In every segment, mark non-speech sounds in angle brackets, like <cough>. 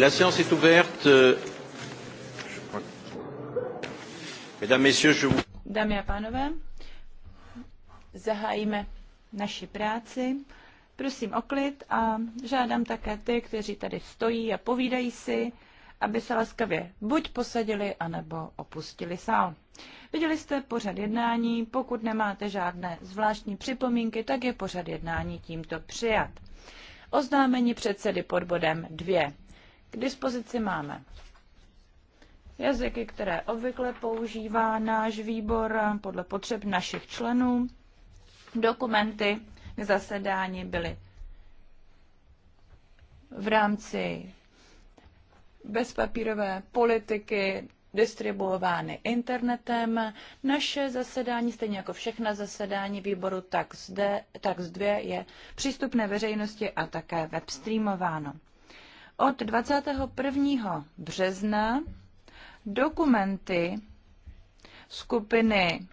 La séance est ouverte. Euh, mesdames, Messieurs, je vous... Dámy a pánové, zahájíme naši práci. Prosím o klid a žádám také ty, kteří tady stojí a povídají si, aby se laskavě buď posadili, anebo opustili sál. Viděli jste pořad jednání, pokud nemáte žádné zvláštní připomínky, tak je pořad jednání tímto přijat. Oznámení předsedy pod bodem 2. K dispozici máme jazyky, které obvykle používá náš výbor podle potřeb našich členů. Dokumenty k zasedání byly v rámci bezpapírové politiky distribuovány internetem. Naše zasedání, stejně jako všechna zasedání výboru TAX2, je přístupné veřejnosti a také webstreamováno. Od 21. března dokumenty skupiny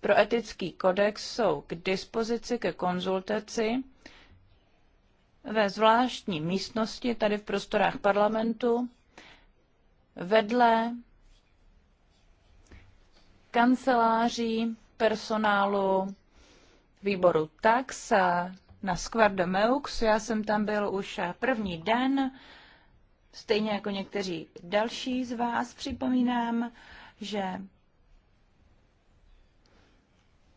pro etický kodex jsou k dispozici ke konzultaci ve zvláštní místnosti tady v prostorách parlamentu vedle kanceláří personálu výboru TAXA, na Square de Meux. Já jsem tam byl už první den, stejně jako někteří další z vás. Připomínám, že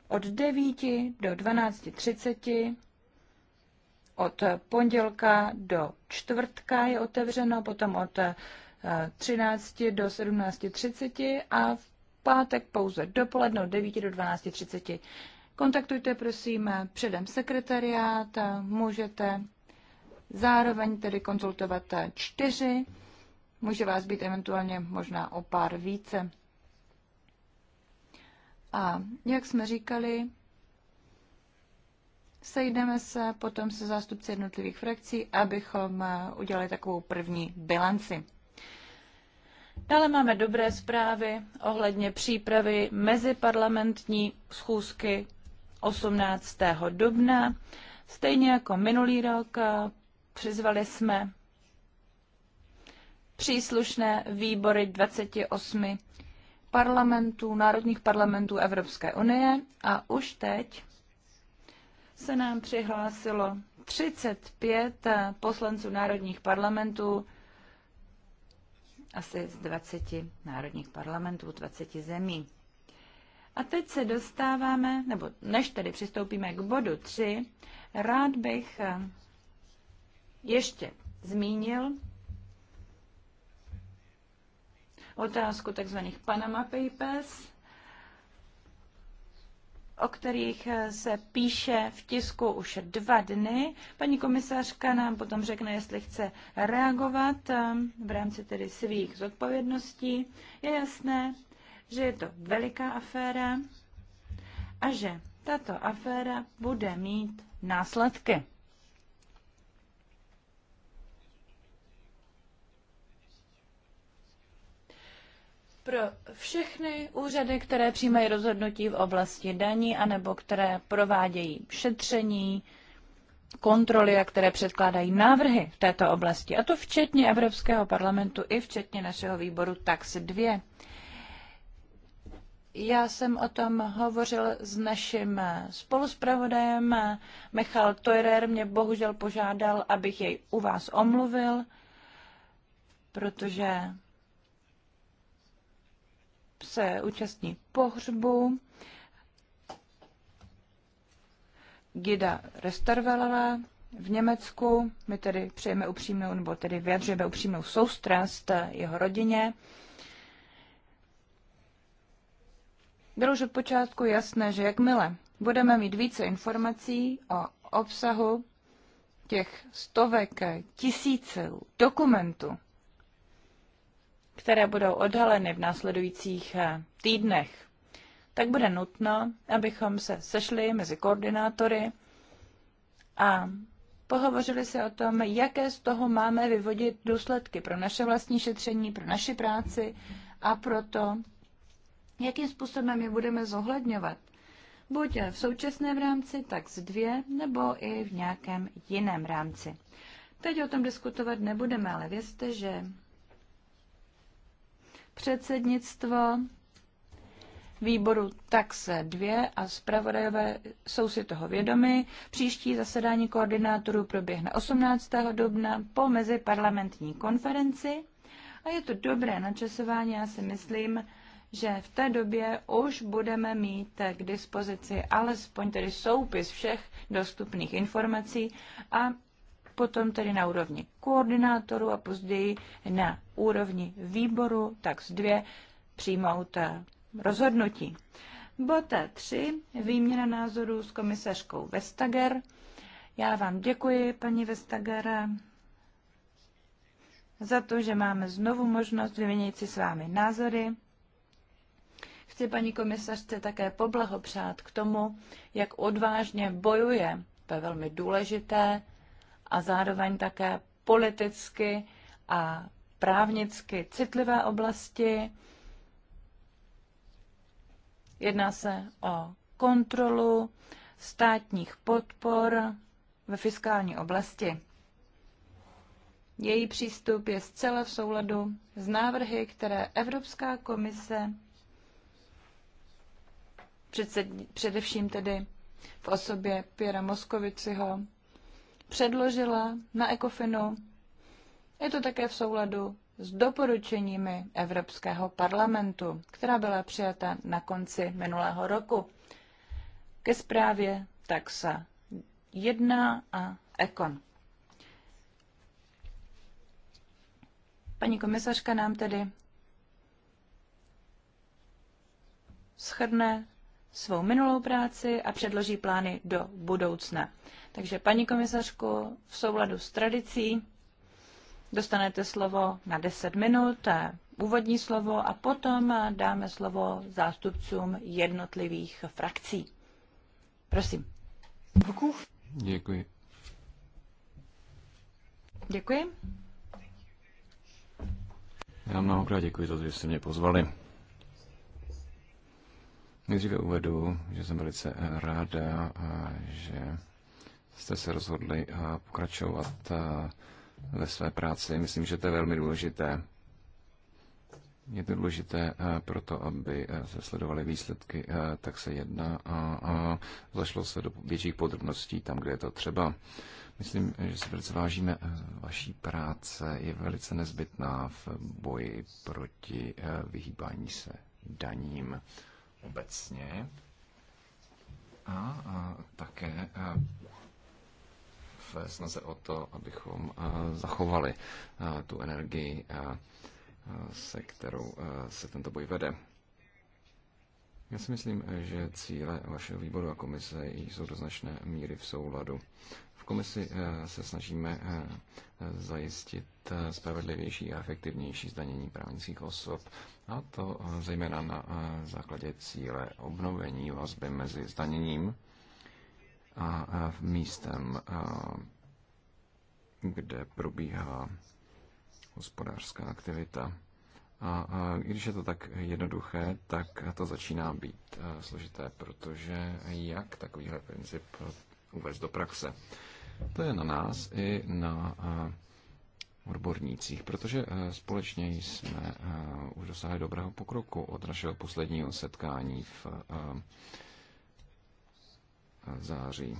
od 9 do 12.30 od pondělka do čtvrtka je otevřeno, potom od 13 eh, do 17.30 a v pátek pouze dopoledne od 9 do 12.30. Kontaktujte prosím předem sekretariát, můžete zároveň tedy konzultovat čtyři, může vás být eventuálně možná o pár více. A jak jsme říkali, sejdeme se potom se zástupci jednotlivých frakcí, abychom udělali takovou první bilanci. Dále máme dobré zprávy ohledně přípravy meziparlamentní schůzky 18. dubna. Stejně jako minulý rok eh, přizvali jsme příslušné výbory 28 parlamentů, národních parlamentů Evropské unie a už teď se nám přihlásilo 35 eh, poslanců národních parlamentů, asi z 20 národních parlamentů, 20 zemí. A teď se dostáváme, nebo než tedy přistoupíme k bodu 3, rád bych eh, ještě zmínil otázku tzv. Panama Papers, o kterých eh, se píše v tisku už dva dny. Paní komisařka nám potom řekne, jestli chce reagovat eh, v rámci tedy svých zodpovědností. Je jasné, že je to veliká aféra a že tato aféra bude mít následky. pro všechny úřady, které přijímají rozhodnutí v oblasti daní anebo které provádějí šetření, kontroly a které předkládají návrhy v této oblasti, a to včetně Evropského parlamentu i včetně našeho výboru TAX 2. Já jsem o tom hovořil s naším spoluspravodajem. Michal Teurer mě bohužel požádal, abych jej u vás omluvil, protože se účastní pohřbu Gida Restarvelová v Německu. My tedy přejeme upřímnou, nebo tedy vyjadřujeme upřímnou soustrast jeho rodině. Bylo už od počátku jasné, že jakmile budeme mít více informací o obsahu těch stovek, tisíců dokumentů, které budou odhaleny v následujících eh, týdnech, tak bude nutno, abychom se sešli mezi koordinátory a pohovořili se o tom, jaké z toho máme vyvodit důsledky pro naše vlastní šetření, pro naši práci a pro to, jakým způsobem je budeme zohledňovat. Buď v současném rámci, tak z dvě, nebo i v nějakém jiném rámci. Teď o tom diskutovat nebudeme, ale vězte, že předsednictvo výboru taxe 2 a zpravodajové jsou si toho vědomi. Příští zasedání koordinátorů proběhne 18. dubna po meziparlamentní konferenci a je to dobré načasování, já si myslím, že v té době už budeme mít k dispozici alespoň tedy soupis všech dostupných informací a potom tedy na úrovni koordinátoru a později na úrovni výboru, tak z dvě přijmout eh, rozhodnutí. Bota eh, 3. Výměna názorů s komisařkou Vestager. Já vám děkuji, paní Vestager, za to, že máme znovu možnost vyměnit si s vámi názory. Chci paní komisařce také poblahopřát k tomu, jak odvážně bojuje ve velmi důležité a zároveň také politicky a právnicky citlivé oblasti. Jedná se o kontrolu státních podpor ve fiskální oblasti. Její přístup je zcela v souladu s návrhy, které Evropská komise předsed, především tedy v osobě Pěra Moskoviciho, předložila na ECOFINu. Je to také v souladu s doporučeními Evropského parlamentu, která byla přijata na konci minulého roku. Ke zprávě taxa 1 a ekon. Paní komisařka nám tedy schrne svou minulou práci a předloží plány do budoucna. Takže paní komisařku, v souladu s tradicí dostanete slovo na 10 minut, eh, úvodní slovo a potom eh, dáme slovo zástupcům jednotlivých frakcí. Prosím. Děkuji. Děkuji. Já mnohokrát děkuji za to, že jste mě pozvali. Nejdříve uvedu, že jsem velice eh, ráda, eh, že jste se rozhodli eh, pokračovat ve své práci. Myslím, že to je velmi důležité. Je to důležité proto, aby se sledovaly výsledky, tak se jedná a zašlo se do větších podrobností tam, kde je to třeba. Myslím, že se velice vážíme vaší práce, je velice nezbytná v boji proti vyhýbání se daním obecně a, a také a v snaze o to, abychom a, zachovali a, tu energii, a, se kterou se tento boj vede. Já si myslím, že cíle vašeho výboru a komise jsou do značné míry v souladu. V komisi se snažíme zajistit spravedlivější a efektivnější zdanění právnických osob a to eh, zejména na eh, základě cíle obnovení vazby mezi zdaněním a eh, místem, kde probíhá hospodářská aktivita. A, i když je to tak jednoduché, tak to začíná být složité, protože jak takovýhle princip uvést do praxe? To je na nás i na odbornících, protože eh, společně jsme eh, už dosáhli dobrého pokroku od našeho posledního setkání v eh, září.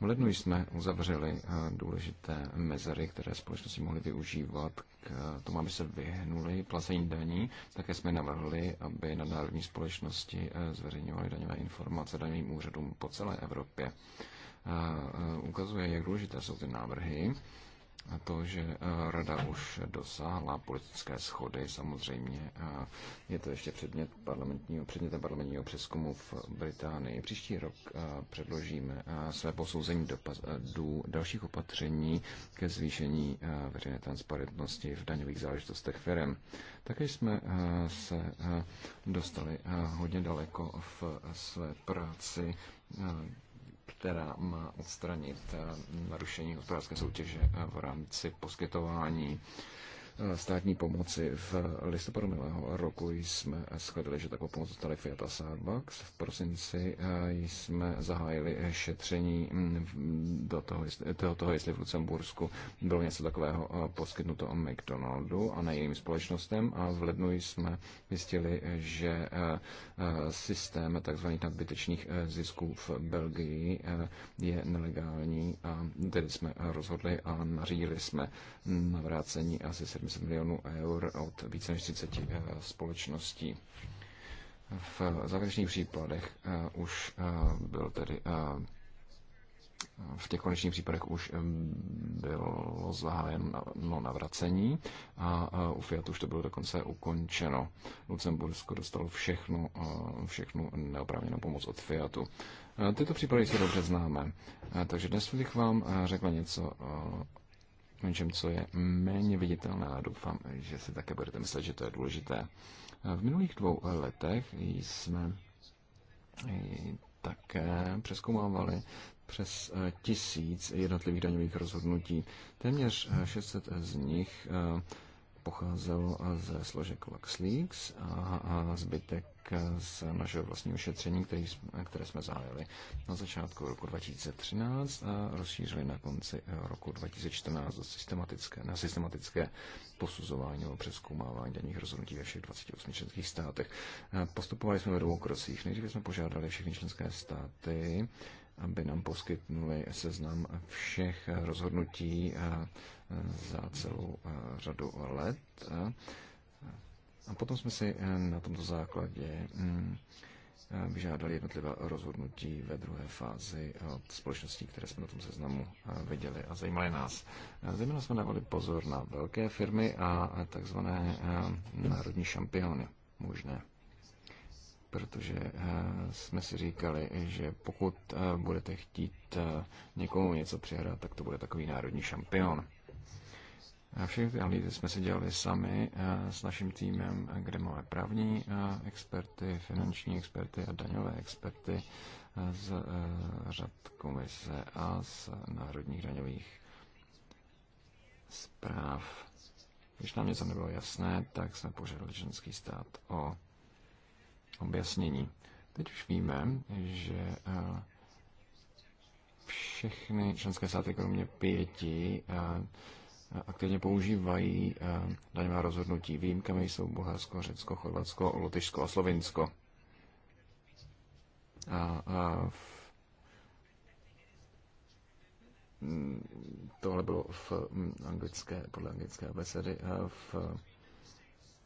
V lednu jsme uzavřeli důležité mezery, které společnosti mohly využívat k tomu, aby se vyhnuli placení daní. Také jsme navrhli, aby nadnárodní společnosti zveřejňovaly daňové informace daňovým úřadům po celé Evropě. Ukazuje, jak důležité jsou ty návrhy a to, že eh, rada už dosáhla politické schody, samozřejmě a eh, je to ještě předmět parlamentního, předmětem parlamentního přeskumu v Británii. Příští rok eh, předložíme své posouzení dopadů dalších opatření ke zvýšení veřejné transparentnosti v daňových záležitostech firm. Také jsme se dostali hodně daleko v své práci která má odstranit eh, narušení hospodářské soutěže eh, v rámci poskytování státní pomoci. V listopadu minulého roku jsme shledali, že takovou pomoc dostali Fiat a Starbucks. V prosinci eh, jsme zahájili šetření mm, do toho, do toho, jestli v Lucembursku bylo něco takového eh, poskytnuto o McDonaldu a na nejím společnostem a v lednu jsme zjistili, že eh, systém tzv. nadbytečných zisků v Belgii je nelegální a tedy jsme rozhodli a nařídili jsme navrácení mm, asi 700 milionů eur od více než 30 eh, společností. V eh, závěrečných případech eh, už byl tedy v těch konečných případech už bylo zahájeno navracení a u Fiatu už to bylo dokonce ukončeno. Lucembursko dostalo všechnu, všechnu neoprávněnou pomoc od Fiatu. Tyto případy se dobře známe, takže dnes bych vám řekla něco něčem, co je méně viditelné a doufám, že si také budete myslet, že to je důležité. V minulých dvou letech jsme také přeskoumávali přes eh, tisíc jednotlivých daňových rozhodnutí. Téměř 600 eh, z nich eh, pocházelo ze složek LuxLeaks a zbytek Eh, z našeho vlastního šetření, který, které jsme zahájili na začátku roku 2013 a rozšířili na konci eh, roku 2014 systematické, na systematické posuzování nebo přeskoumávání daných rozhodnutí ve všech 28 členských státech. Eh, postupovali jsme ve dvou krocích. Nejdříve jsme požádali všechny členské státy, aby nám poskytnuli seznam všech rozhodnutí za celou řadu let a potom jsme si eh, na tomto základě mm, eh, vyžádali jednotlivá rozhodnutí ve druhé fázi od společností, které jsme na tom seznamu eh, viděli a zajímaly nás. Zajímavé jsme dávali pozor na velké firmy a takzvané národní šampiony možné. Protože jsme si říkali, že pokud budete chtít někomu něco přihrát, tak to bude takový národní šampion všechny ty analýzy jsme si dělali sami eh, s naším týmem, kde máme právní eh, experty, finanční experty a daňové experty eh, z řad komise a z národních daňových zpráv. Když nám něco nebylo jasné, tak jsme požádali ženský stát o objasnění. Teď už víme, že všechny členské státy, kromě pěti, aktivně používají eh, daňová rozhodnutí. Výjimkami jsou Bulharsko, Řecko, Chorvatsko, Lotyšsko a Slovinsko. A, a v tohle bylo v hm, anglické, podle anglické abecedy, eh, v,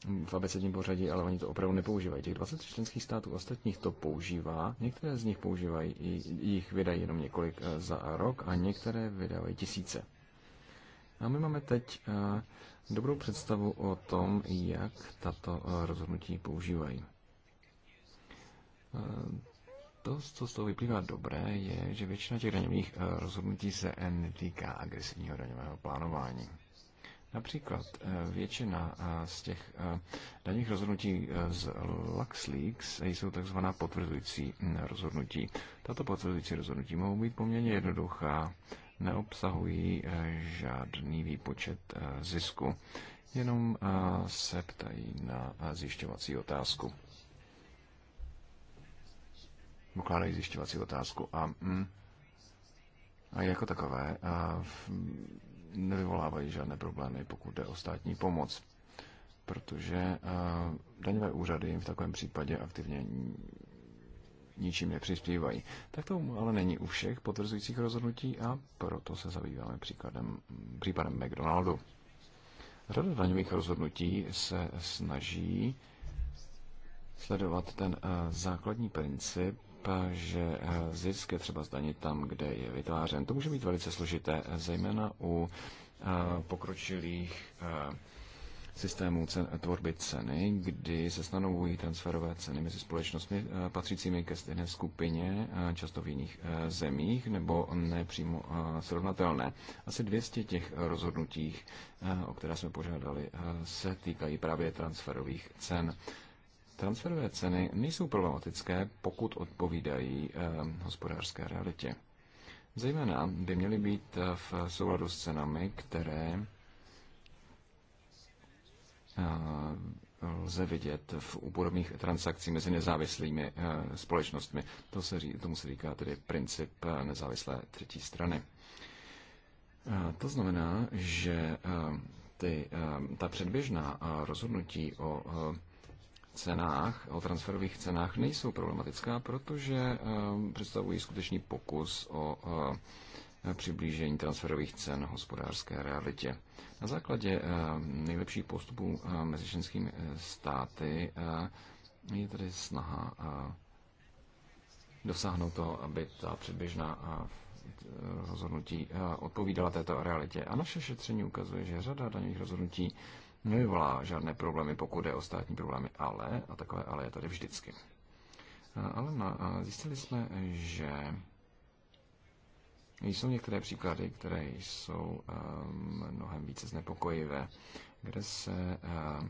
hm, v abecedním pořadí, ale oni to opravdu nepoužívají. Těch 20 členských států ostatních to používá, některé z nich používají, jich vydají jenom několik eh, za rok a některé vydávají tisíce. A my máme teď eh, dobrou představu o tom, jak tato eh, rozhodnutí používají. Eh, to, co z toho vyplývá dobré, je, že většina těch daňových rozhodnutí se netýká agresivního daňového plánování. Například většina z těch daných rozhodnutí z LuxLeaks jsou takzvaná potvrzující mm, rozhodnutí. Tato potvrzující rozhodnutí mohou být poměrně jednoduchá neobsahují eh, žádný výpočet eh, zisku, jenom eh, se ptají na zjišťovací otázku. Pokládají zjišťovací otázku a, mm, a jako takové a nevyvolávají žádné problémy, pokud jde o státní pomoc, protože daňové úřady jim v takovém případě aktivně ničím nepřispívají. Tak to ale není u všech potvrzujících rozhodnutí a proto se zabýváme příkladem, případem McDonaldu. Řada daňových rozhodnutí se snaží sledovat ten eh, základní princip, že eh, zisk je třeba zdanit tam, kde je vytvářen. To může být velice složité, eh, zejména u pokročilých Systému cen, tvorby ceny, kdy se stanovují transferové ceny mezi společnostmi eh, patřícími ke stejné skupině, eh, často v jiných eh, zemích, nebo nepřímo srovnatelné. Asi 200 těch rozhodnutích, o které jsme požádali, se týkají právě transferových cen. Transferové ceny nejsou problematické, pokud odpovídají hospodářské realitě. Zejména by měly být v souladu s cenami, které Eh, lze vidět v úborových transakcích mezi nezávislými eh, společnostmi. To se, tomu se říká tedy princip eh, nezávislé třetí strany. To znamená, že ty, ta předběžná rozhodnutí o cenách, o transferových cenách nejsou problematická, protože představují skutečný pokus o přiblížení transferových cen hospodářské realitě. Na základě eh, nejlepších postupů eh, mezi členskými eh, státy je tady snaha dosáhnout toho, aby ta předběžná rozhodnutí odpovídala této realitě. A naše šetření ukazuje, že řada daných rozhodnutí nevyvolá žádné problémy, pokud je o státní problémy, ale, a takové ale je tady vždycky. Ale na, zjistili jsme, že jsou některé příklady, které jsou eh, mnohem více znepokojivé, kde se eh,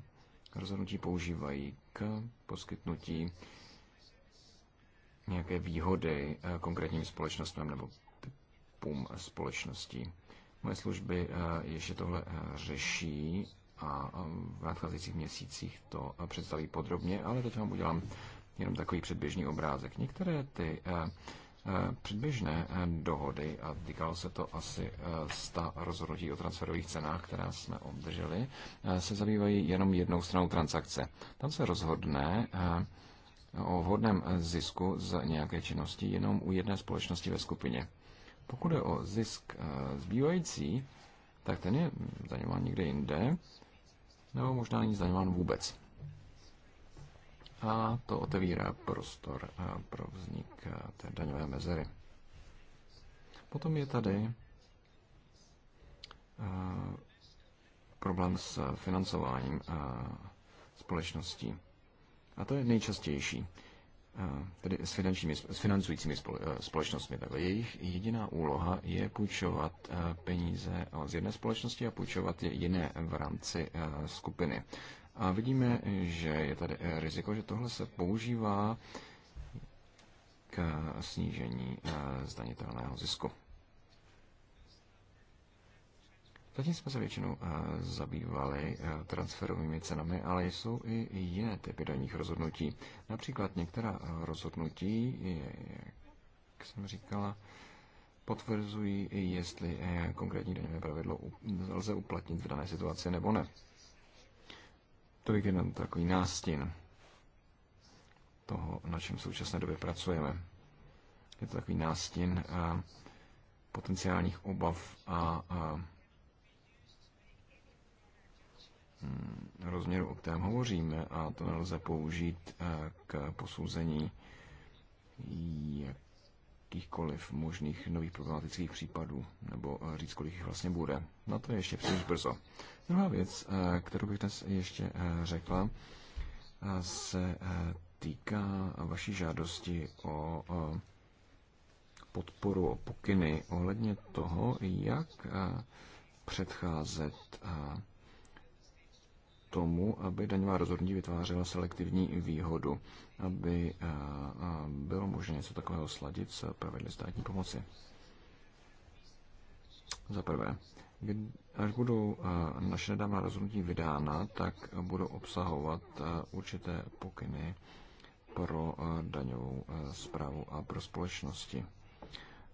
rozhodnutí používají k poskytnutí nějaké výhody eh, konkrétním společnostem nebo typům společností. Moje služby ještě tohle řeší a v nadcházejících měsících to představí podrobně, ale teď vám udělám jenom takový předběžný obrázek. Některé ty Eh, předběžné eh, dohody a týkalo se to asi 100 eh, rozhodnutí o transferových cenách, která jsme obdrželi, se zabývají jenom jednou stranou transakce. Tam se rozhodne o vhodném zisku z nějaké činnosti jenom u jedné společnosti ve skupině. Pokud je o zisk zbývající, tak ten je zdaňován někde jinde, nebo možná není zdaňován vůbec a to otevírá prostor pro vznik té daňové mezery. Potom je tady problém s financováním společností. A to je nejčastější, tedy s, finančními, s financujícími společnostmi. Takhle. Jejich jediná úloha je půjčovat peníze z jedné společnosti a půjčovat je jiné v rámci skupiny. A vidíme, že je tady eh, riziko, že tohle se používá k eh, snížení eh, zdanitelného zisku. Zatím jsme se většinou zabývali transferovými cenami, ale jsou i jiné typy daních rozhodnutí. Například některá rozhodnutí, jak jsem říkala, potvrzují, jestli konkrétní daňové pravidlo lze uplatnit v dané situaci nebo ne je jenom takový nástin toho, na čem v současné době pracujeme. Je to takový nástin a eh, potenciálních obav a, a mm, rozměru, o kterém hovoříme, a to nelze použít eh, k posouzení, jak jakýchkoliv možných nových problematických případů, nebo eh, říct, kolik jich vlastně bude. Na to je ještě příliš brzo. Druhá věc, eh, kterou bych dnes ještě eh, řekla, se týká vaší žádosti o podporu, o pokyny ohledně toho, jak předcházet tomu, aby daňová rozhodnutí vytvářela selektivní výhodu, aby eh, eh, bylo možné něco takového sladit s pravidly státní pomoci. Za prvé, až budou eh, naše nedávná rozhodnutí vydána, tak budou obsahovat určité pokyny pro daňovou zprávu a pro společnosti.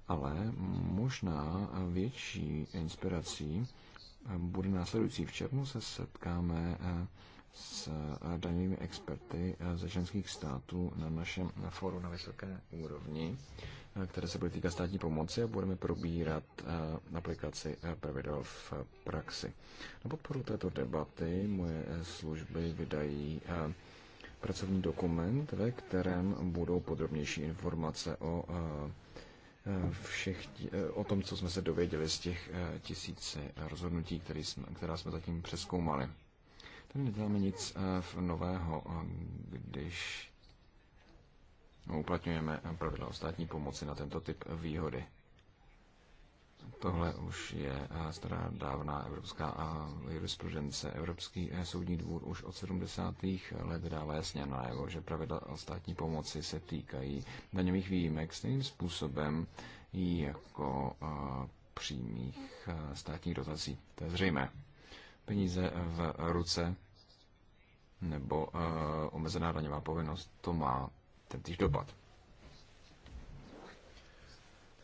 Ale možná větší inspirací bude následující. V červnu se setkáme eh, s eh, daňovými experty eh, ze ženských států na našem fóru na vysoké úrovni, které se bude týkat státní pomoci a budeme probírat aplikaci pravidel v praxi. Na podporu této debaty moje služby vydají pracovní dokument, ve kterém budou podrobnější informace o všech, eh, o tom, co jsme se dověděli z těch eh, tisíce rozhodnutí, které jsme, která jsme zatím přeskoumali. Tady neděláme nic eh, nového, když no, uplatňujeme pravidla o státní pomoci na tento typ výhody. Tohle už je eh, stará dávná evropská a eh, jurisprudence. Evropský eh, soudní dvůr už od 70. let dává jasně najevo, že pravidla státní pomoci se týkají daňových výjimek stejným způsobem jako přímých státních dotací. To je zřejmé. Peníze v ruce nebo omezená daňová povinnost, to má tentýž dopad.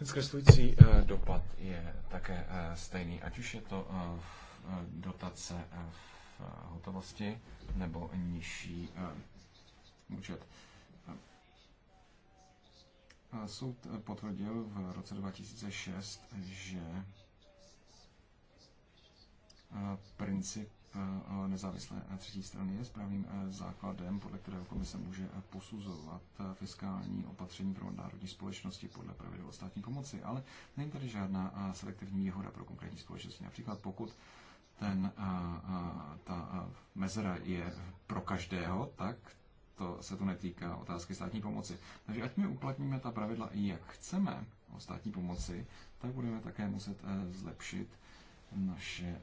Ten zkreslující eh, dopad je také eh, stejný, ať už je to eh, dotace v hotovosti nebo nižší účet. Soud potvrdil v roce 2006, že princip nezávislé třetí strany je správným eh, základem, podle kterého komise může eh, posuzovat eh, fiskální opatření pro národní společnosti podle pravidel státní pomoci, ale není tady žádná selektivní výhoda pro konkrétní společnosti. Například pokud ten, ta mezera je pro každého, tak to se to netýká otázky státní pomoci. Takže ať my uplatníme ta pravidla i jak chceme o státní pomoci, tak budeme také muset zlepšit naše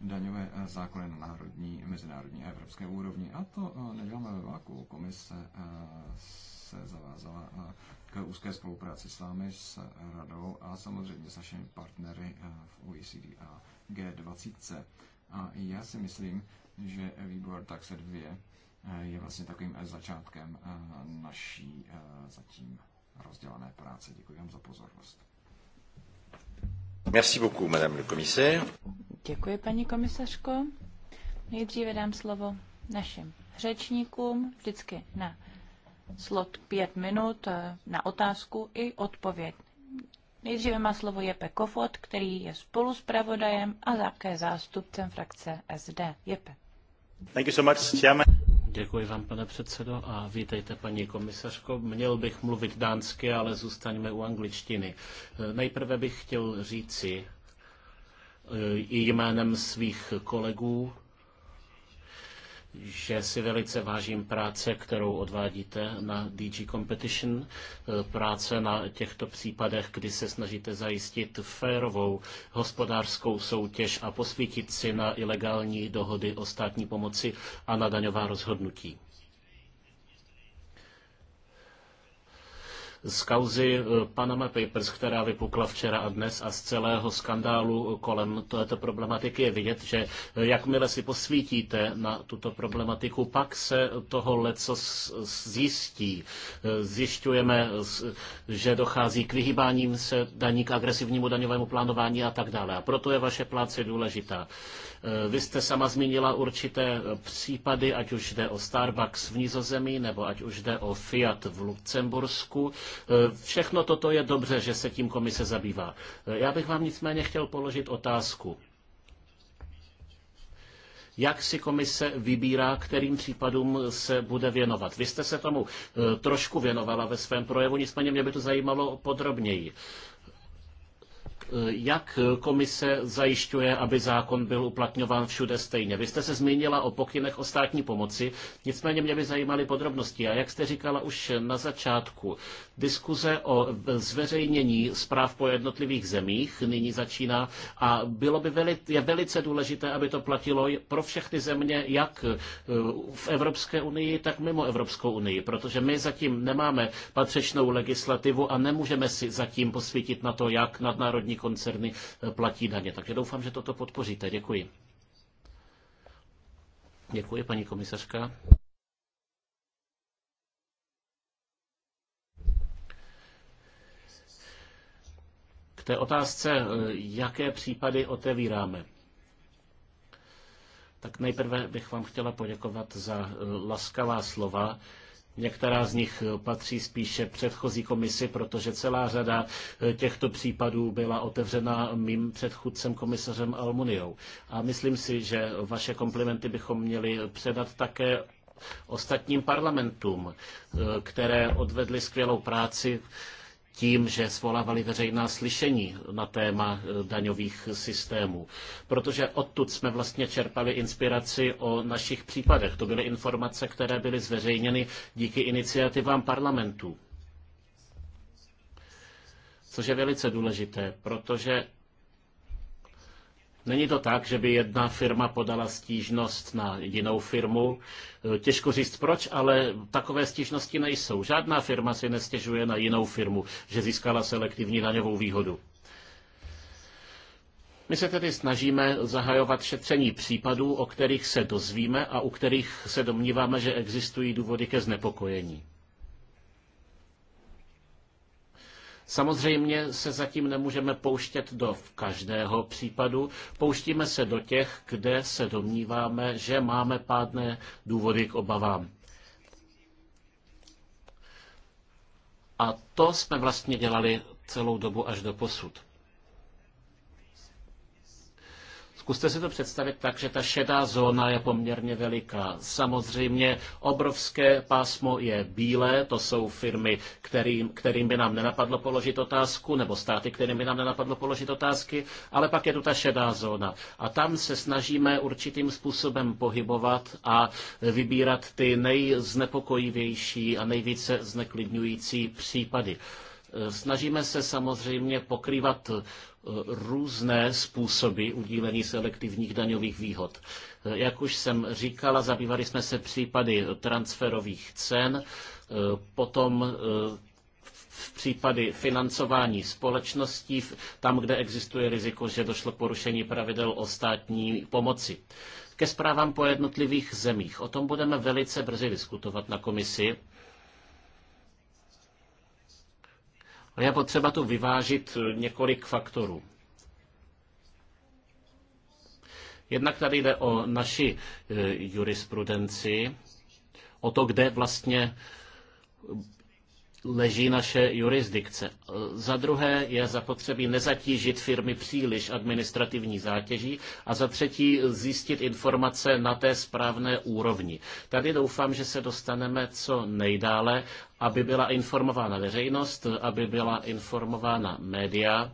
daňové zákony na národní, mezinárodní a evropské úrovni. A to eh, neděláme ve váku. Komise eh, se zavázala eh, k úzké spolupráci s vámi, s radou a samozřejmě s našimi partnery v OECD a G20. A já si myslím, že výbor taxe 2 je vlastně takovým začátkem naší zatím rozdělané práce. Děkuji vám za pozornost. Merci beaucoup, madame le commissaire. Děkuji, paní komisařko. Nejdříve dám slovo našim řečníkům, vždycky na slot pět minut eh, na otázku i odpověď. Nejdříve má slovo Jepe Kofot, který je spoluspravodajem a také zástupcem frakce SD. Jepe. Thank you so much, chairman. Děkuji vám, pane předsedo, a vítejte, paní komisařko. Měl bych mluvit dánsky, ale zůstaňme u angličtiny. Nejprve bych chtěl říci e, jménem svých kolegů, že si velice vážím práce, kterou odvádíte na DG Competition, práce na těchto případech, kdy se snažíte zajistit férovou hospodářskou soutěž a posvítit si na ilegální dohody o státní pomoci a na daňová rozhodnutí. z kauzy eh, Panama Papers, která vypukla včera a dnes a z celého skandálu kolem této problematiky je vidět, že eh, jakmile si posvítíte na tuto problematiku, pak se toho leco zjistí. Eh, zjišťujeme, že dochází k vyhýbáním se daní, k agresivnímu daňovému plánování a tak dále. A proto je vaše práce důležitá. Eh, vy jste sama zmínila určité eh, případy, ať už jde o Starbucks v Nizozemí nebo ať už jde o Fiat v Lucembursku. Eh, všechno toto je dobře, že se tím komise zabývá. Já bych vám nicméně chtěl položit otázku. Jak si komise vybírá, kterým případům se bude věnovat? Vy jste se tomu trošku věnovala ve svém projevu, nicméně mě by to zajímalo podrobněji. Eh, jak komise zajišťuje, aby zákon byl uplatňován všude stejně? Vy jste se zmínila o pokynech o státní pomoci, nicméně mě by zajímaly podrobnosti. A jak jste říkala už na začátku, Diskuze o zveřejnění zpráv po jednotlivých zemích nyní začíná a bylo by veli, je velice důležité, aby to platilo pro všechny země, jak e, v Evropské unii, tak mimo Evropskou unii, protože my zatím nemáme patřičnou legislativu a nemůžeme si zatím posvítit na to, jak nadnárodní koncerny e, platí daně. Takže doufám, že toto podpoříte. Děkuji. Děkuji, paní komisařka. té otázce, eh, jaké případy otevíráme. Tak nejprve bych vám chtěla poděkovat za eh, laskavá slova. Některá z nich eh, patří spíše předchozí komisi, protože celá řada těchto případů byla otevřena mým předchůdcem komisařem Almuniou. A myslím si, že vaše komplimenty bychom měli předat také ostatním parlamentům, které odvedly skvělou práci tím, že svolávali veřejná slyšení na téma eh, daňových systémů. Protože odtud jsme vlastně čerpali inspiraci o našich případech. To byly informace, které byly zveřejněny díky iniciativám parlamentů. Což je velice důležité, protože Není to tak, že by jedna firma podala stížnost na jinou firmu. Eh, těžko říct proč, ale takové stížnosti nejsou. Žádná firma si nestěžuje na jinou firmu, že získala selektivní daňovou výhodu. My se tedy snažíme zahajovat šetření případů, o kterých se dozvíme a u kterých se domníváme, že existují důvody ke znepokojení. Samozřejmě se zatím nemůžeme pouštět do každého případu. Pouštíme se do těch, kde se domníváme, že máme pádné důvody k obavám. A to jsme vlastně dělali celou dobu až do posud. Zkuste si to představit tak, že ta šedá zóna je poměrně veliká. Samozřejmě obrovské pásmo je bílé, to jsou firmy, kterým, kterým by nám nenapadlo položit otázku, nebo státy, kterým by nám nenapadlo položit otázky, ale pak je tu ta šedá zóna. A tam se snažíme určitým způsobem pohybovat a vybírat ty nejznepokojivější a nejvíce zneklidňující případy. Snažíme se samozřejmě pokrývat různé způsoby udílení selektivních daňových výhod. Jak už jsem říkala, zabývali jsme se případy transferových cen, potom eh, v případy financování společností, tam, kde existuje riziko, že došlo k porušení pravidel o státní pomoci. Ke zprávám po jednotlivých zemích. O tom budeme velice brzy diskutovat na komisi A je potřeba tu vyvážit eh, několik faktorů. Jednak tady jde o naši eh, jurisprudenci, o to, kde vlastně leží naše jurisdikce. Za druhé je zapotřebí nezatížit firmy příliš administrativní zátěží a za třetí zjistit informace na té správné úrovni. Tady doufám, že se dostaneme co nejdále, aby byla informována veřejnost, aby byla informována média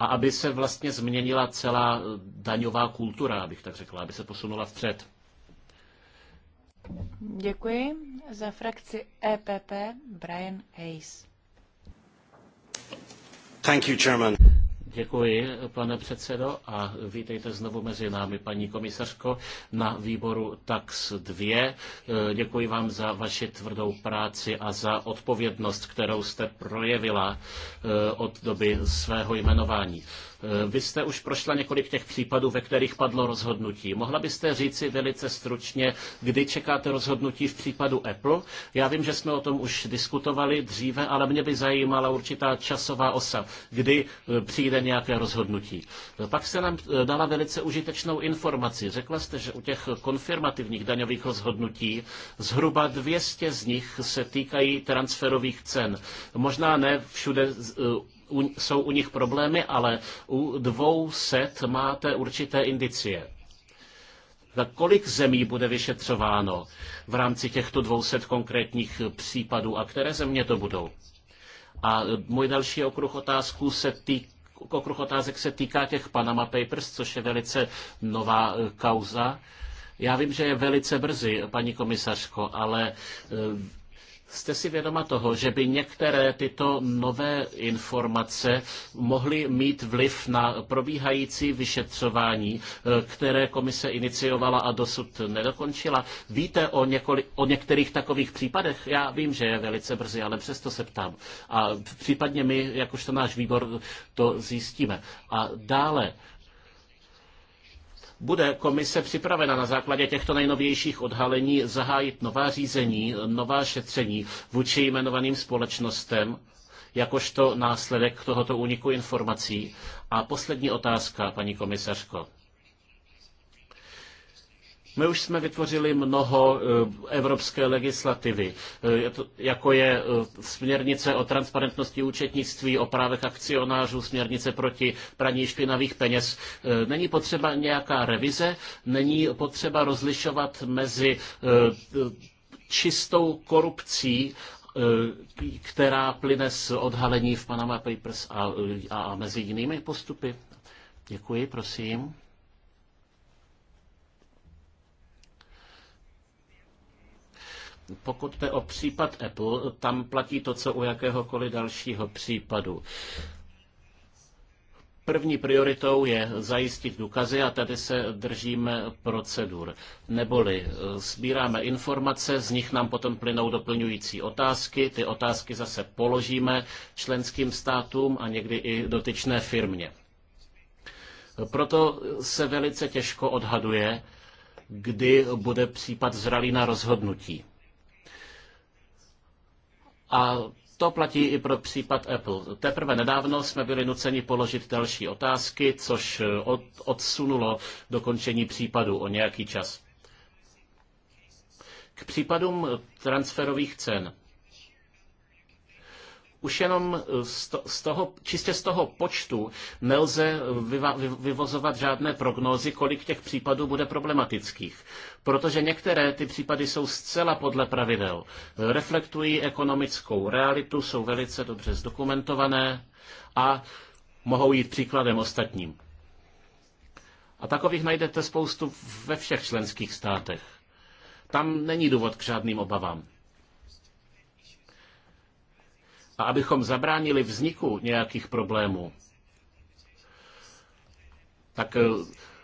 a aby se vlastně změnila celá daňová kultura, abych tak řekla, aby se posunula vpřed. Děkuji. Za frakci EPP Brian Hayes. Thank you, Chairman. Děkuji, pane předsedo, a vítejte znovu mezi námi, paní komisařko, na výboru TAX 2. Děkuji vám za vaši tvrdou práci a za odpovědnost, kterou jste projevila eh, od doby svého jmenování. Eh, vy jste už prošla několik těch případů, ve kterých padlo rozhodnutí. Mohla byste říci velice stručně, kdy čekáte rozhodnutí v případu Apple? Já vím, že jsme o tom už diskutovali dříve, ale mě by zajímala určitá časová osa, kdy eh, přijde nějaké rozhodnutí. Eh, pak se nám dala velice užitečnou informaci. Řekla jste, že u těch konfirmativních daňových rozhodnutí zhruba 200 z nich se týkají transferových cen. Možná ne všude u, jsou u nich problémy, ale u dvou set máte určité indicie. Za kolik zemí bude vyšetřováno v rámci těchto set konkrétních případů a které země to budou? A můj další okruh otázků se týká okruh otázek se týká těch Panama Papers, což je velice nová e, kauza. Já vím, že je velice brzy, paní komisařko, ale e, Jste si vědoma toho, že by některé tyto nové informace mohly mít vliv na probíhající vyšetřování, eh, které komise iniciovala a dosud nedokončila? Víte o, několi, o některých takových případech? Já vím, že je velice brzy, ale přesto se ptám. A případně my, jakožto náš výbor, to zjistíme. A dále, bude komise připravena na základě těchto nejnovějších odhalení zahájit nová řízení, nová šetření vůči jmenovaným společnostem, jakožto následek tohoto úniku informací? A poslední otázka, paní komisařko. My už jsme vytvořili mnoho eh, evropské legislativy, eh, jako je eh, směrnice o transparentnosti účetnictví, o právech akcionářů, směrnice proti praní špinavých peněz. Není potřeba nějaká revize, není potřeba rozlišovat mezi čistou korupcí, která plyne z odhalení v Panama Papers a, a mezi jinými postupy. Děkuji, prosím. Pokud jde o případ Apple, tam platí to, co u jakéhokoliv dalšího případu. První prioritou je zajistit důkazy a tady se držíme procedur. Neboli e, sbíráme informace, z nich nám potom plynou doplňující otázky, ty otázky zase položíme členským státům a někdy i dotyčné firmě. Proto se velice těžko odhaduje, kdy bude případ zralý na rozhodnutí. A to platí i pro případ Apple. Teprve nedávno jsme byli nuceni položit další otázky, což eh, od, odsunulo dokončení případu o nějaký čas. K případům transferových cen. Už jenom eh, z toho, čistě z toho počtu nelze vyvozovat žádné prognózy, kolik těch případů bude problematických. Protože některé ty případy jsou zcela podle pravidel. Reflektují ekonomickou realitu, jsou velice dobře zdokumentované a mohou jít příkladem ostatním. A takových najdete spoustu ve všech členských státech. Tam není důvod k žádným obavám a abychom zabránili vzniku nějakých problémů, tak eh,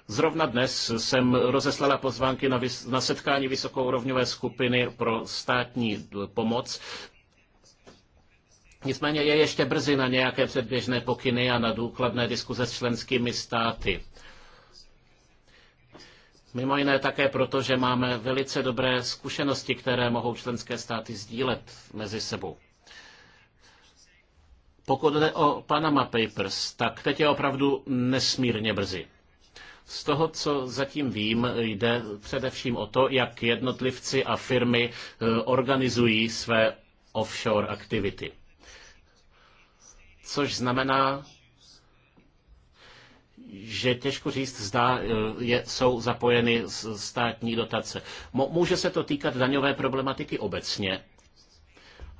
Zrovna dnes jsem rozeslala pozvánky na, vys- na setkání vysokourovňové skupiny pro státní eh, pomoc. Nicméně je ještě brzy na nějaké předběžné pokyny a na důkladné diskuze s členskými státy. Mimo jiné také proto, že máme velice dobré zkušenosti, které mohou členské státy sdílet mezi sebou. Pokud jde o Panama Papers, tak teď je opravdu nesmírně brzy. Z toho, co zatím vím, jde především o to, jak jednotlivci a firmy eh, organizují své offshore aktivity. Což znamená, že těžko říct, zda eh, je, jsou zapojeny státní dotace. Může se to týkat daňové problematiky obecně,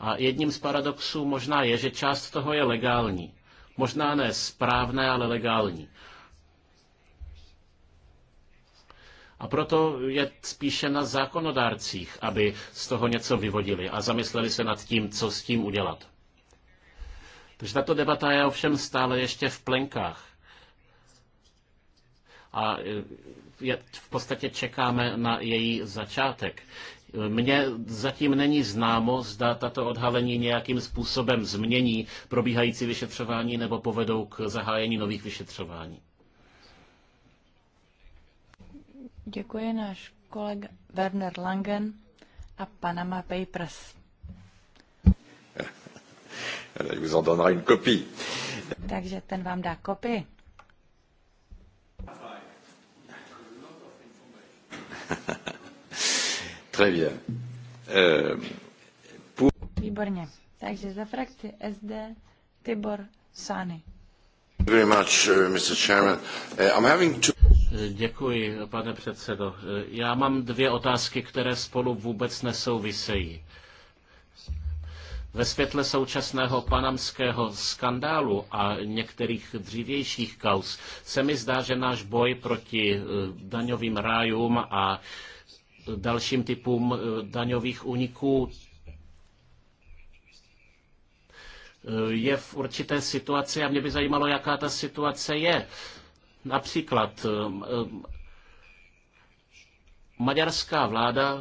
a jedním z paradoxů možná je, že část toho je legální. Možná ne správné, ale legální. A proto je spíše na zákonodárcích, aby z toho něco vyvodili a zamysleli se nad tím, co s tím udělat. Takže tato debata je ovšem stále ještě v plenkách. A e, je, v podstatě čekáme na její začátek. Mně zatím není známo, zda tato odhalení nějakým způsobem změní probíhající vyšetřování nebo povedou k zahájení nových vyšetřování. Děkuji náš kolega Werner Langen a Panama Papers. Takže ten vám dá kopii. <laughs> Euh, Výborně. Takže za frakci SD Tibor Sany. Uh, uh, Děkuji, pane předsedo. Uh, já mám dvě otázky, které spolu vůbec nesouvisejí. Ve světle současného panamského skandálu a některých dřívějších kaus se mi zdá, že náš boj proti daňovým rájům a dalším typům eh, daňových úniků, eh, je v určité situaci a mě by zajímalo, jaká ta situace je. Například eh, maďarská vláda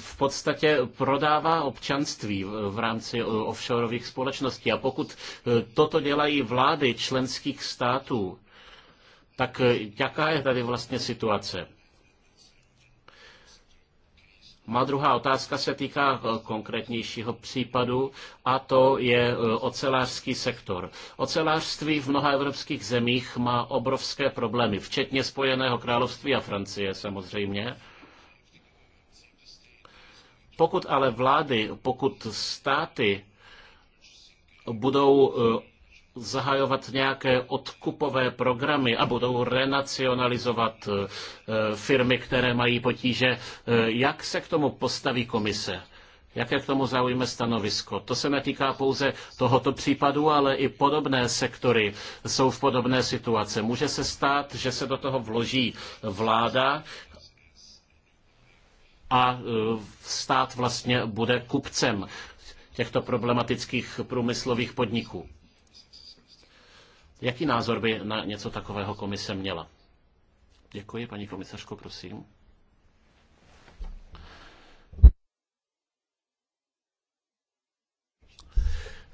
v podstatě prodává občanství v rámci offshoreových společností. A pokud toto dělají vlády členských států, tak jaká je tady vlastně situace? Má druhá otázka se týká eh, konkrétnějšího případu a to je eh, ocelářský sektor. Ocelářství v mnoha evropských zemích má obrovské problémy, včetně Spojeného království a Francie samozřejmě. Pokud ale vlády, pokud státy budou eh, zahajovat nějaké odkupové programy a budou renacionalizovat eh, firmy, které mají potíže. Eh, jak se k tomu postaví komise? Jaké k tomu zaujme stanovisko? To se netýká pouze tohoto případu, ale i podobné sektory jsou v podobné situaci. Může se stát, že se do toho vloží vláda a eh, stát vlastně bude kupcem těchto problematických průmyslových podniků. Jaký názor by na něco takového komise měla? Děkuji, paní komisařko, prosím.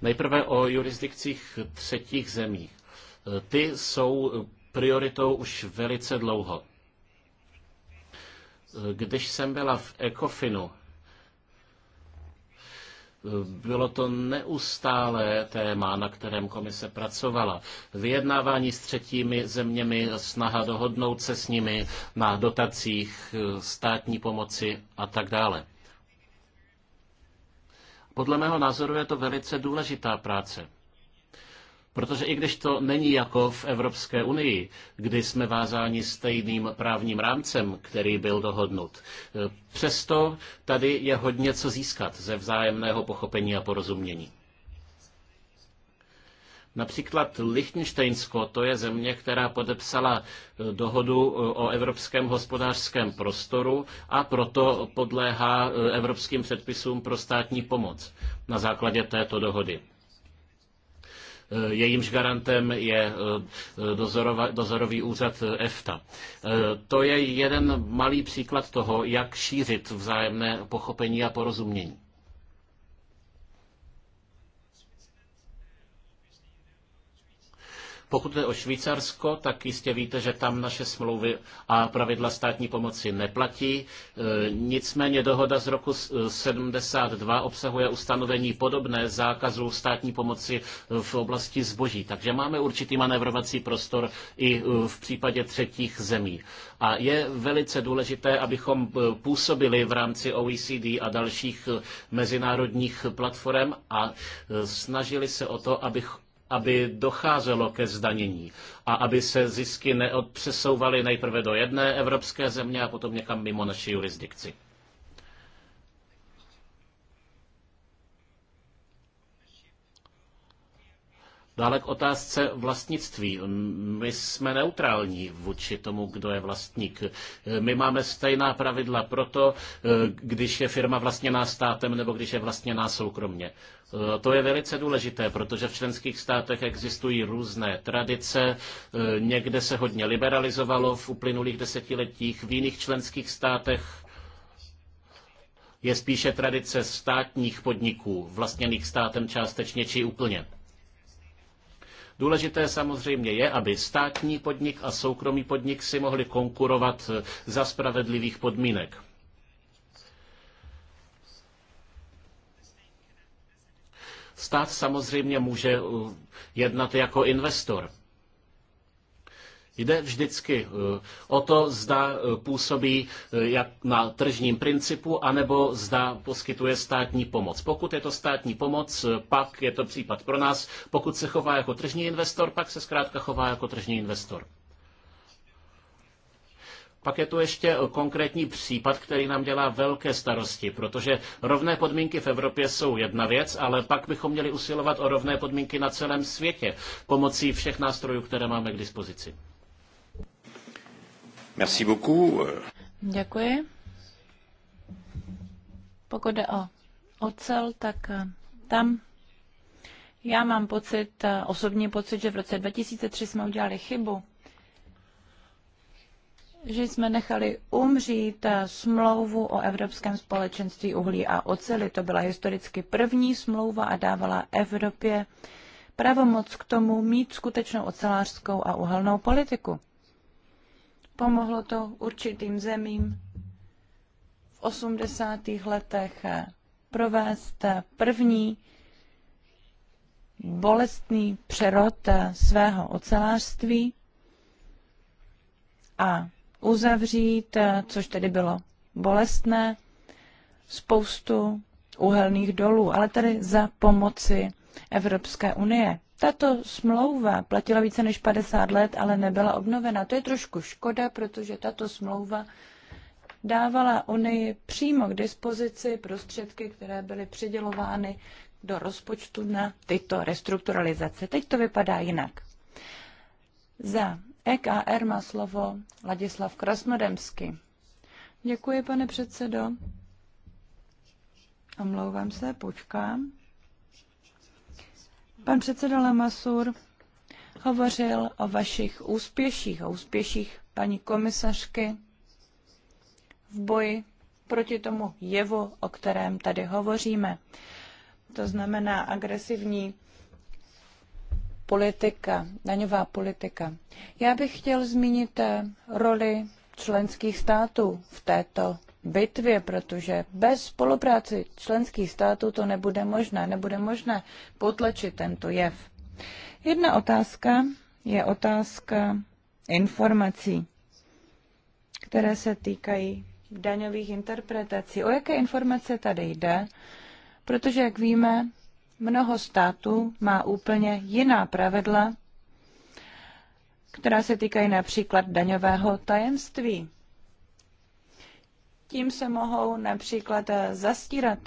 Nejprve o jurisdikcích třetích zemí. Ty jsou prioritou už velice dlouho. Když jsem byla v Ecofinu bylo to neustálé téma, na kterém komise pracovala. Vyjednávání s třetími zeměmi, snaha dohodnout se s nimi na dotacích, státní pomoci a tak dále. Podle mého názoru je to velice důležitá práce. Protože i když to není jako v Evropské unii, kdy jsme vázáni stejným právním rámcem, který byl dohodnut, e, přesto tady je hodně co získat ze vzájemného pochopení a porozumění. Například Lichtensteinsko, to je země, která podepsala e, dohodu e, o evropském hospodářském prostoru a proto podléhá evropským předpisům pro státní pomoc na základě této dohody. Eh, jejímž garantem je eh, dozorova, dozorový úřad eh, EFTA. To je jeden malý příklad toho, jak šířit vzájemné pochopení a porozumění. Pokud jde o Švýcarsko, tak jistě víte, že tam naše smlouvy a pravidla státní pomoci neplatí. E, nicméně dohoda z roku 72 e, obsahuje ustanovení podobné zákazu státní pomoci v oblasti zboží. Takže máme určitý manévrovací prostor i e, v případě třetích zemí. A je velice důležité, abychom působili v rámci OECD a dalších mezinárodních platform a snažili se o to, abych, aby docházelo ke zdanění a aby se zisky neodpřesouvaly nejprve do jedné evropské země a potom někam mimo naši jurisdikci. Dále k otázce vlastnictví. My jsme neutrální vůči tomu, kdo je vlastník. My máme stejná pravidla pro to, když je firma vlastněná státem nebo když je vlastněná soukromně. Eh, to je velice důležité, protože v členských státech existují různé tradice. Eh, někde se hodně liberalizovalo v uplynulých desetiletích, v jiných členských státech je spíše tradice státních podniků, vlastněných státem částečně či úplně. Důležité samozřejmě je, aby státní podnik a soukromý podnik si mohli konkurovat eh, za spravedlivých podmínek. Stát samozřejmě může uh, jednat jako investor. Jde vždycky uh, o to, zda uh, působí jak na tržním principu, anebo zda poskytuje státní pomoc. Pokud je to státní pomoc, pak je to případ pro nás. Pokud se chová jako tržní investor, pak se zkrátka chová jako tržní investor. Pak je tu ještě eh, konkrétní případ, který nám dělá velké starosti, protože rovné podmínky v Evropě jsou jedna věc, ale pak bychom měli usilovat o rovné podmínky na celém světě pomocí všech nástrojů, které máme k dispozici. Merci beaucoup. Děkuji. Pokud jde o ocel, tak eh, tam já mám pocit, eh, osobní pocit, že v roce 2003 jsme udělali chybu, že jsme nechali umřít eh, smlouvu o Evropském společenství uhlí a oceli. To byla historicky první smlouva a dávala Evropě pravomoc k tomu mít skutečnou ocelářskou a uhelnou politiku. Pomohlo to určitým zemím v 80. letech eh, provést eh, první bolestný přerod svého ocelářství a uzavřít, eh, což tedy bylo bolestné, spoustu uhelných dolů, ale tedy za pomoci Evropské unie. Tato smlouva platila více než 50 let, ale nebyla obnovena. To je trošku škoda, protože tato smlouva dávala Unii přímo k dispozici prostředky, které byly přidělovány do rozpočtu na tyto restrukturalizace. Teď to vypadá jinak. Za EKR má slovo Ladislav Krasnodemsky. Děkuji, pane předsedo. Omlouvám se, počkám. Pan předseda Lamasur hovořil o vašich úspěších, o úspěších paní komisařky v boji proti tomu jevu, o kterém tady hovoříme. To znamená agresivní politika, daňová politika. Já bych chtěl zmínit eh, roli členských států v této bitvě, protože bez spolupráci členských států to nebude možné, nebude možné potlačit tento jev. Jedna otázka je otázka informací, které se týkají daňových interpretací. O jaké informace tady jde? Protože, jak víme, Mnoho států má úplně jiná pravidla, která se týkají například daňového tajemství. Tím se mohou například zastírat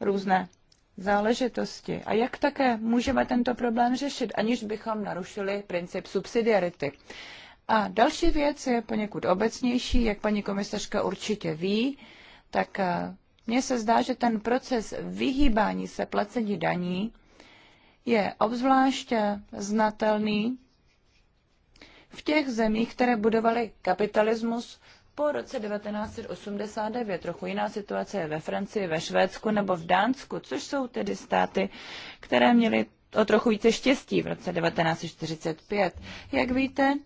různé záležitosti. A jak také můžeme tento problém řešit, aniž bychom narušili princip subsidiarity. A další věc je poněkud obecnější, jak paní komisařka určitě ví, tak mně se zdá, že ten proces vyhýbání se placení daní je obzvláště znatelný v těch zemích, které budovaly kapitalismus po roce 1989. Trochu jiná situace je ve Francii, ve Švédsku nebo v Dánsku, což jsou tedy státy, které měly o trochu více štěstí v roce 1945. Jak víte,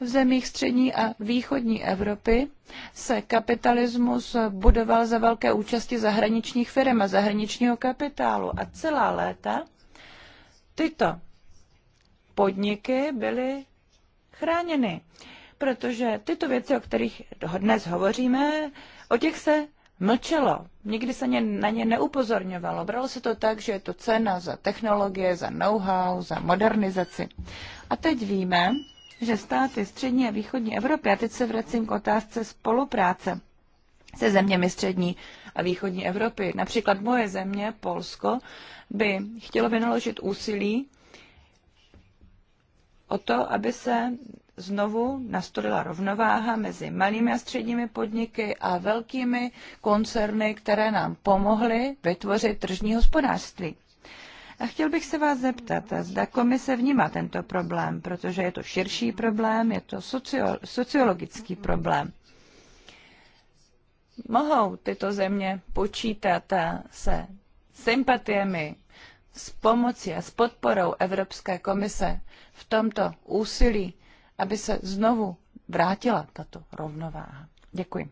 v zemích střední a východní Evropy se kapitalismus budoval za velké účasti zahraničních firm a zahraničního kapitálu. A celá léta tyto podniky byly chráněny, protože tyto věci, o kterých dnes hovoříme, o těch se mlčelo. Nikdy se na ně neupozorňovalo. Bralo se to tak, že je to cena za technologie, za know-how, za modernizaci. A teď víme, že státy střední a východní Evropy, a teď se vracím k otázce spolupráce se zeměmi střední a východní Evropy, například moje země, Polsko, by chtělo vynaložit úsilí o to, aby se znovu nastolila rovnováha mezi malými a středními podniky a velkými koncerny, které nám pomohly vytvořit tržní hospodářství. A chtěl bych se vás zeptat, zda komise vnímá tento problém, protože je to širší problém, je to socio, sociologický problém. Mohou tyto země počítat se sympatiemi, s pomocí a s podporou Evropské komise v tomto úsilí, aby se znovu vrátila tato rovnováha. Děkuji.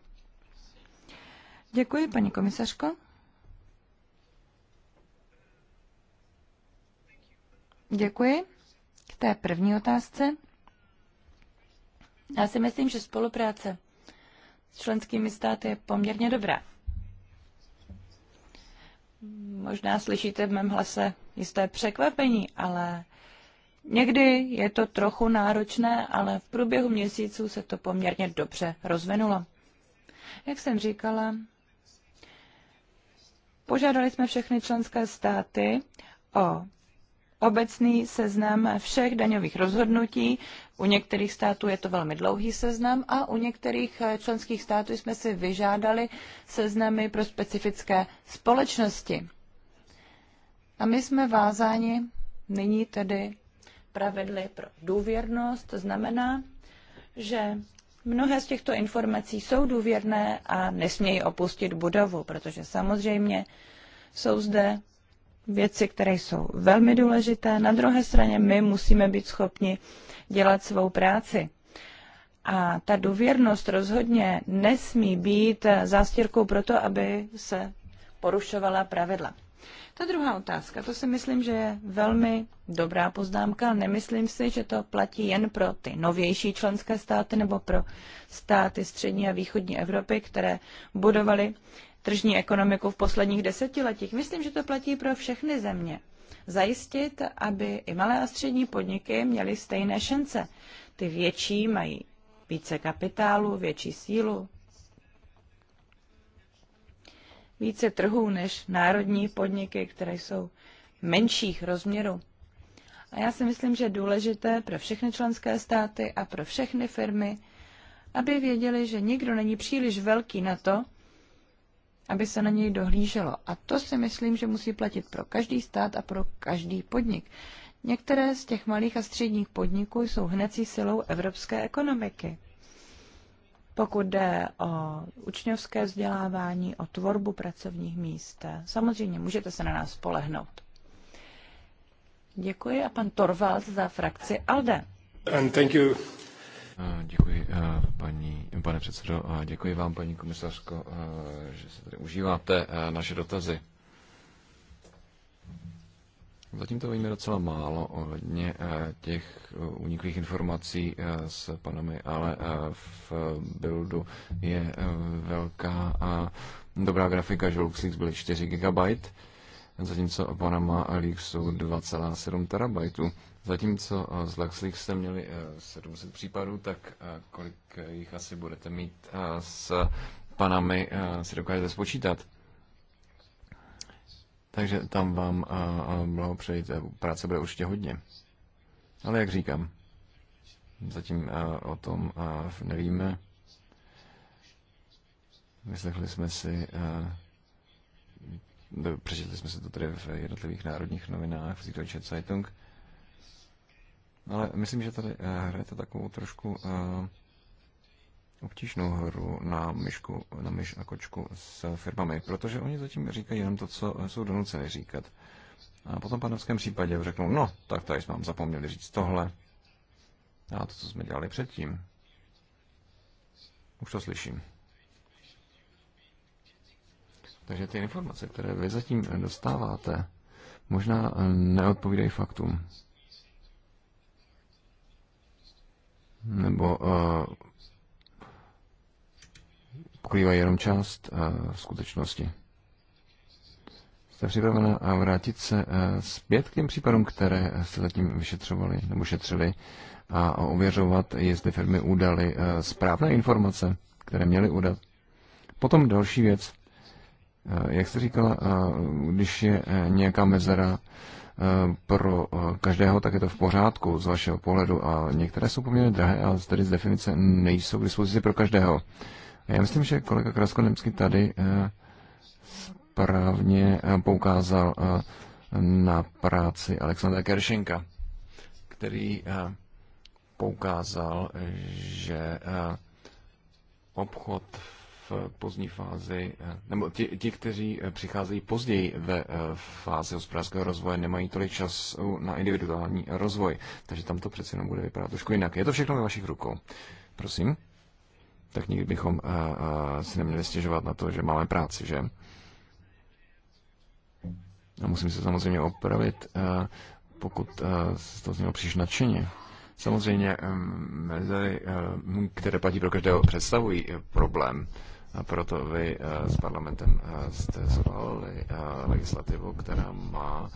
Děkuji, paní komisařko. Děkuji. K té první otázce. Já si myslím, že spolupráce s členskými státy je poměrně dobrá. Možná slyšíte v mém hlase jisté překvapení, ale někdy je to trochu náročné, ale v průběhu měsíců se to poměrně dobře rozvinulo. Jak jsem říkala, požádali jsme všechny členské státy o obecný seznam všech daňových rozhodnutí. U některých států je to velmi dlouhý seznam a u některých eh, členských států jsme si vyžádali seznamy pro specifické společnosti. A my jsme vázáni nyní tedy pravidly pro důvěrnost. To znamená, že mnohé z těchto informací jsou důvěrné a nesmějí opustit budovu, protože samozřejmě jsou zde věci, které jsou velmi důležité. Na druhé straně my musíme být schopni dělat svou práci. A ta důvěrnost rozhodně nesmí být zástěrkou pro to, aby se porušovala pravidla. Ta druhá otázka, to si myslím, že je velmi dobrá poznámka. Nemyslím si, že to platí jen pro ty novější členské státy nebo pro státy střední a východní Evropy, které budovaly tržní ekonomiku v posledních desetiletích. Myslím, že to platí pro všechny země. Zajistit, aby i malé a střední podniky měly stejné šance. Ty větší mají více kapitálu, větší sílu, více trhů než národní podniky, které jsou menších rozměrů. A já si myslím, že je důležité pro všechny členské státy a pro všechny firmy, aby věděli, že nikdo není příliš velký na to, aby se na něj dohlíželo. A to si myslím, že musí platit pro každý stát a pro každý podnik. Některé z těch malých a středních podniků jsou hnací silou evropské ekonomiky. Pokud jde o učňovské vzdělávání, o tvorbu pracovních míst, samozřejmě můžete se na nás spolehnout. Děkuji a pan Torvald za frakci ALDE. And thank you Eh, děkuji, eh, paní, pane předsedo, a děkuji vám, paní komisařko, eh, že se tady užíváte naše dotazy. Zatím to víme docela málo ohledně těch uniklých informací s panami, ale v buildu je velká a dobrá grafika, že Luxlix byly 4 GB, zatímco Panama Leaks jsou 2,7 terabajtů. Zatímco eh, z Luxleaks jste měli 700 eh, případů, tak eh, kolik jich asi budete mít s panami, si dokážete spočítat. Takže tam vám bylo přejít práce bude určitě hodně. Ale jak říkám, zatím o tom nevíme. Vyslechli jsme si, přečetli jsme si to tady v jednotlivých národních novinách v Süddeutsche Zeitung. Ale myslím, že tady eh, hrajete takovou trošku eh, obtížnou hru na, myšku, na myš a kočku s firmami, protože oni zatím říkají jenom to, co jsou donuceni říkat. A potom v panovském případě řeknou, no, tak tady jsme vám zapomněli říct tohle. A to, co jsme dělali předtím. Už to slyším. Takže ty informace, které vy zatím dostáváte, možná eh, neodpovídají faktům. nebo eh, pokrývají jenom část eh, skutečnosti. Jste připravena eh, vrátit se zpět k těm případům, které jste zatím vyšetřovali nebo šetřili a ověřovat, jestli firmy udaly správné informace, které měly udat. Potom další věc. Jak jste říkala, když je nějaká mezera, Eh, pro eh, každého, tak je to v pořádku z vašeho pohledu. A některé jsou poměrně drahé a tedy z definice nejsou k dispozici pro každého. A já myslím, že kolega Kraskonemský tady eh, správně poukázal na práci Alexandra Keršenka, který poukázal, že obchod v v pozdní fázi, eh, nebo ti, ti kteří eh, přicházejí později ve eh, fázi hospodářského rozvoje, nemají tolik času na individuální rozvoj. Takže tam to přece jenom bude vypadat trošku jinak. Je to všechno ve vašich rukou. Prosím. Tak nikdy bychom si neměli stěžovat na to, že máme práci, že? A musím se samozřejmě opravit, pokud se to z něho příliš nadšeně. Samozřejmě mezery, které platí pro každého, představují problém. A proto vy eh, s parlamentem eh, jste schválili eh, legislativu, která má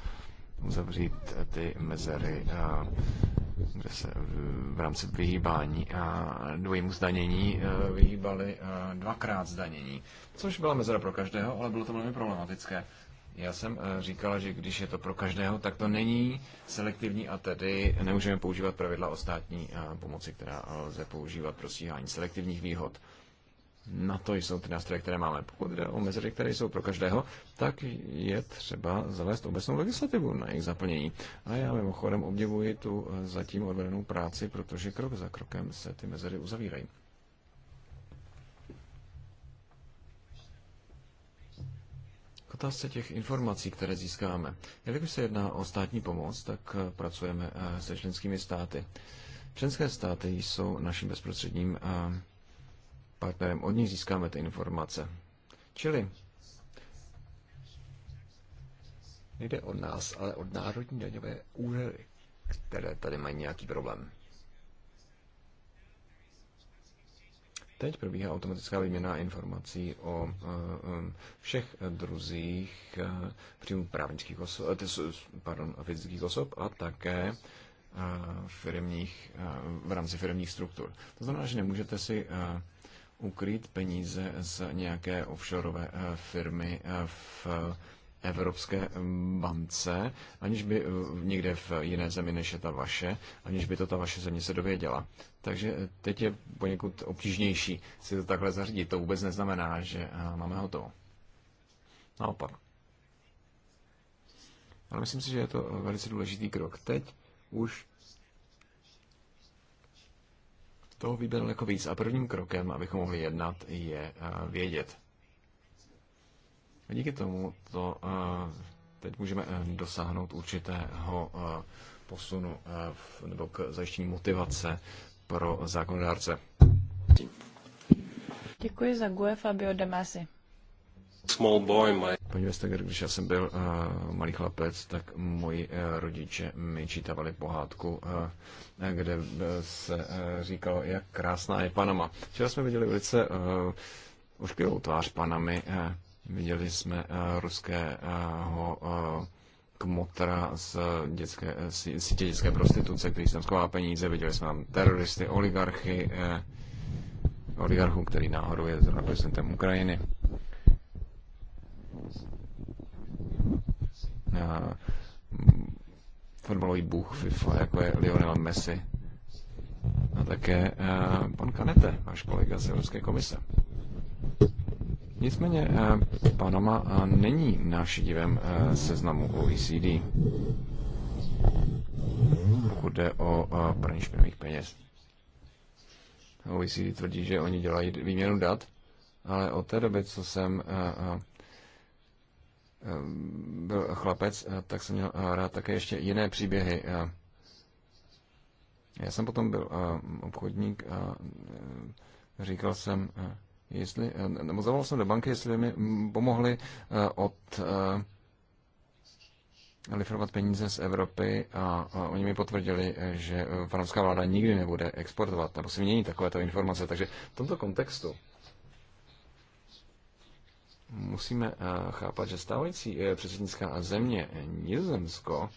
uzavřít ty mezery kde se v rámci vyhýbání a dvojímu zdanění vyhýbali dvakrát zdanění, což byla mezera pro každého, ale bylo to velmi problematické. Já jsem říkala, že když je to pro každého, tak to není selektivní a tedy nemůžeme používat pravidla o státní pomoci, která lze používat pro stíhání selektivních výhod na to jsou ty nástroje, které máme. Pokud jde o mezery, které jsou pro každého, tak je třeba zavést obecnou legislativu na jejich zaplnění. A já mimochodem obdivuji tu zatím odvedenou práci, protože krok za krokem se ty mezery uzavírají. K otázce těch informací, které získáme. Jelikož se jedná o státní pomoc, tak pracujeme eh, se členskými státy. Členské státy jsou naším bezprostředním eh, partnerem, od nich získáme ty informace. Čili nejde o nás, ale od národní daňové úřady, které tady mají nějaký problém. Teď probíhá automatická výměna informací o eh, eh, všech druzích eh, přímo právnických osob, pardon, fyzických osob a také firmních, v rámci firmních struktur. To znamená, že nemůžete si ukrýt peníze z nějaké offshore eh, firmy eh, v Evropské mm, bance, aniž by někde v jiné zemi než je ta vaše, aniž by to ta vaše země se dověděla. Takže eh, teď je poněkud obtížnější si to takhle zařídit. To vůbec neznamená, že máme hotovo. Naopak. Ale myslím si, že je to velice důležitý krok. Teď už toho výběr daleko víc. A prvním krokem, abychom mohli jednat, je eh, vědět. A díky tomu to eh, teď můžeme eh, dosáhnout určitého posunu nebo k zajištění motivace pro zákonodárce. Děkuji za GUE Fabio Demasi. Small Paní Vestager, když já jsem byl uh, malý chlapec, tak moji uh, rodiče mi čítavali pohádku, uh, kde uh, se uh, říkalo, jak krásná je Panama. Včera jsme viděli velice uh, ošklivou tvář Panamy. Uh, viděli jsme uh, ruského uh, kmotra z dětské, sítě dětské prostituce, který tam schová peníze. Viděli jsme tam teroristy, oligarchy, eh, oligarchů, který náhodou je zrovna prezidentem Ukrajiny fotbalový bůh FIFA, jako je Lionel Messi. A také pan Kanete, váš kolega z Evropské komise. Nicméně Panama není na šedivém seznamu OECD, pokud jde o praní špinavých peněz. OECD tvrdí, že oni dělají výměnu dat, ale od té doby, co jsem Ehm, byl chlapec, eh, tak jsem měl eh, rád také ještě jiné příběhy. Eh, já jsem potom byl obchodník a říkal jsem, jestli, nebo zavolal jsem do banky, jestli mi mm, pomohli od lifrovat peníze z Evropy a, oni mi potvrdili, že francouzská vláda nikdy nebude exportovat nebo si mění takovéto informace. Takže v tomto kontextu musíme eh, chápat, že stávající eh, předsednická země eh, Nizozemsko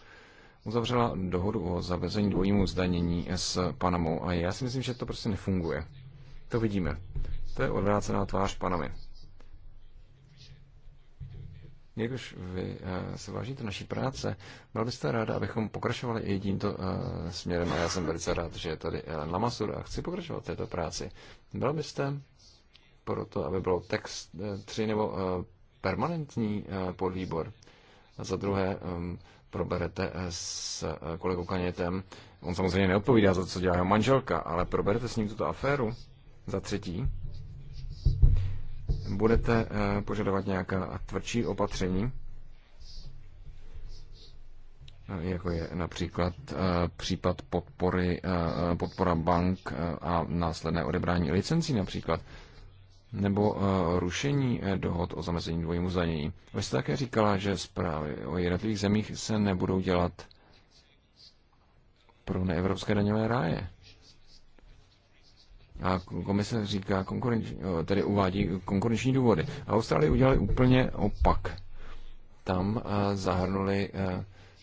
uzavřela dohodu o zavezení dvojímu zdanění s Panamou a já si myslím, že to prostě nefunguje. To vidíme. To je odvrácená tvář Panamy. Jelikož vy se vážíte naší práce, byl byste ráda, abychom pokračovali i tímto směrem a já jsem velice rád, že je tady Lamasur a chci pokračovat této práci. Byl byste pro to, aby bylo text 3 eh, nebo eh, permanentní eh, podvýbor. A za druhé ehm, proberete s kolegou Kanětem, on samozřejmě neodpovídá za to, co dělá jeho manželka, ale proberete s ním tuto aféru. Za třetí, budete požadovat nějaká tvrdší opatření, jako je například případ podpory, podpora bank a následné odebrání licencí například nebo eh, rušení eh, dohod o zamezení dvojímu zdanění. Vy jste také říkala, že zprávy o jednotlivých zemích se nebudou dělat pro neevropské daňové ráje. A komise říká, konkurenční, eh, tedy uvádí konkurenční důvody. A Austrálii udělali úplně opak. Tam zahrnuli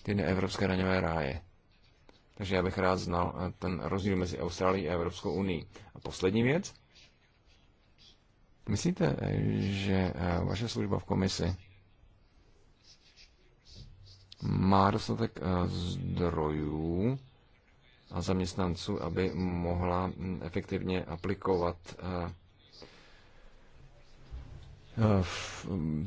ty neevropské daňové ráje. Takže já bych rád znal ten rozdíl mezi Austrálií a Evropskou unii. A poslední věc. Myslíte, eh, že eh, vaše služba v komisi má dostatek eh, zdrojů a zaměstnanců, aby mohla hm, efektivně aplikovat hm,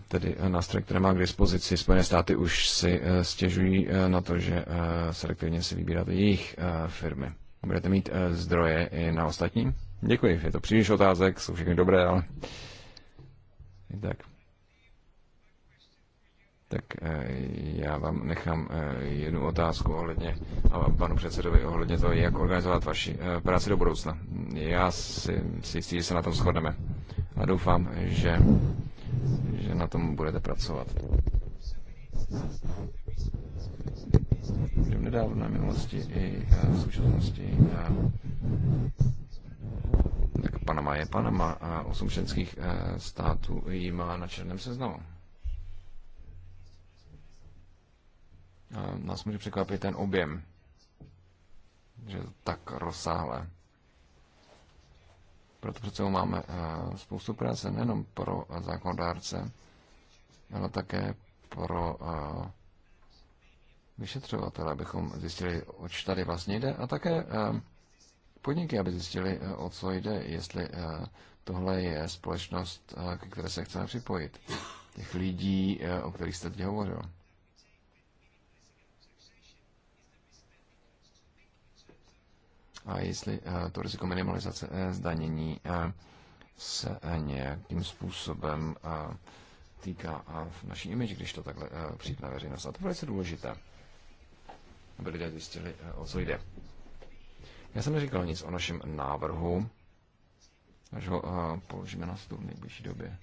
tedy nástroje, které má k dispozici. Spojené státy už si stěžují na to, že selektivně si vybírat jejich firmy. Budete mít zdroje i na ostatním? Děkuji, je to příliš otázek, jsou všechny dobré, ale... Tak. Tak eh, já vám nechám eh, jednu otázku ohledně, a panu předsedovi ohledně toho, jak organizovat vaši eh, práci do budoucna. Já si, si jistý, že se na tom shodneme a doufám, že, že na tom budete pracovat. V nedávné minulosti i v současnosti Panama je Panama a osm členských eh, států ji má na černém seznamu. A nás může překvapit ten objem, že tak rozsáhlé. Proto přece máme eh, spoustu práce nejenom pro zákonodárce, ale také pro eh, vyšetřovatele, abychom zjistili, oč tady vlastně jde, a také podniky, aby zjistili, eh, o co jde, jestli eh, tohle je společnost, eh, ke které se chceme připojit. Těch lidí, o kterých jste teď hovořil. A jestli to riziko minimalizace zdanění se nějakým způsobem týká a v naší image, když to takhle přijde na veřejnost. A to je velice důležité, aby lidé zjistili, o co jde. Já jsem neříkal nic o našem návrhu, až ho a, eh, položíme na stůl v nejbližší době.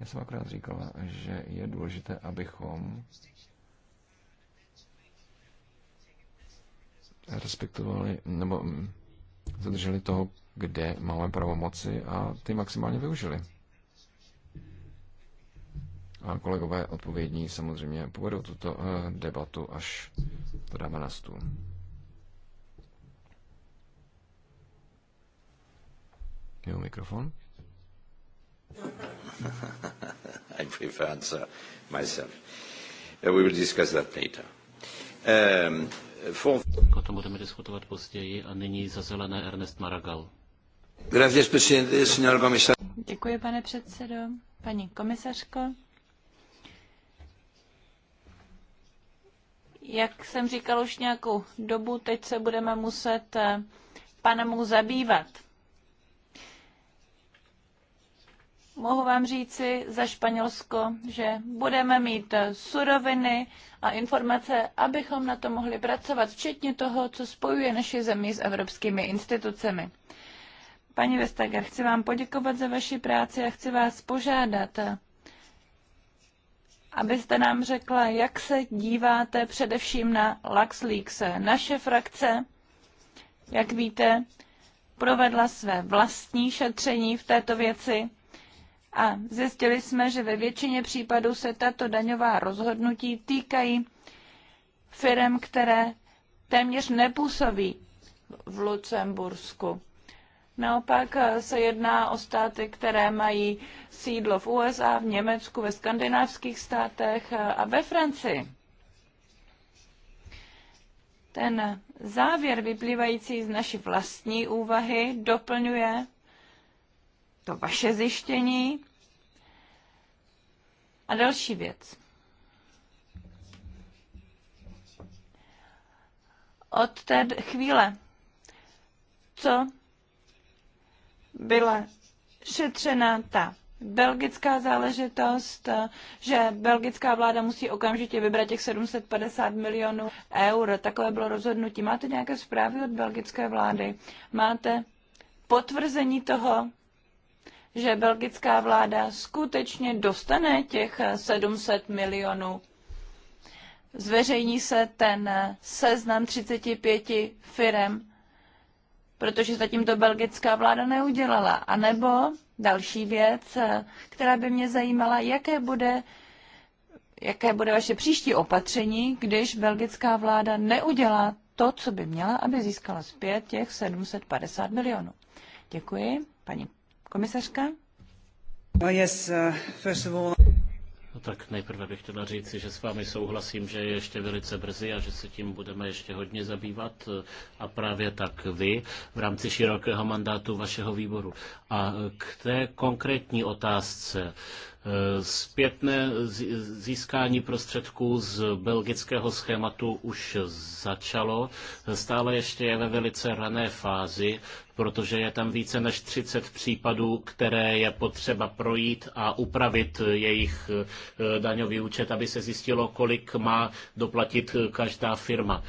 Já jsem akorát říkala, že je důležité, abychom respektovali nebo mm, zadrželi toho, kde máme pravomoci a ty maximálně využili. A kolegové odpovědní samozřejmě povedou tuto eh, debatu, až to dáme na stůl. Jo, mikrofon. <laughs> I prefer answer myself. Uh, We will discuss that later. Um, for... O tom budeme diskutovat později a nyní za zelené Ernest Maragal. Gracias, presidente, señor comisar. Děkuji, pane předsedo. Paní komisařko. Jak jsem říkal už nějakou dobu, teď se budeme muset eh, Panamu zabývat. mohu vám říci za Španělsko, že budeme mít suroviny a informace, abychom na to mohli pracovat, včetně toho, co spojuje naše zemi s evropskými institucemi. Paní Vestager, chci vám poděkovat za vaši práci a chci vás požádat, abyste nám řekla, jak se díváte především na LuxLeaks. Naše frakce, jak víte, provedla své vlastní šetření v této věci a zjistili jsme, že ve většině případů se tato daňová rozhodnutí týkají firm, které téměř nepůsobí v Lucembursku. Naopak se jedná o státy, které mají sídlo v USA, v Německu, ve skandinávských státech a ve Francii. Ten závěr vyplývající z naší vlastní úvahy doplňuje to vaše zjištění. A další věc. Od té chvíle, co byla šetřena ta belgická záležitost, že belgická vláda musí okamžitě vybrat těch 750 milionů eur. Takové bylo rozhodnutí. Máte nějaké zprávy od belgické vlády? Máte potvrzení toho, že belgická vláda skutečně dostane těch 700 milionů. Zveřejní se ten seznam 35 firem, protože zatím to belgická vláda neudělala. A nebo další věc, která by mě zajímala, jaké bude, jaké bude vaše příští opatření, když belgická vláda neudělá to, co by měla, aby získala zpět těch 750 milionů. Děkuji. Paní Komisařka? Oh, yes, uh, first of all... No tak nejprve bych chtěla říci, že s vámi souhlasím, že je ještě velice brzy a že se tím budeme ještě hodně zabývat eh, a právě tak vy v rámci širokého mandátu vašeho výboru. A k té konkrétní otázce, Eh, zpětné získání prostředků z belgického schématu už začalo. Stále ještě je ve velice rané fázi, protože je tam více než 30 případů, které je potřeba projít a upravit jejich eh, daňový účet, aby se zjistilo, kolik má doplatit každá firma.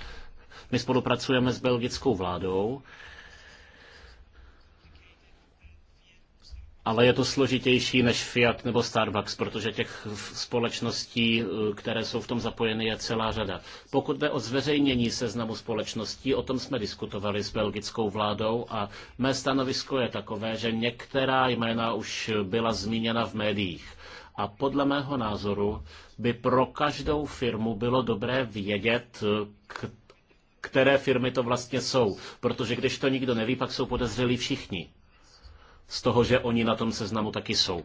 My spolupracujeme s belgickou vládou ale je to složitější než Fiat nebo Starbucks, protože těch společností, eh, které jsou v tom zapojeny, je celá řada. Pokud jde o zveřejnění seznamu společností, o tom jsme diskutovali s belgickou vládou a mé stanovisko je takové, že některá jména už byla zmíněna v médiích. A podle mého názoru by pro každou firmu bylo dobré vědět, eh, které firmy to vlastně jsou. Protože když to nikdo neví, pak jsou podezřelí všichni z toho, že oni na tom seznamu taky jsou.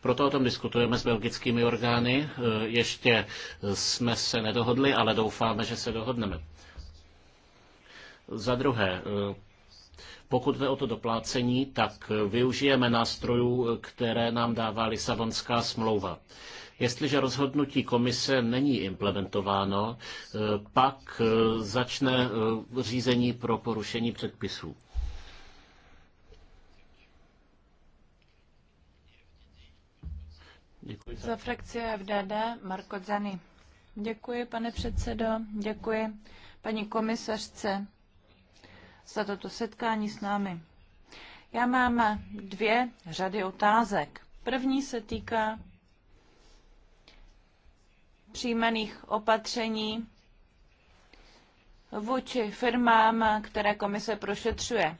Proto o tom diskutujeme s belgickými orgány. E, ještě jsme se nedohodli, ale doufáme, že se dohodneme. Za druhé, e, pokud jde o to doplácení, tak využijeme nástrojů, které nám dává Lisabonská smlouva. Jestliže rozhodnutí komise není implementováno, eh, pak eh, začne eh, řízení pro porušení předpisů. Děkuji. Za frakci FDD Marko Zany. Děkuji, pane předsedo, děkuji paní komisařce za toto setkání s námi. Já mám dvě řady otázek. První se týká přijímaných opatření vůči firmám, které komise prošetřuje.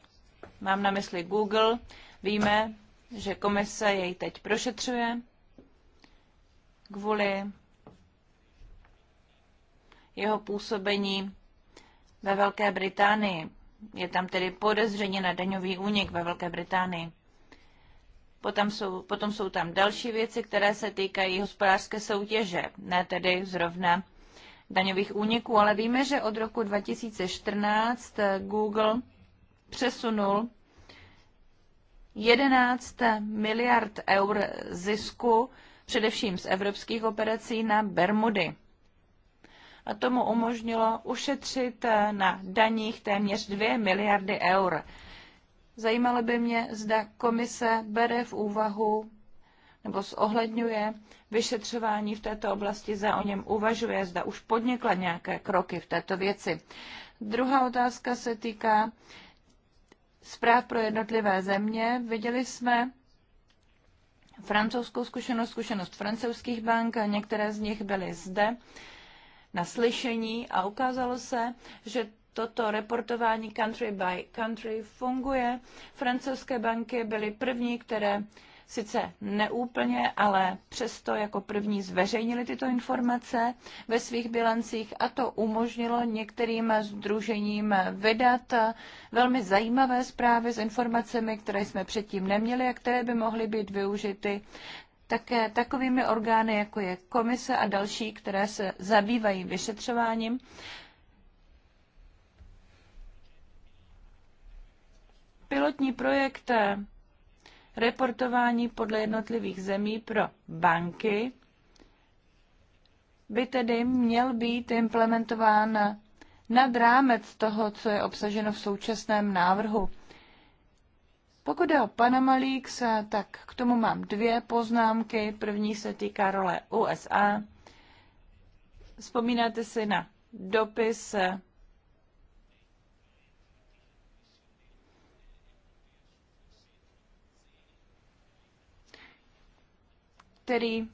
Mám na mysli Google. Víme, že komise jej teď prošetřuje kvůli jeho působení ve Velké Británii. Je tam tedy podezření na daňový únik ve Velké Británii. Potom jsou, potom jsou tam další věci, které se týkají hospodářské soutěže, ne tedy zrovna daňových úniků, ale víme, že od roku 2014 Google přesunul 11 miliard eur zisku, především z evropských operací, na Bermudy. A tomu umožnilo ušetřit na daních téměř 2 miliardy eur. Zajímalo by mě, zda komise bere v úvahu nebo zohledňuje vyšetřování v této oblasti, za o něm uvažuje, zda už podnikla nějaké kroky v této věci. Druhá otázka se týká zpráv pro jednotlivé země. Viděli jsme francouzskou zkušenost, zkušenost francouzských bank, některé z nich byly zde na slyšení a ukázalo se, že toto reportování country by country funguje. Francouzské banky byly první, které sice neúplně, ale přesto jako první zveřejnili tyto informace ve svých bilancích a to umožnilo některým združením vydat velmi zajímavé zprávy s informacemi, které jsme předtím neměli a které by mohly být využity také takovými orgány, jako je komise a další, které se zabývají vyšetřováním. pilotní projekt reportování podle jednotlivých zemí pro banky by tedy měl být implementován nad rámec toho, co je obsaženo v současném návrhu. Pokud je o Panama Leaks, tak k tomu mám dvě poznámky. První se týká role USA. Vzpomínáte si na dopis který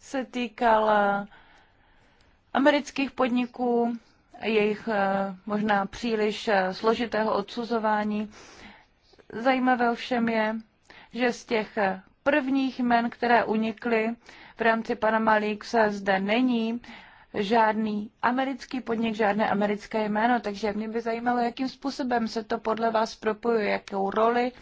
se týkal eh, amerických podniků, jejich eh, možná příliš eh, složitého odsuzování. Zajímavé všem je, že z těch prvních jmen, které unikly v rámci Panama Leaks, zde není žádný americký podnik, žádné americké jméno, takže mě by zajímalo, jakým způsobem se to podle vás propojuje, jakou roli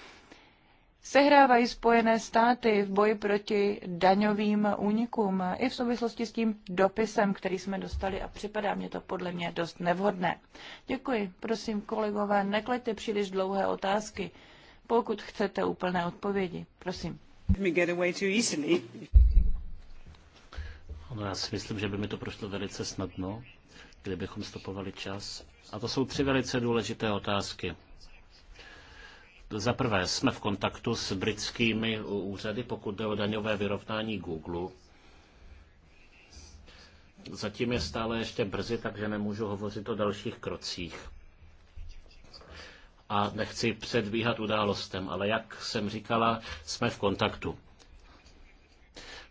sehrávají Spojené státy v boji proti daňovým únikům i v souvislosti s tím dopisem, který jsme dostali a připadá mě to podle mě dost nevhodné. Děkuji. Prosím, kolegové, neklejte příliš dlouhé otázky, pokud chcete úplné odpovědi. Prosím. No, já si myslím, že by mi to prošlo velice snadno, kdybychom stopovali čas. A to jsou tři velice důležité otázky. Za prvé, jsme v kontaktu s britskými úřady, pokud jde o daňové vyrovnání Google. Zatím je stále ještě brzy, takže nemůžu hovořit o dalších krocích. A nechci předvíhat událostem, ale jak jsem říkala, jsme v kontaktu.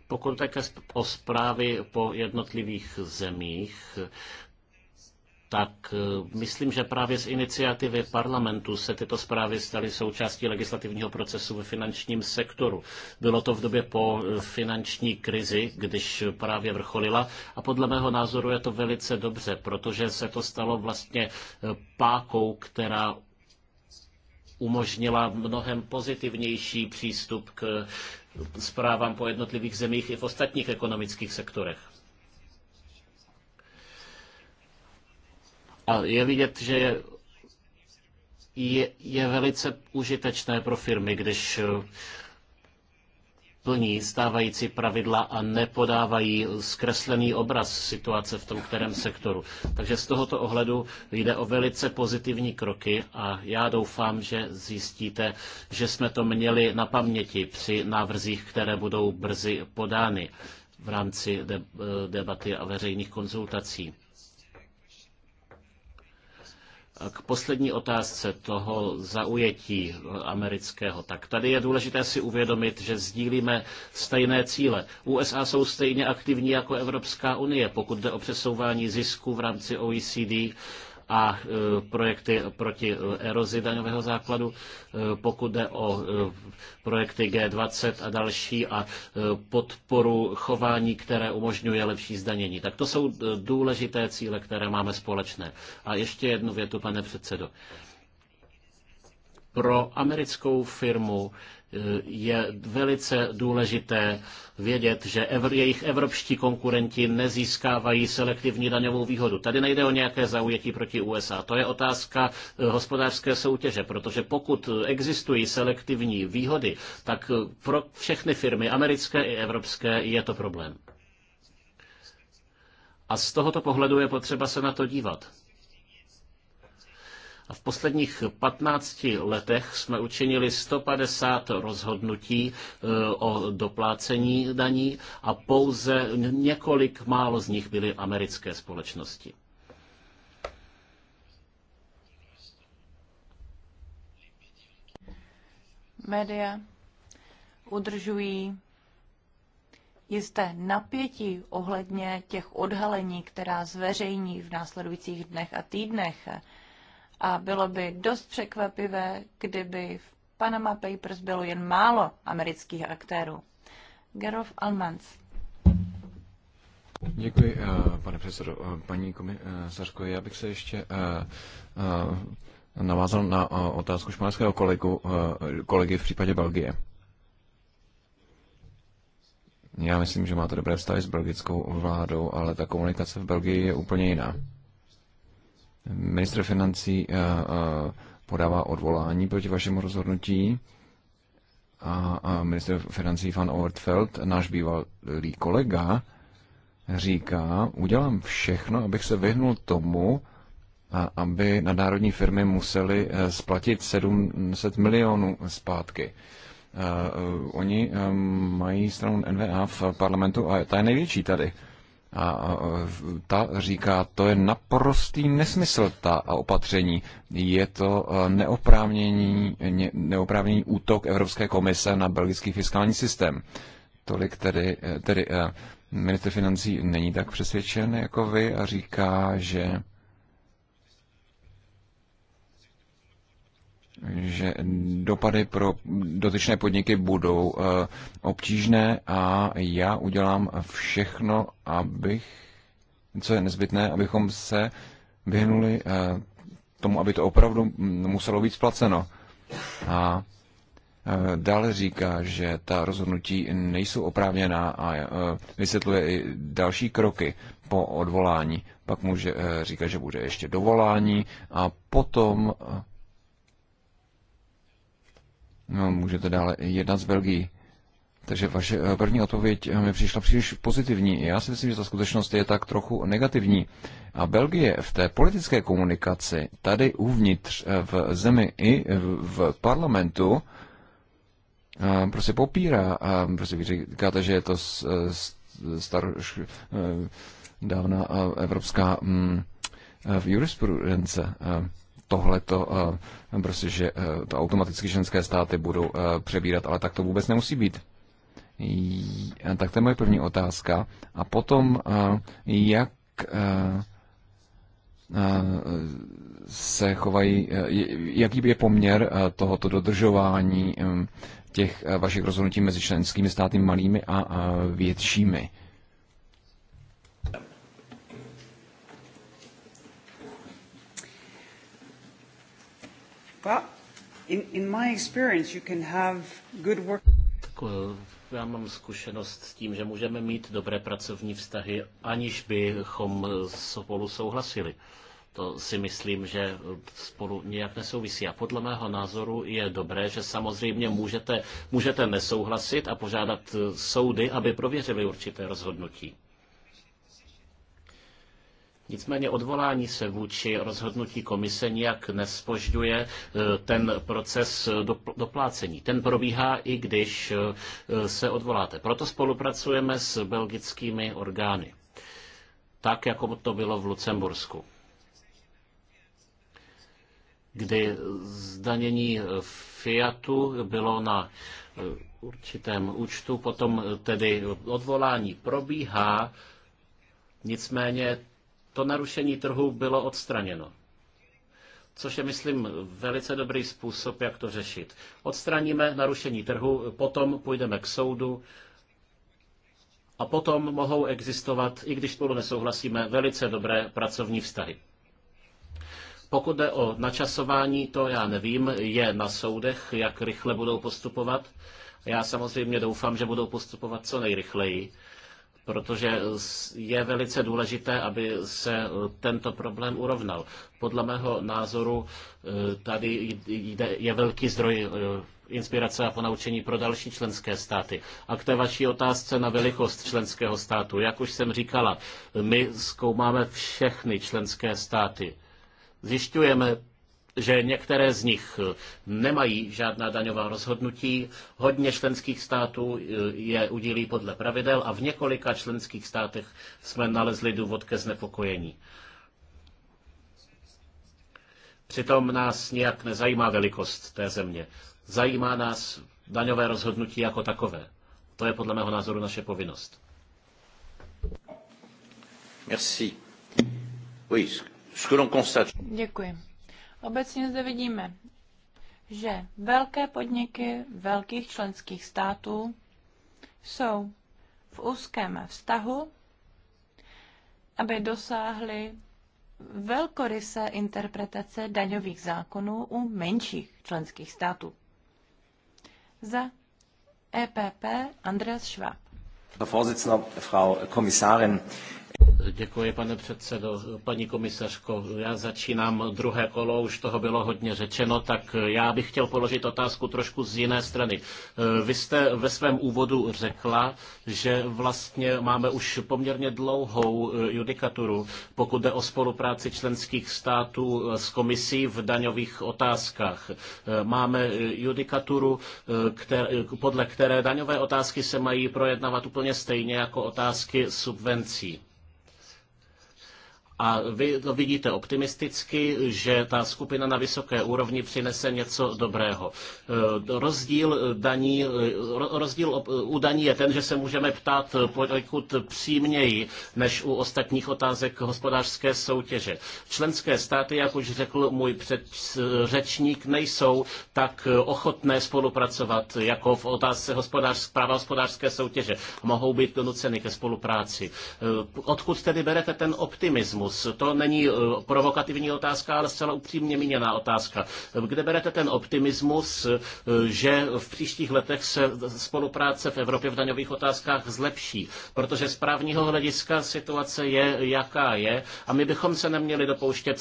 Pokud také o zprávy po jednotlivých zemích, tak eh, myslím, že právě z iniciativy parlamentu se tyto zprávy staly součástí legislativního procesu ve finančním sektoru. Bylo to v době po eh, finanční krizi, když právě vrcholila a podle mého názoru je to velice dobře, protože se to stalo vlastně eh, pákou, která umožnila mnohem pozitivnější přístup k zprávám po jednotlivých zemích i v ostatních ekonomických sektorech. A je vidět, že je, je, velice užitečné pro firmy, když eh, plní stávající pravidla a nepodávají zkreslený obraz situace v tom kterém sektoru. Takže z tohoto ohledu jde o velice pozitivní kroky a já doufám, že zjistíte, že jsme to měli na paměti při návrzích, které budou brzy podány v rámci eh, debaty a veřejných konzultací. K poslední otázce toho zaujetí amerického, tak tady je důležité si uvědomit, že sdílíme stejné cíle. USA jsou stejně aktivní jako Evropská unie, pokud jde o přesouvání zisku v rámci OECD a e, projekty proti e, erozi daňového základu, e, pokud jde o projekty G20 a další a podporu chování, které umožňuje lepší zdanění. Tak to jsou důležité cíle, které máme společné. A ještě jednu větu, pane předsedo. Pro americkou firmu je velice důležité vědět, že jejich evropští konkurenti nezískávají selektivní daňovou výhodu. Tady nejde o nějaké zaujetí proti USA. To je otázka eh, hospodářské soutěže, protože pokud existují selektivní výhody, tak eh, pro všechny firmy, americké i evropské, je to problém. A z tohoto pohledu je potřeba se na to dívat. A v posledních 15 letech jsme učinili 150 rozhodnutí e, o doplácení daní a pouze několik málo z nich byly americké společnosti. Média udržují jisté napětí ohledně těch odhalení, která zveřejní v následujících dnech a týdnech a bylo by dost překvapivé, kdyby v Panama Papers bylo jen málo amerických aktérů. Gerov Almans. Děkuji, eh, pane předsedo. Eh, paní komisařko, eh, já bych se ještě navázal na otázku španělského kolegu, kolegy v případě Belgie. Já myslím, že máte dobré vztahy s belgickou vládou, ale ta komunikace v Belgii je úplně jiná. Ministr financí eh, eh, podává odvolání proti vašemu rozhodnutí a minister financí Van Ortfeld, náš bývalý kolega, říká, udělám všechno, abych se vyhnul tomu, aby nadnárodní firmy musely eh, splatit 700 milionů zpátky. Oni mají stranu NVA v parlamentu a ta je největší tady. A ta říká, to je naprostý nesmysl, ta opatření. Je to neoprávnění, neoprávnění útok Evropské komise na belgický fiskální systém. Tolik tedy, tedy minister financí není tak přesvědčen jako vy a říká, že že dopady pro dotyčné podniky budou eh, obtížné a já udělám všechno, abych, co je nezbytné, abychom se vyhnuli eh, tomu, aby to opravdu muselo být splaceno. A eh, Dále říká, že ta rozhodnutí nejsou oprávněná a vysvětluje i další kroky po odvolání. Pak může říkat, že bude ještě dovolání a potom No, můžete dále jednat s Belgii. Takže vaše eh, první odpověď eh, mi přišla příliš pozitivní. Já si myslím, že ta skutečnost je tak trochu negativní. A Belgie v té politické komunikaci tady uvnitř eh, v zemi i v parlamentu prostě popírá a prostě vy říkáte, že je to star, dávna evropská mm, v jurisprudence tohleto, eh, prostě, že eh, to automaticky ženské státy budou eh, přebírat, ale tak to vůbec nemusí být. Tak to je moje první otázka. A potom, jak se chovají, jaký je poměr tohoto dodržování těch vašich rozhodnutí mezi členskými státy malými a většími Tak, já mám zkušenost s tím, že můžeme mít dobré pracovní vztahy, aniž bychom spolu souhlasili. To si myslím, že spolu nějak nesouvisí. A podle mého názoru je dobré, že samozřejmě můžete, můžete nesouhlasit a požádat soudy, aby prověřili určité rozhodnutí. Nicméně odvolání se vůči rozhodnutí komise nijak nespožďuje eh, ten proces eh, doplácení. Ten probíhá i když eh, se odvoláte. Proto spolupracujeme s belgickými orgány. Tak, jako to bylo v Lucembursku kdy zdanění Fiatu bylo na určitém účtu, potom tedy odvolání probíhá, nicméně to narušení trhu bylo odstraněno. Což je, myslím, velice dobrý způsob, jak to řešit. Odstraníme narušení trhu, potom půjdeme k soudu a potom mohou existovat, i když spolu nesouhlasíme, velice dobré pracovní vztahy. Pokud jde o načasování, to já nevím, je na soudech, jak rychle budou postupovat. Já samozřejmě doufám, že budou postupovat co nejrychleji, protože je velice důležité, aby se eh, tento problém urovnal. Podle mého názoru eh, tady je velký zdroj eh, inspirace a ponaučení pro další členské státy. A k té vaší otázce na velikost členského státu. Jak už jsem říkala, my zkoumáme všechny členské státy. Zjišťujeme, že některé z nich eh, nemají žádná daňová rozhodnutí. Hodně členských států eh, je udílí podle pravidel a v několika členských státech jsme nalezli důvod ke znepokojení. Přitom nás nijak nezajímá velikost té země. Zajímá nás daňové rozhodnutí jako takové. To je podle mého názoru naše povinnost. Merci. Oui, ce que l'on constate. Děkuji. Obecně zde vidíme, že velké podniky velkých členských států jsou v úzkém vztahu, aby dosáhly velkorysé interpretace daňových zákonů u menších členských států. Za EPP Andreas Schwab. Frau Vorsitzende, Frau Kommissarin. Děkuji, pane předsedo. Paní komisařko, já začínám druhé kolo, už toho bylo hodně řečeno, tak já bych chtěl položit otázku trošku z jiné strany. Eh, vy jste ve svém úvodu řekla, že vlastně máme už poměrně dlouhou eh, judikaturu, pokud jde o spolupráci členských států eh, s komisí v daňových otázkách. Máme judikaturu, které, podle které daňové otázky se mají projednávat úplně stejně jako otázky subvencí. A vy to vidíte optimisticky, že ta skupina na vysoké úrovni přinese něco dobrého. E, rozdíl, daní, rozdíl u daní je ten, že se můžeme ptát poněkud přímněji než u ostatních otázek hospodářské soutěže. Členské státy, jak už řekl můj řečník, nejsou tak ochotné spolupracovat jako v otázce hospodářské práva hospodářské soutěže. Mohou být donuceny ke spolupráci. E, odkud tedy berete ten optimismus? cyklus? To není eh, provokativní otázka, ale zcela upřímně míněná otázka. Kde berete ten optimismus, eh, že v příštích letech se spolupráce v Evropě v daňových otázkách zlepší? Protože z právního hlediska situace je, jaká je a my bychom se neměli dopouštět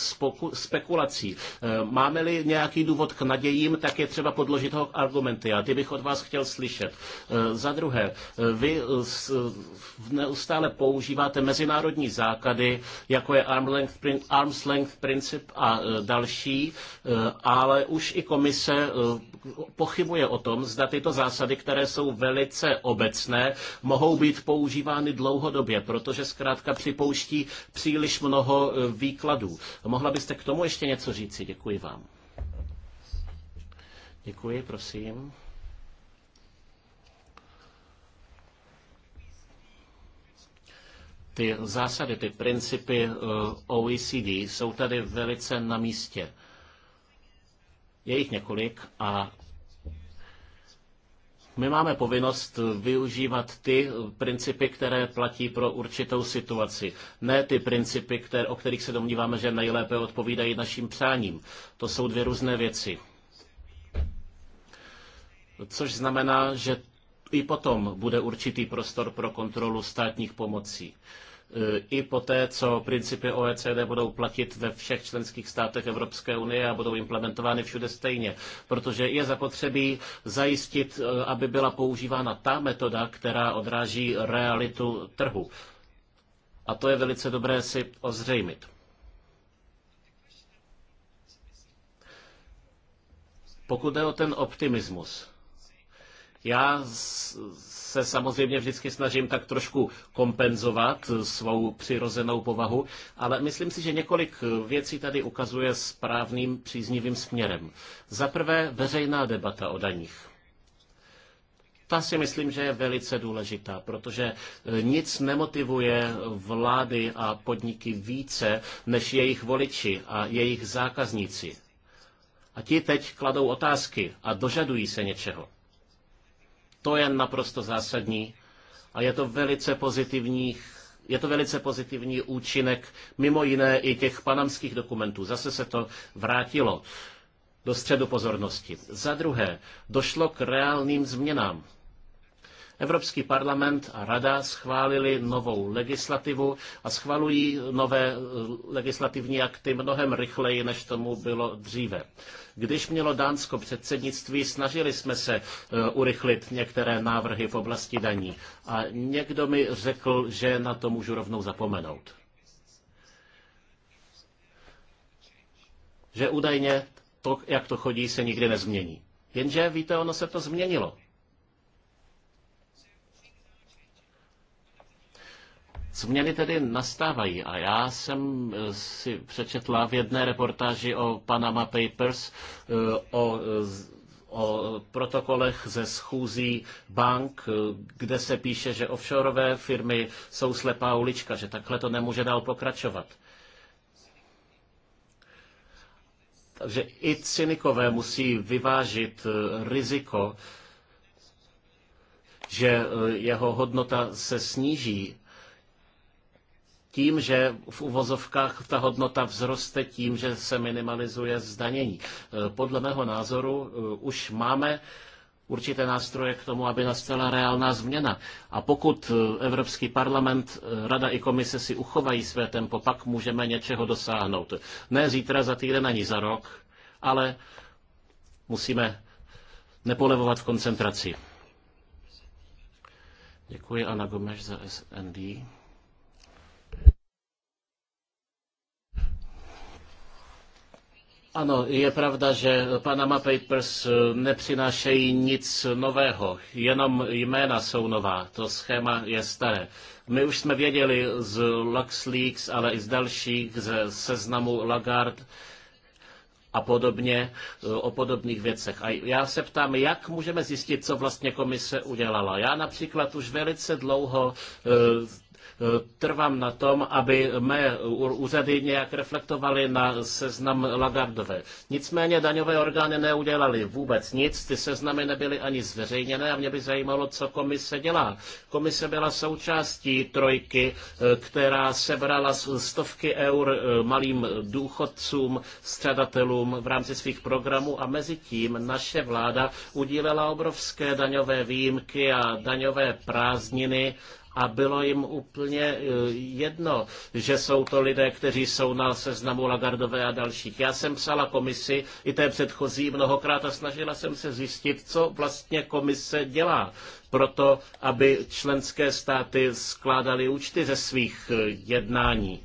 spekulací. Eh, máme-li nějaký důvod k nadějím, tak je třeba podložit ho argumenty a ty bych od vás chtěl slyšet. Za druhé, vy neustále používáte mezinárodní základy, jako je arm's length princip a e, další, e, ale už i komise e, pochybuje o tom, zda tyto zásady, které jsou velice obecné, mohou být používány dlouhodobě, protože zkrátka připouští příliš mnoho výkladů. Mohla byste k tomu ještě něco říci? Děkuji vám. Děkuji, prosím. Ty zásady, ty principy eh, OECD jsou tady velice na místě. Je jich několik a my máme povinnost využívat ty principy, které platí pro určitou situaci. Ne ty principy, které, o kterých se domníváme, že nejlépe odpovídají našim přáním. To jsou dvě různé věci. Což znamená, že i potom bude určitý prostor pro kontrolu státních pomocí. E, I poté, co principy OECD budou platit ve všech členských státech Evropské unie a budou implementovány všude stejně. Protože je zapotřebí zajistit, e, aby byla používána ta metoda, která odráží realitu trhu. A to je velice dobré si ozřejmit. Pokud jde o ten optimismus, já se samozřejmě vždycky snažím tak trošku kompenzovat svou přirozenou povahu, ale myslím si, že několik věcí tady ukazuje správným příznivým směrem. Za prvé veřejná debata o daních. Ta si myslím, že je velice důležitá, protože eh, nic nemotivuje vlády a podniky více než jejich voliči a jejich zákazníci. A ti teď kladou otázky a dožadují se něčeho. To je naprosto zásadní a je to velice pozitivní je to velice pozitivní účinek mimo jiné i těch panamských dokumentů. Zase se to vrátilo do středu pozornosti. Za druhé, došlo k reálným změnám. Evropský parlament a rada schválili novou legislativu a schvalují nové eh, legislativní akty mnohem rychleji, než tomu bylo dříve. Když mělo Dánsko předsednictví, snažili jsme se eh, urychlit některé návrhy v oblasti daní. A někdo mi řekl, že na to můžu rovnou zapomenout. Že údajně to, jak to chodí, se nikdy nezmění. Jenže víte, ono se to změnilo. Změny tedy nastávají a já jsem eh, si přečetla v jedné reportáži o Panama Papers eh, o o protokolech ze schůzí bank, eh, kde se píše, že offshoreové firmy jsou slepá ulička, že takhle to nemůže dál pokračovat. Takže i cynikové musí vyvážit riziko, že jeho hodnota se sníží tím, že v uvozovkách ta hodnota vzroste tím, že se minimalizuje zdanění. E, podle mého názoru e, už máme určité nástroje k tomu, aby nastala reálná změna. A pokud e, Evropský parlament, Rada i komise si uchovají své tempo, pak můžeme něčeho dosáhnout. Ne zítra, za týden ani za rok, ale musíme nepolevovat v koncentraci. Děkuji Ana Gomeš za SND. Ano, je pravda, že Panama Papers eh, nepřinášejí nic nového, jenom jména jsou nová, to schéma je staré. My už jsme věděli z LuxLeaks, ale i z dalších, ze seznamu Lagarde, a podobně, eh, o podobných věcech. A já se ptám, jak můžeme zjistit, co vlastně komise udělala. Já například už velice dlouho eh, Eh, trvám na tom, aby mé úřady nějak reflektovaly na seznam Lagardové. Nicméně daňové orgány neudělali vůbec nic, ty seznamy nebyly ani zveřejněné a mě by zajímalo, co komise dělá. Komise byla součástí trojky, eh, která sebrala stovky eur eh, malým důchodcům, střadatelům v rámci svých programů a mezi tím naše vláda udílela obrovské daňové výjimky a daňové prázdniny a bylo jim úplně eh, jedno, že jsou to lidé, kteří jsou na seznamu Lagardové a dalších. Já jsem psala komisi i té předchozí mnohokrát a snažila jsem se zjistit, co vlastně komise dělá proto, aby členské státy skládaly účty ze svých eh, jednání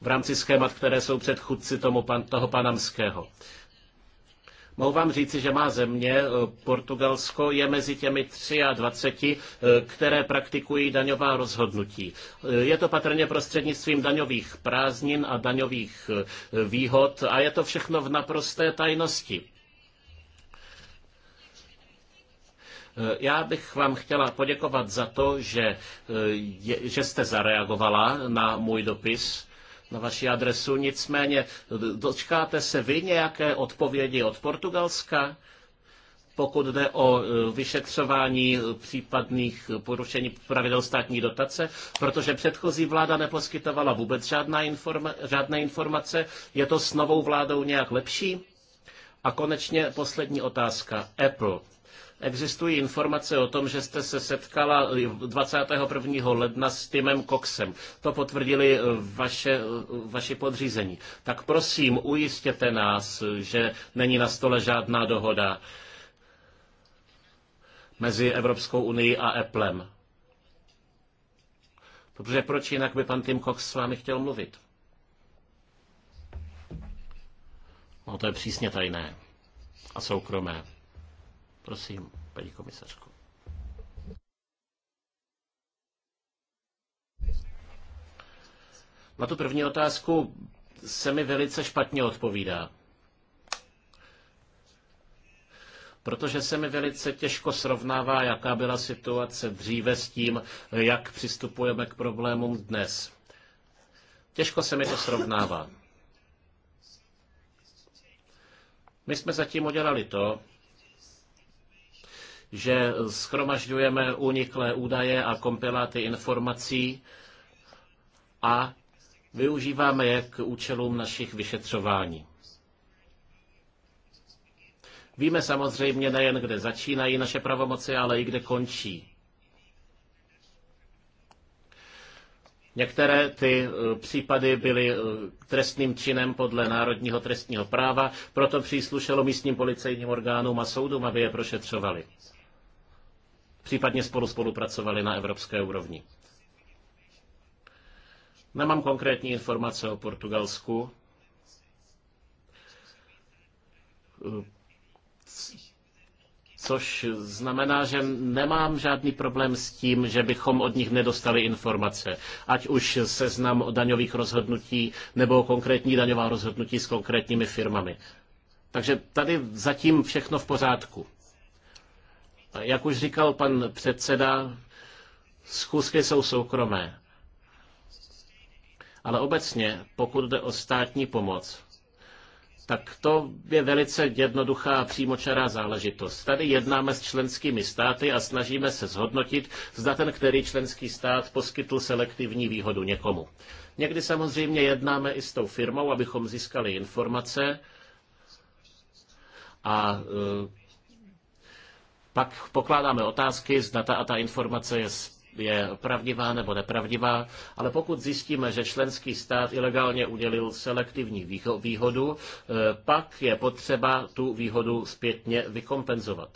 v rámci schémat, které jsou předchůdci tomu pan, toho panamského. Mohu vám říci, že má země, eh, Portugalsko, je mezi těmi 23, eh, které praktikují daňová rozhodnutí. Eh, je to patrně prostřednictvím daňových prázdnin a daňových výhod a je to všechno v naprosté tajnosti. Já bych vám chtěla poděkovat za to, že, že jste zareagovala na můj dopis na vaši adresu. Nicméně dočkáte se vy nějaké odpovědi od Portugalska, pokud jde o e, vyšetřování případných porušení pravidel státní dotace, protože předchozí vláda neposkytovala vůbec žádná informa- žádné informace. Je to s novou vládou nějak lepší? A konečně poslední otázka. Apple Existují informace o tom, že jste se setkala 21. ledna s Timem Coxem. To potvrdili eh, vaše, eh, vaše podřízení. Tak prosím, ujistěte nás, že není na stole žádná dohoda mezi Evropskou unii a Applem. Protože proč jinak by pan Tim Cox s vámi chtěl mluvit? No to je přísně tajné a soukromé. Prosím, paní komisařko. Na tu první otázku se mi velice špatně odpovídá. protože se mi velice těžko srovnává, jaká byla situace dříve s tím, jak přistupujeme k problémům dnes. Těžko se mi to srovnává. My jsme zatím udělali to, že schromažďujeme uniklé údaje a kompiláty informací a využíváme je k účelům našich vyšetřování. Víme samozřejmě nejen, kde začínají naše pravomoci, ale i kde končí. Některé ty e, případy byly e, trestným činem podle národního trestního práva, proto příslušelo místním policejním orgánům a soudům, aby je prošetřovali případně spolu spolupracovali na evropské úrovni. Nemám konkrétní informace o Portugalsku. Což znamená, že nemám žádný problém s tím, že bychom od nich nedostali informace. Ať už seznam daňových rozhodnutí nebo konkrétní daňová rozhodnutí s konkrétními firmami. Takže tady zatím všechno v pořádku. Jak už říkal pan předseda, schůzky jsou soukromé. Ale obecně, pokud jde o státní pomoc, tak to je velice jednoduchá a přímočará záležitost. Tady jednáme s členskými státy a snažíme se zhodnotit, zda ten, který členský stát poskytl selektivní výhodu někomu. Někdy samozřejmě jednáme i s tou firmou, abychom získali informace a e, pak pokládáme otázky, zda ta a ta informace je je pravdivá nebo nepravdivá, ale pokud zjistíme, že členský stát ilegálně udělil selektivní výhodu, eh, pak je potřeba tu výhodu zpětně vykompenzovat.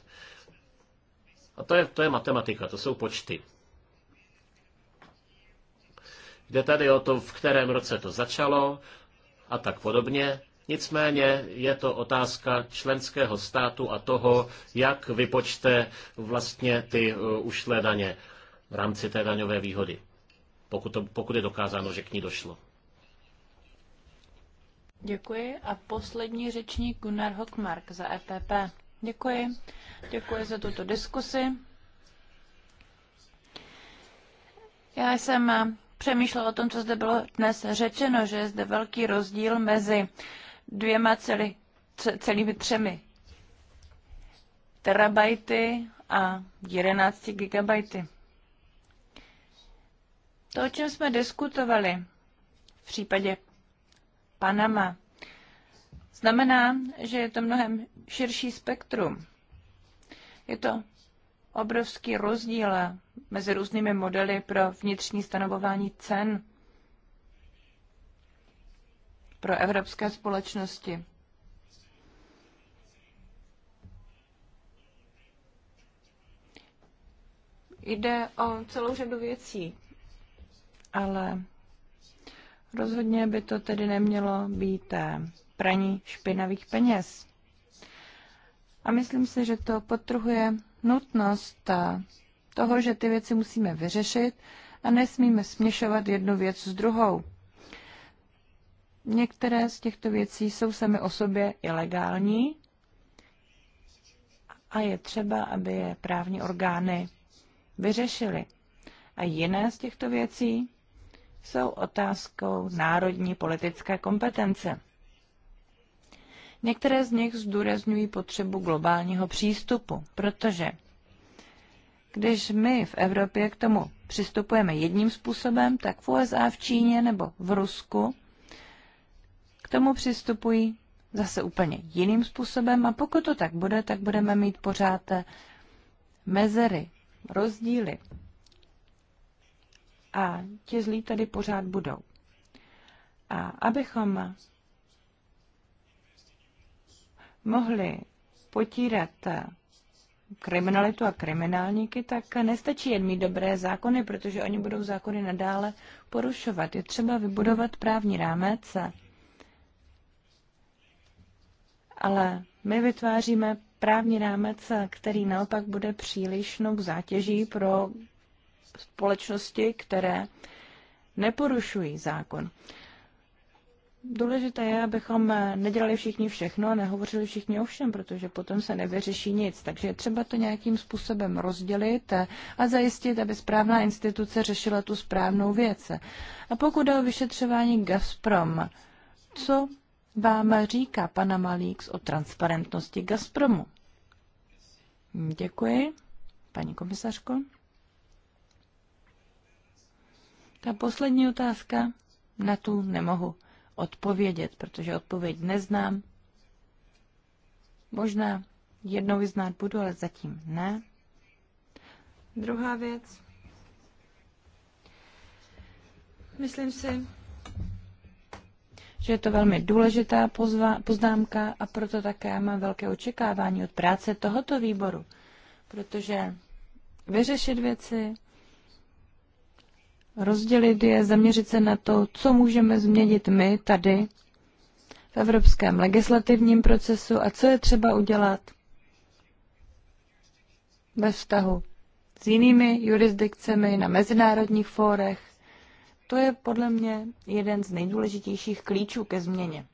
A to je, to je matematika, to jsou počty. Jde tady o to, v kterém roce to začalo a tak podobně. Nicméně je to otázka členského státu a toho, jak vypočte vlastně ty uh, ušlé daně v rámci té daňové výhody, pokud, to, pokud je dokázáno, že k ní došlo. Děkuji a poslední řečník Gunnar Hockmark za EPP. Děkuji. Děkuji za tuto diskusi. Já jsem přemýšlela o tom, co zde bylo dnes řečeno, že je zde velký rozdíl mezi dvěma celi, celými třemi terabajty a 11 gigabajty. To, o čem jsme diskutovali v případě Panama, znamená, že je to mnohem širší spektrum. Je to obrovský rozdíl mezi různými modely pro vnitřní stanovování cen pro evropské společnosti. Jde o celou řadu věcí, ale rozhodně by to tedy nemělo být eh, praní špinavých peněz. A myslím si, že to potrhuje nutnost eh, toho, že ty věci musíme vyřešit a nesmíme směšovat jednu věc s druhou. Některé z těchto věcí jsou sami o sobě ilegální a je třeba, aby je právní orgány vyřešily. A jiné z těchto věcí jsou otázkou národní politické kompetence. Některé z nich zdůrazňují potřebu globálního přístupu, protože když my v Evropě k tomu přistupujeme jedním způsobem, tak v USA, v Číně nebo v Rusku tomu přistupují zase úplně jiným způsobem a pokud to tak bude, tak budeme mít pořád mezery, rozdíly. A ti zlí tady pořád budou. A abychom mohli potírat kriminalitu a kriminálníky, tak nestačí jen mít dobré zákony, protože oni budou zákony nadále porušovat. Je třeba vybudovat právní rámec, ale my vytváříme právní rámec, který naopak bude přílišnou zátěží pro společnosti, které neporušují zákon. Důležité je, abychom nedělali všichni všechno a nehovořili všichni o všem, protože potom se nevyřeší nic. Takže je třeba to nějakým způsobem rozdělit a zajistit, aby správná instituce řešila tu správnou věc. A pokud jde o vyšetřování Gazprom, co vám říká pana Malík o transparentnosti Gazpromu? Děkuji, paní komisařko. Ta poslední otázka, na tu nemohu odpovědět, protože odpověď neznám. Možná jednou ji znát budu, ale zatím ne. Druhá věc. Myslím si, že je to velmi důležitá pozva, poznámka a proto také mám velké očekávání od práce tohoto výboru, protože vyřešit věci, rozdělit je, zaměřit se na to, co můžeme změnit my tady v evropském legislativním procesu a co je třeba udělat ve vztahu s jinými jurisdikcemi na mezinárodních fórech, to je podle mě jeden z nejdůležitějších klíčů ke změně.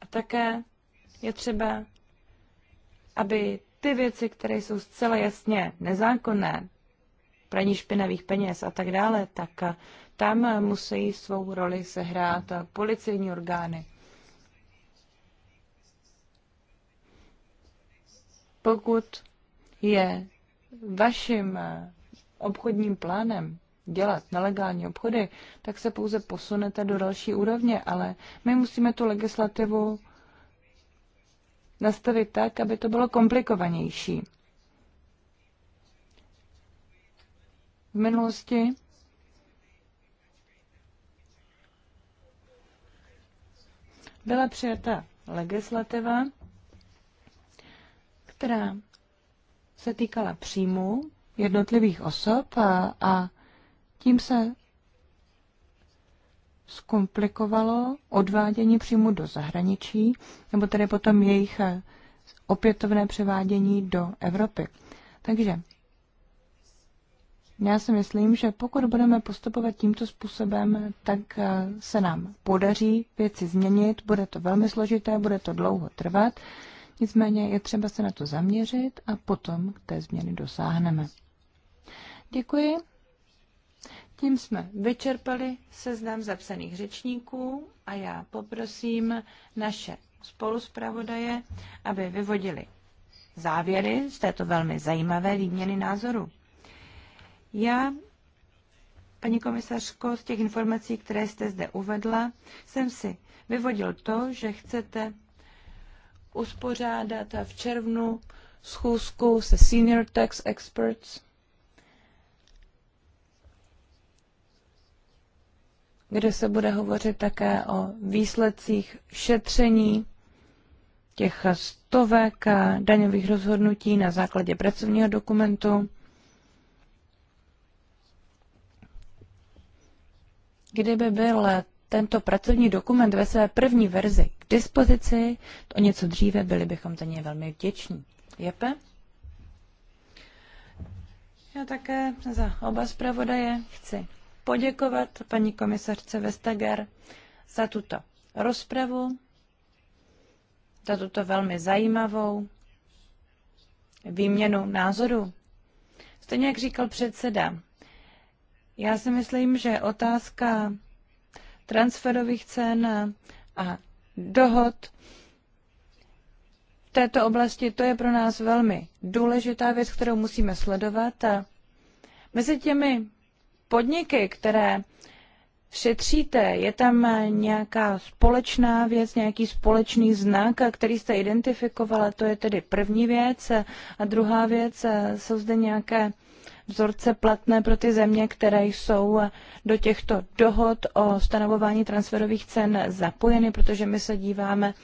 A také je třeba, aby ty věci, které jsou zcela jasně nezákonné, praní špinavých peněz a tak dále, tak tam musí svou roli sehrát policejní orgány. Pokud je vaším obchodním plánem dělat nelegální obchody, tak se pouze posunete do další úrovně, ale my musíme tu legislativu nastavit tak, aby to bylo komplikovanější. V minulosti byla přijata legislativa, která se týkala příjmu jednotlivých osob a, a tím se zkomplikovalo odvádění přímo do zahraničí, nebo tedy potom jejich eh, opětovné převádění do Evropy. Takže já si myslím, že pokud budeme postupovat tímto způsobem, tak eh, se nám podaří věci změnit. Bude to velmi složité, bude to dlouho trvat. Nicméně je třeba se na to zaměřit a potom té změny dosáhneme. Děkuji. Tím jsme vyčerpali seznam zapsaných řečníků a já poprosím naše spoluspravodaje, aby vyvodili závěry z této velmi zajímavé výměny názoru. Já, paní komisařko, z těch informací, které jste zde uvedla, jsem si vyvodil to, že chcete uspořádat v červnu schůzku se senior tax experts kde se bude hovořit také o výsledcích šetření těch stovek daňových rozhodnutí na základě pracovního dokumentu, kdyby byl tento pracovní dokument ve své první verzi k dispozici, to o něco dříve byli bychom za něj velmi vděční. Jepe? Já také za oba zpravodaje chci poděkovat paní komisařce Vestager za tuto rozpravu, za tuto velmi zajímavou výměnu názoru. Stejně jak říkal předseda, já si myslím, že otázka transferových cen a dohod v této oblasti, to je pro nás velmi důležitá věc, kterou musíme sledovat. A mezi těmi podniky, které šetříte? Je tam nějaká společná věc, nějaký společný znak, který jste identifikovala? To je tedy první věc. A druhá věc, jsou zde nějaké vzorce platné pro ty země, které jsou do těchto dohod o stanovování transferových cen zapojeny, protože my se díváme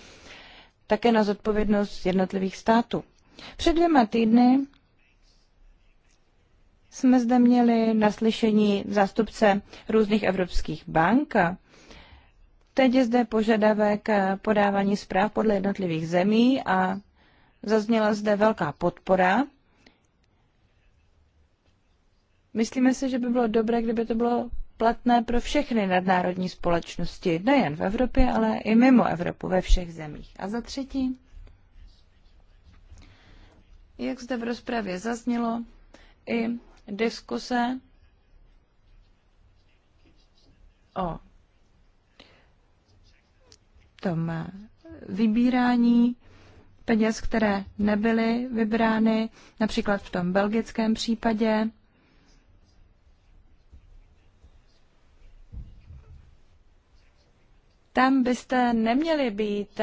také na zodpovědnost jednotlivých států. Před dvěma týdny jsme zde měli na slyšení zástupce různých evropských bank. Teď je zde požadavek podávání zpráv podle jednotlivých zemí a zazněla zde velká podpora. Myslíme si, že by bylo dobré, kdyby to bylo platné pro všechny nadnárodní společnosti, nejen v Evropě, ale i mimo Evropu, ve všech zemích. A za třetí, jak zde v rozpravě zaznělo, i diskuse o tom vybírání peněz, které nebyly vybrány, například v tom belgickém případě. Tam byste neměli být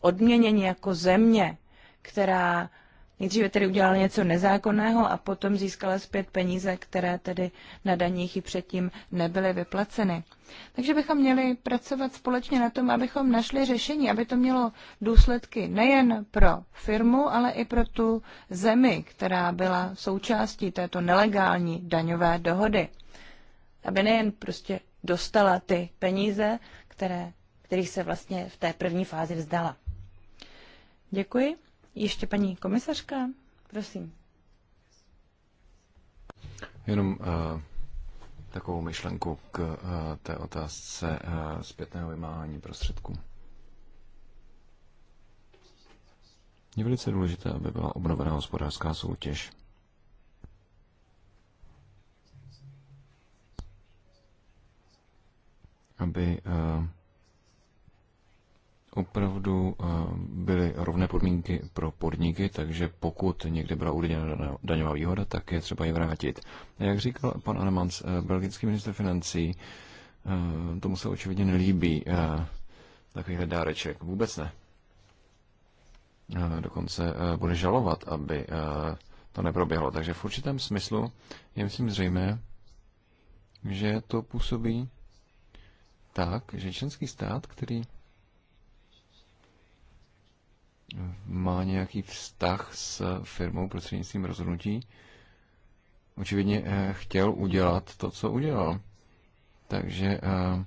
odměněni jako země, která nejdříve tedy udělala něco nezákonného a potom získala zpět peníze, které tedy na daních i předtím nebyly vyplaceny. Takže bychom měli pracovat společně na tom, abychom našli řešení, aby to mělo důsledky nejen pro firmu, ale i pro tu zemi, která byla součástí této nelegální daňové dohody. Aby nejen prostě dostala ty peníze, které, kterých se vlastně v té první fázi vzdala. Děkuji. Ještě paní komisařka, prosím. Jenom uh, takovou myšlenku k uh, té otázce uh, zpětného vymáhání prostředků. Je velice důležité, aby byla obnovená hospodářská soutěž. Aby uh, opravdu eh, byly rovné podmínky pro podniky, takže pokud někde byla udělena daňová výhoda, tak je třeba ji vrátit. A jak říkal pan Anemans, eh, belgický minister financí, eh, tomu se očividně nelíbí takovýhle dáreček. Vůbec ne. Dokonce bude žalovat, aby to neproběhlo. Takže v určitém smyslu je myslím zřejmé, že to působí tak, že členský stát, který má nějaký vztah s firmou prostřednictvím rozhodnutí, očividně eh, chtěl udělat to, co udělal. Takže eh,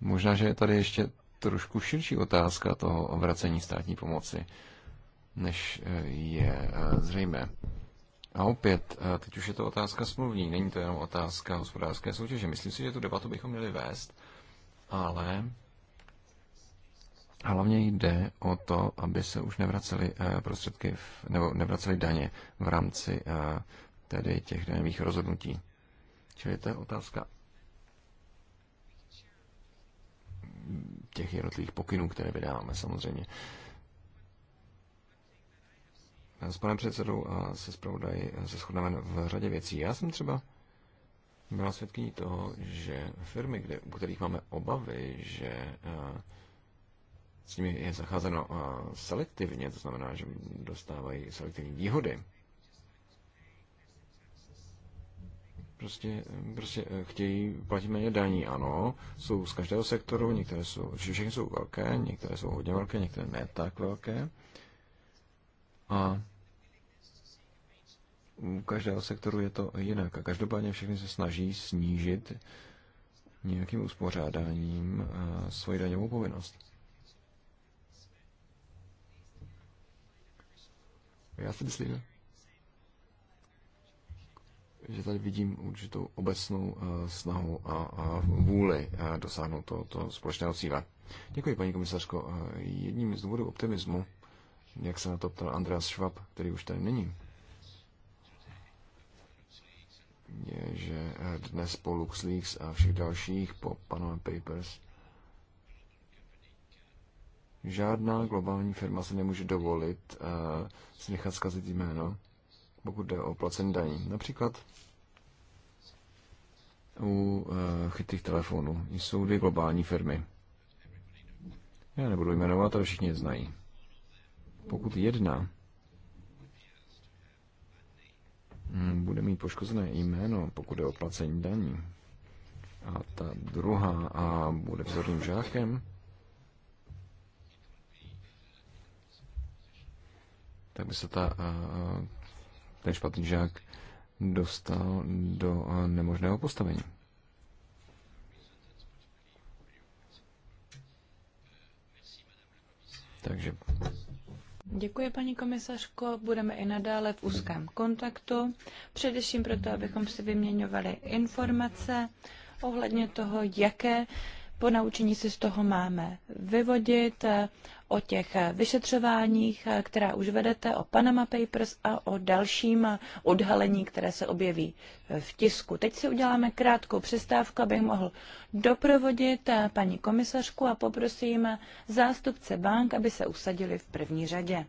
možná, že je tady ještě trošku širší otázka toho vracení státní pomoci, než eh, je zřejmé. A opět, teď už je to otázka smluvní, není to jenom otázka hospodářské soutěže. Myslím si, že tu debatu bychom měli vést, ale Hlavně jde o to, aby se už nevraceli eh, prostředky v, nebo nevraceli daně v rámci eh, tedy těch daňových rozhodnutí. Čili to je otázka těch jednotlivých pokynů, které vydáváme samozřejmě. S panem předsedou a se zpravodají eh, se shodneme v řadě věcí. Já jsem třeba byla svědkyní toho, že firmy, kde, u kterých máme obavy, že uh, s nimi je zacházeno selektivně, to znamená, že dostávají selektivní výhody. Prostě, prostě e, chtějí platit méně daní, ano, jsou z každého sektoru, některé jsou, všechny jsou velké, některé jsou hodně velké, některé ne tak velké. A u každého sektoru je to jinak. A každopádně všechny se snaží snížit nějakým uspořádáním e, svoji daňovou povinnost. Já si myslím, že tady vidím určitou obecnou eh, snahu a, a vůli eh, dosáhnout toho, to společného cíle. Děkuji, paní komisařko. Eh, jedním z důvodů optimismu, jak se na to ptal Andreas Schwab, který už tady není, je, že dnes po LuxLeaks a všech dalších, po Panama Papers, Žádná globální firma se nemůže dovolit uh, eh, si nechat zkazit jméno, pokud jde o placení daní. Například u uh, chytrých telefonů jsou dvě globální firmy. Já nebudu jmenovat, ale všichni je znají. Pokud jedna hm, bude mít poškozené jméno, pokud je o placení daní, a ta druhá a bude vzorným žákem, tak by se ta, eh, eh, ten špatný žák dostal do eh, nemožného postavení. Takže. Děkuji, paní komisařko. Budeme i nadále v úzkém kontaktu, především proto, abychom si vyměňovali informace ohledně toho, jaké ponaučení si z toho máme vyvodit, o těch vyšetřováních, která už vedete, o Panama Papers a o dalším odhalení, které se objeví v tisku. Teď si uděláme krátkou přestávku, abych mohl doprovodit paní komisařku a poprosím zástupce bank, aby se usadili v první řadě.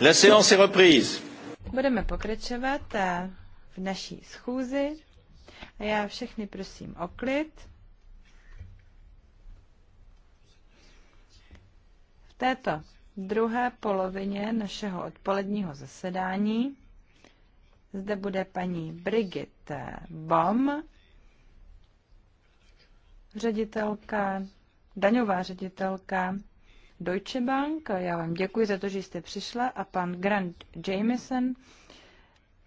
La séance est reprise. Budeme pokračovat eh, v naší schůzi a já všechny prosím o klid. V této druhé polovině našeho odpoledního zasedání zde bude paní Brigitte Bom, ředitelka, daňová ředitelka Deutsche Bank. Já vám děkuji za to, že jste přišla a pan Grant Jameson,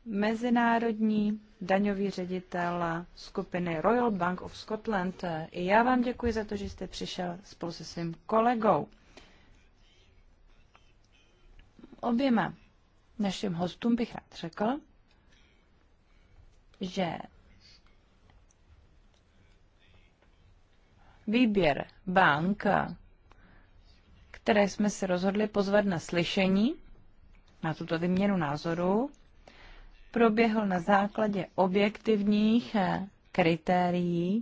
mezinárodní daňový ředitel skupiny Royal Bank of Scotland. I já vám děkuji za to, že jste přišel spolu se svým kolegou. Oběma našim hostům bych rád řekl, že výběr bank které jsme se rozhodli pozvat na slyšení, na tuto vyměnu názoru, proběhl na základě objektivních eh, kritérií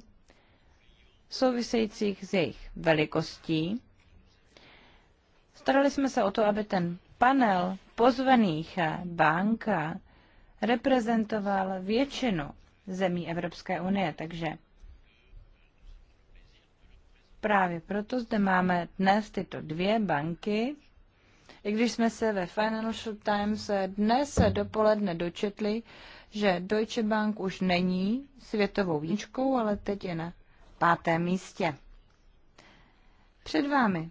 souvisejících s jejich velikostí. Starali jsme se o to, aby ten panel pozvaných eh, banka eh, reprezentoval většinu zemí Evropské unie, takže Právě proto zde máme dnes tyto dvě banky, i když jsme se ve Financial Times dnes dopoledne dočetli, že Deutsche Bank už není světovou výčkou, ale teď je na pátém místě. Před vámi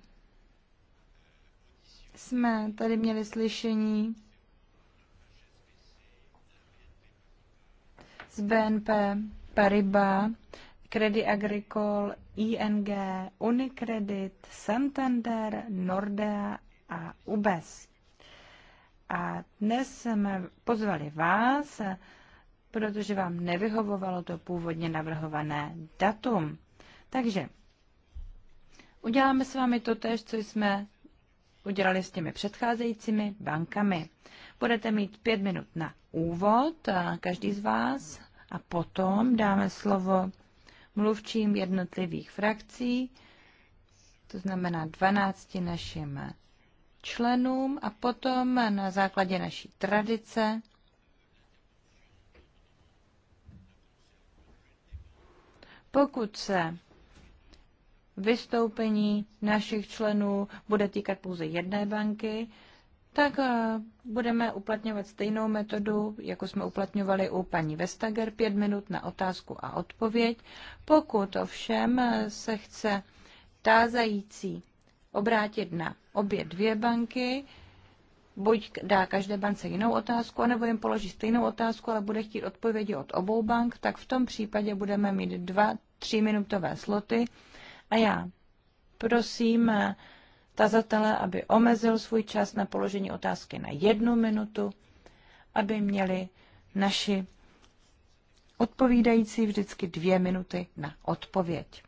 jsme tady měli slyšení z BNP Paribas, Credit Agricole ING, Unicredit, Santander, Nordea a UBES. A dnes jsme pozvali vás, protože vám nevyhovovalo to původně navrhované datum. Takže uděláme s vámi to tež, co jsme udělali s těmi předcházejícími bankami. Budete mít pět minut na úvod, každý z vás, a potom dáme slovo mluvčím jednotlivých frakcí, to znamená 12 našim členům a potom na základě naší tradice pokud se vystoupení našich členů bude týkat pouze jedné banky, tak eh, budeme uplatňovat stejnou metodu, jako jsme uplatňovali u paní Vestager, pět minut na otázku a odpověď. Pokud ovšem eh, se chce tázající obrátit na obě dvě banky, buď dá každé bance jinou otázku, nebo jim položí stejnou otázku, ale bude chtít odpovědi od obou bank, tak v tom případě budeme mít dva tříminutové sloty. A já prosím eh, tazatele, aby omezil svůj čas na položení otázky na jednu minutu, aby měli naši odpovídající vždycky dvě minuty na odpověď.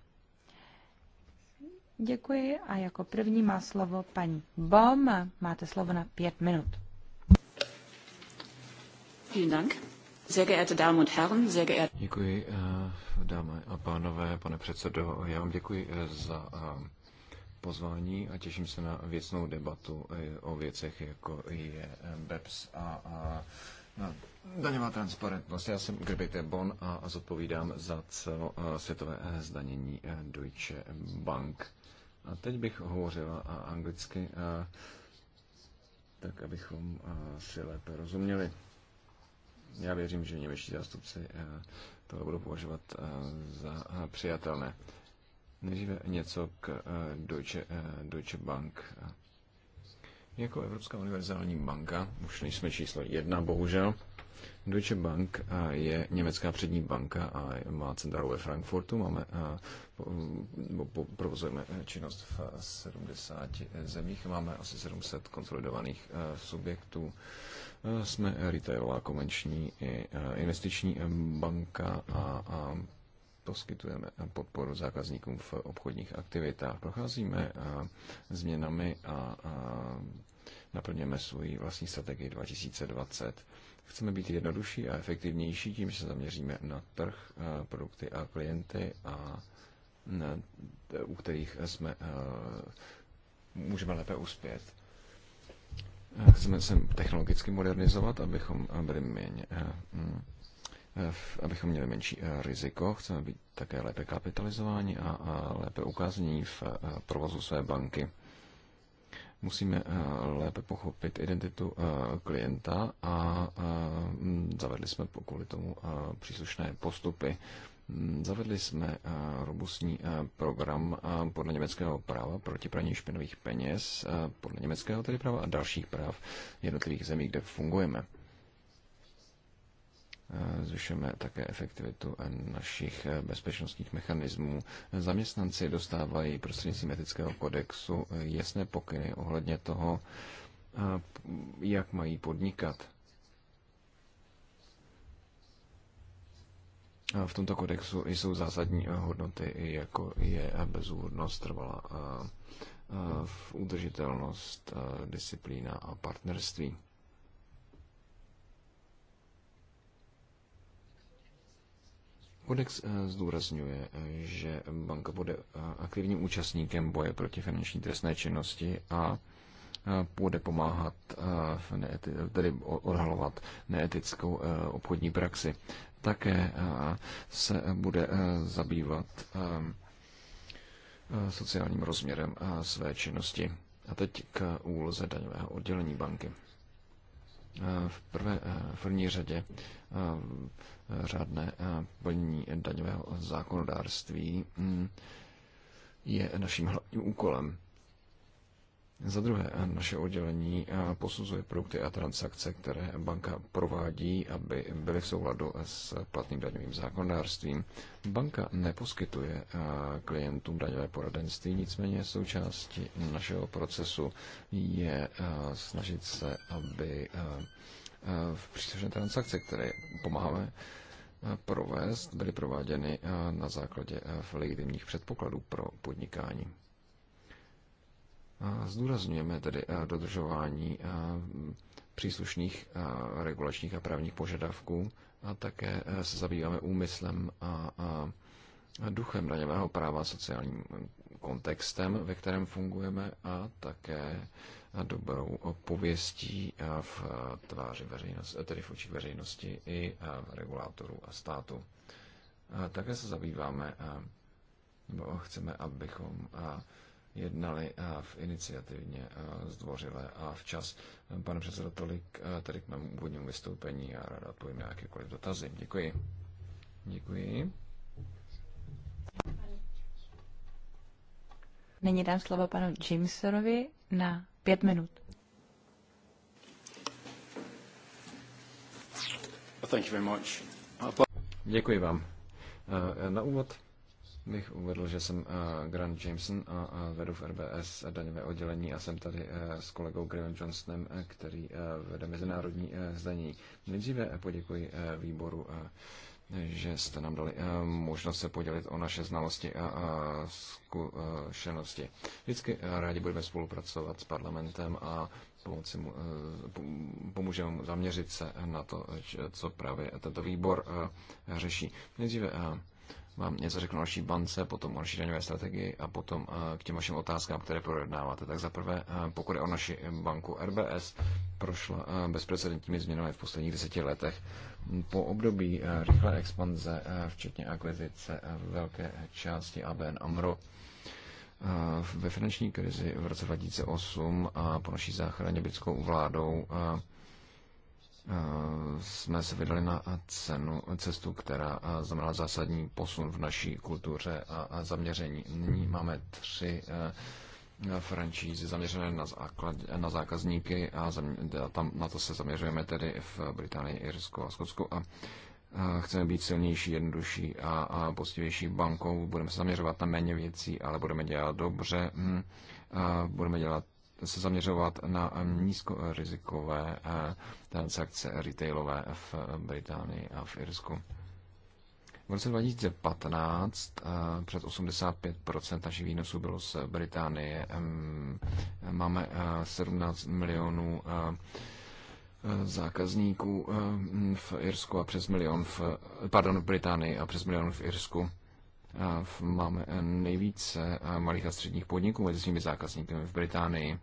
Děkuji a jako první má slovo paní Bom. Máte slovo na pět minut. Vielen Dank. Damen und Herren, Děkuji, eh, dámy a pánové, pane předsedo. Já vám děkuji eh, za eh, pozvání a těším se na věcnou debatu o věcech, jako je BEPS a, a na daňová transparentnost. Já jsem Grbite Bon a zodpovídám za celosvětové e, zdanění e, Deutsche Bank. A teď bych hovořila anglicky, tak abychom si lépe rozuměli. Já věřím, že němečtí zástupci e, to budou považovat za přijatelné. Nejdříve něco k eh, Deutsche, eh, Deutsche Bank. Jako Evropská univerzální banka, už nejsme číslo jedna, bohužel, Deutsche Bank eh, je německá přední banka a má centrálu ve Frankfurtu. Máme, mm, provozujeme činnost v 70 zemích, máme asi 700 konsolidovaných subjektů. Jsme retailová, komenční i investiční banka a, a poskytujeme podporu zákazníkům v obchodních aktivitách. Procházíme změnami a naplňujeme svůj vlastní strategii 2020. Chceme být jednodušší a efektivnější tím, že se zaměříme na trh, produkty a klienty, a u kterých jsme, můžeme lépe uspět. Chceme se technologicky modernizovat, abychom byli méně mm, abychom měli menší eh, riziko, chceme být také lépe kapitalizováni a lépe ukázání v eh, provozu své banky. Musíme eh, lépe pochopit identitu klienta a zavedli jsme kvůli tomu příslušné postupy. Mm, zavedli jsme robustní program podle německého práva proti praní špinových peněz, podle německého tedy práva a dalších práv jednotlivých zemí, kde fungujeme. Eh, zvyšujeme také efektivitu eh, našich eh, bezpečnostních mechanismů. Zaměstnanci dostávají prostřednictvím etického kodexu jasné pokyny ohledně toho, jak mají podnikat. V tomto kodexu jsou zásadní hodnoty, jako je bezúhodnost, trvalá v udržitelnost, disciplína a partnerství. Kodex eh, zdůrazňuje, eh, že banka bude eh, aktivním účastníkem boje proti finanční trestné činnosti a bude pomáhat tedy odhalovat neetickou obchodní praxi. Také se bude zabývat sociálním rozměrem své činnosti. A teď k úloze daňového oddělení banky. V prvé, v první řadě řádné eh, plnění daňového zákonodárství mm, je naším hlavním úkolem. Za druhé, eh, naše oddělení eh, posuzuje produkty a transakce, které banka provádí, aby byly v souladu s platným daňovým zákonodárstvím. Banka neposkytuje klientům daňové poradenství, nicméně součástí našeho procesu je snažit se, aby Eh, v příslušné transakce, které pomáháme eh, provést, byly prováděny eh, na základě legitimních předpokladů pro podnikání. Zdůrazňujeme tedy dodržování příslušných regulačních a právních požadavků a také se zabýváme úmyslem a duchem daňového práva, sociálním kontextem, ve kterém fungujeme a také a dobrou pověstí v tváři veřejnosti, tedy v očích veřejnosti i regulátorů a státu. Také se zabýváme, nebo chceme, abychom jednali v iniciativně zdvořile a včas. Pane předsedo, tolik tady k mému úvodnímu vystoupení a ráda odpovím na jakékoliv dotazy. Děkuji. Děkuji. Není dám slovo panu Jimsonovi na Pět minut. Děkuji vám. Eh, na úvod bych uvedl, že jsem eh, Grant Jameson a vedu v RBS daňové oddělení a jsem tady eh, s kolegou Graham Johnsonem, který vede mezinárodní zdanění. Nejdříve poděkuji výboru že jste nám dali eh, možnost se podělit o naše znalosti a zkušenosti. Vždycky eh, rádi budeme spolupracovat s parlamentem a pomoci mu, eh, pomůžeme mu zaměřit se na to, co právě tento výbor řeší. Nejdříve vám něco řeknu o naší bance, potom o naší daňové strategii a potom eh, k těm vašim otázkám, které projednáváte. Tak zaprvé, eh, pokud je o naši banku RBS, prošla eh, bezprecedentními změnami v posledních deseti letech. Po období rychlé expanze, včetně akvizice velké části ABN AMRO, ve finanční krizi v roce 2008 a po naší záchraně britskou vládou jsme se vydali na cenu, cestu, která znamená zásadní posun v naší kultuře a zaměření. Nyní máme tři e, franšízy zaměřené na, základ, na zákazníky a tam na to se zaměřujeme tedy v Británii, Irsku a Skotsku a chceme být silnější, jednodušší a, a postivější bankou. Budeme se zaměřovat na méně věcí, ale budeme dělat dobře. Hm. A budeme dělat se zaměřovat na nízkorizikové eh, transakce retailové v Británii a v Irsku. V roce 2015 přes 85% našich výnosů bylo z Británie. Máme 17 eh, milionů eh, zákazníků v Irsku a přes milion v, pardon, v Británii a přes milion v Irsku. Máme nejvíce malých a středních podniků mezi svými zákazníky v Británii.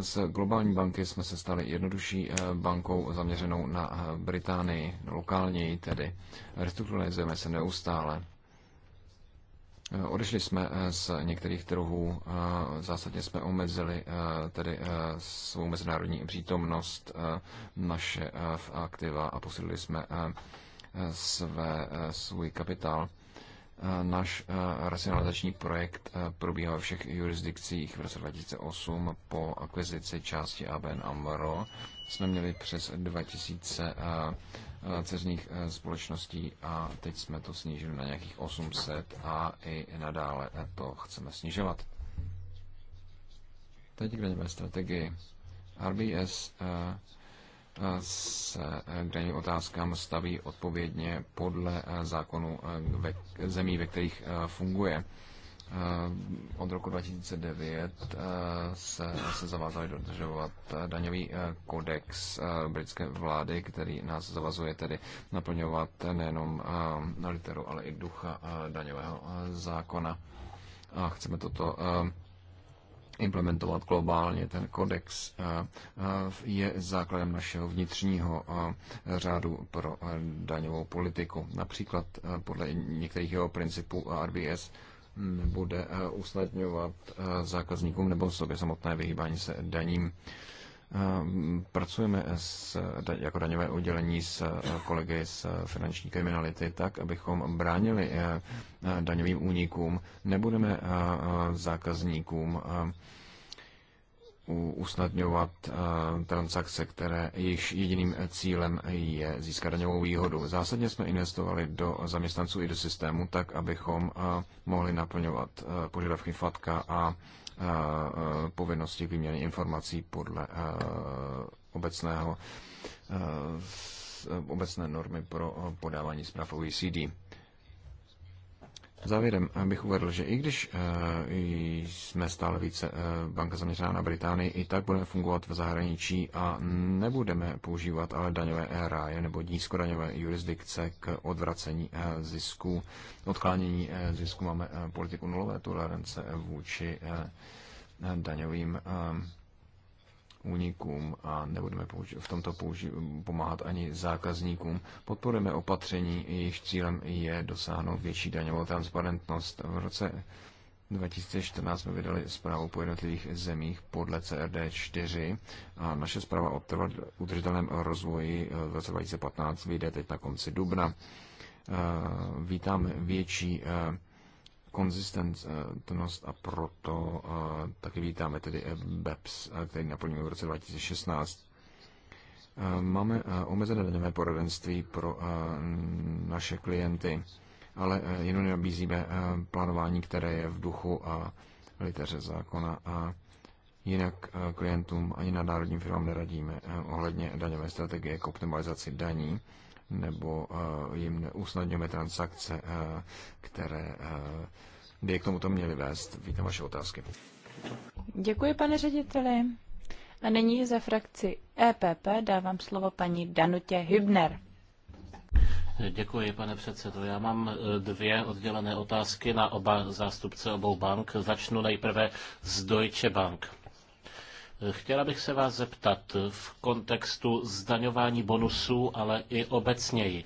Z globální banky jsme se stali jednodušší eh, bankou zaměřenou na eh, Británii, lokálněji tedy. Restrukturalizujeme se neustále. Eh, odešli jsme z některých trhů, zásadně jsme omezili tedy svou mezinárodní přítomnost, naše aktiva a posílili jsme své, svůj kapitál. Eh, náš eh, racionalizační projekt eh, probíhal ve všech jurisdikcích v roce 2008 po akvizici části ABN AMRO. Jsme měli přes 2000 ceřních společností a teď jsme to snížili na nějakých 800 a i nadále to chceme snižovat. Teď k strategii. RBS uh, s k eh, daným otázkám staví odpovědně podle eh, zákonu eh, ve zemí, ve kterých funguje. Od roku 2009 se, se zavázali dodržovat daňový kodex britské vlády, který nás zavazuje tedy naplňovat nejenom na literu, ale i ducha daňového zákona. A chceme toto implementovat globálně. Ten kodex je základem našeho vnitřního řádu pro daňovou politiku. Například podle některých jeho principů RBS nebude usnadňovat zákazníkům nebo sobě samotné vyhýbání se daním. Ehm, pracujeme s, jako daňové oddělení s eh, kolegy z eh, finanční kriminality tak, abychom bránili eh, daňovým únikům. Nebudeme zákazníkům usnadňovat transakce, které již jediným cílem je získat daňovou výhodu. Zásadně jsme investovali do zaměstnanců i do systému tak, abychom mohli naplňovat požadavky FATKA a Eh, eh, povinnosti k výměně informací podle eh, obecného obecné normy pro podávání zpráv OECD. Závěrem eh, bych uvedl, že i když eh, jsme stále více eh, banka zaměřená na Británii, i tak budeme fungovat v zahraničí a nebudeme používat ale daňové ráje nebo nízkodaňové jurisdikce k odvracení zisku, odklánění zisku. Máme politiku nulové tolerance vůči daňovým únikům a nebudeme v tomto pomáhat ani zákazníkům. Podporujeme opatření, jejich cílem je dosáhnout větší daňovou transparentnost. V roce 2014 jsme vydali zprávu po jednotlivých zemích podle CRD 4 a naše zpráva o udržitelném rozvoji eh, v roce 2015 vyjde teď na konci dubna. Eh, vítám větší eh, konzistentnost a proto eh, taky vítáme tedy e BEPS, eh, který naplňuje v roce 2016. Eh, máme omezené daňové poradenství pro naše klienty, ale jenom nabízíme plánování, které je v duchu a liteře zákona a jinak klientům ani nadnárodním firmám neradíme ohledně daňové strategie k optimalizaci daní nebo eh, jim usnadňujeme transakce, eh, které eh, by k tomuto měly vést. Vítám vaše otázky. Děkuji, pane řediteli. A nyní za frakci EPP dávám slovo paní Danutě Hübner. Děkuji, pane předsedo. Já mám dvě oddělené otázky na oba zástupce obou bank. Začnu nejprve z Deutsche Bank. Chtěla bych se vás zeptat v kontextu zdaňování bonusů, ale i obecněji,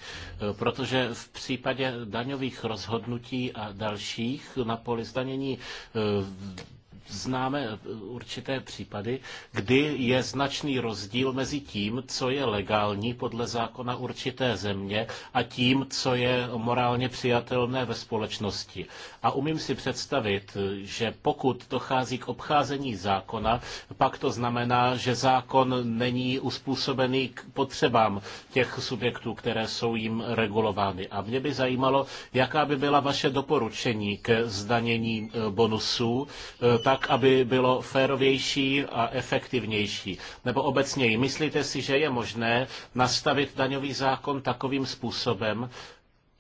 protože v případě daňových rozhodnutí a dalších na poli zdanění eh, známe určité případy, kdy je značný rozdíl mezi tím, co je legální podle zákona určité země a tím, co je morálně přijatelné ve společnosti. A umím si představit, že pokud dochází k obcházení zákona, pak to znamená, že zákon není uspůsobený k potřebám těch subjektů, které jsou jim regulovány. A mě by zajímalo, jaká by byla vaše doporučení k zdanění eh, bonusů, eh, tak tak, aby bylo férovější a efektivnější? Nebo obecněji, myslíte si, že je možné nastavit daňový zákon takovým způsobem,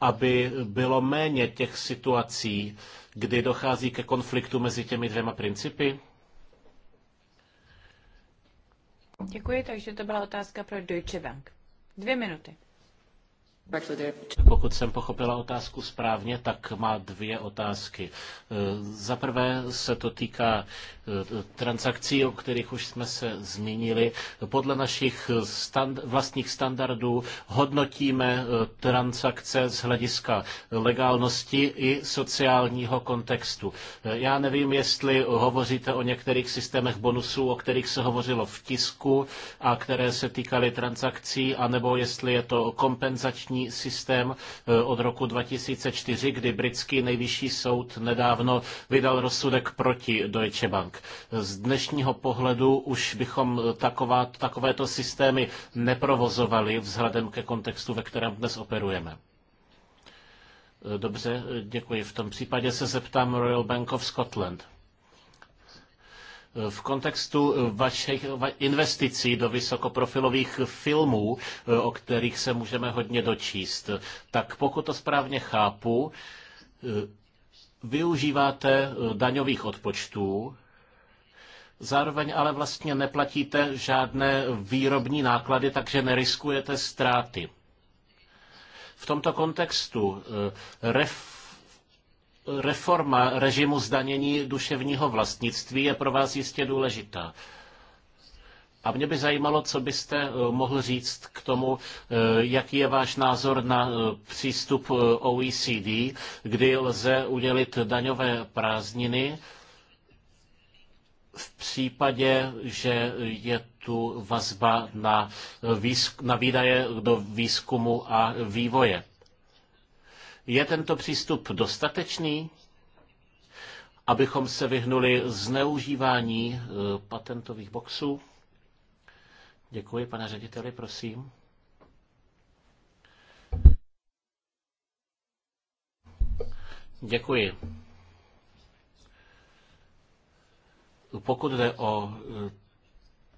aby bylo méně těch situací, kdy dochází ke konfliktu mezi těmi dvěma principy? Děkuji, takže to byla otázka pro Deutsche Bank. Dvě minuty. Pokud jsem pochopila otázku správně, tak má dvě otázky. E, za prvé se to týká e, transakcí, o kterých už jsme se zmínili. Podle našich stand, vlastních standardů hodnotíme e, transakce z hlediska legálnosti i sociálního kontextu. Já nevím, jestli hovoříte o některých systémech bonusů, o kterých se hovořilo v tisku a které se týkaly transakcí, anebo jestli je to kompenzační zvláštní systém eh, od roku 2004, kdy britský nejvyšší soud nedávno vydal rozsudek proti Deutsche Bank. Z dnešního pohledu už bychom taková, takovéto systémy neprovozovali vzhledem ke kontextu, ve kterém dnes operujeme. Eh, dobře, eh, děkuji. V tom případě se zeptám Royal Bank of Scotland. V kontextu eh, vašich investicí do vysokoprofilových filmů, eh, o kterých se můžeme hodně dočíst, tak pokud to správně chápu, eh, využíváte daňových odpočtů, zároveň ale vlastně neplatíte žádné výrobní náklady, takže neriskujete ztráty. V tomto kontextu ref Reforma režimu zdanění duševního vlastnictví je pro vás jistě důležitá. A mě by zajímalo, co byste eh, mohl říct k tomu, eh, jaký je váš názor na eh, přístup OECD, kdy lze udělit daňové prázdniny v případě, že je tu vazba na, výzk- na výdaje do výzkumu a vývoje. Je tento přístup dostatečný, abychom se vyhnuli zneužívání eh, patentových boxů? Děkuji, pane řediteli, prosím. Děkuji. Pokud jde o eh,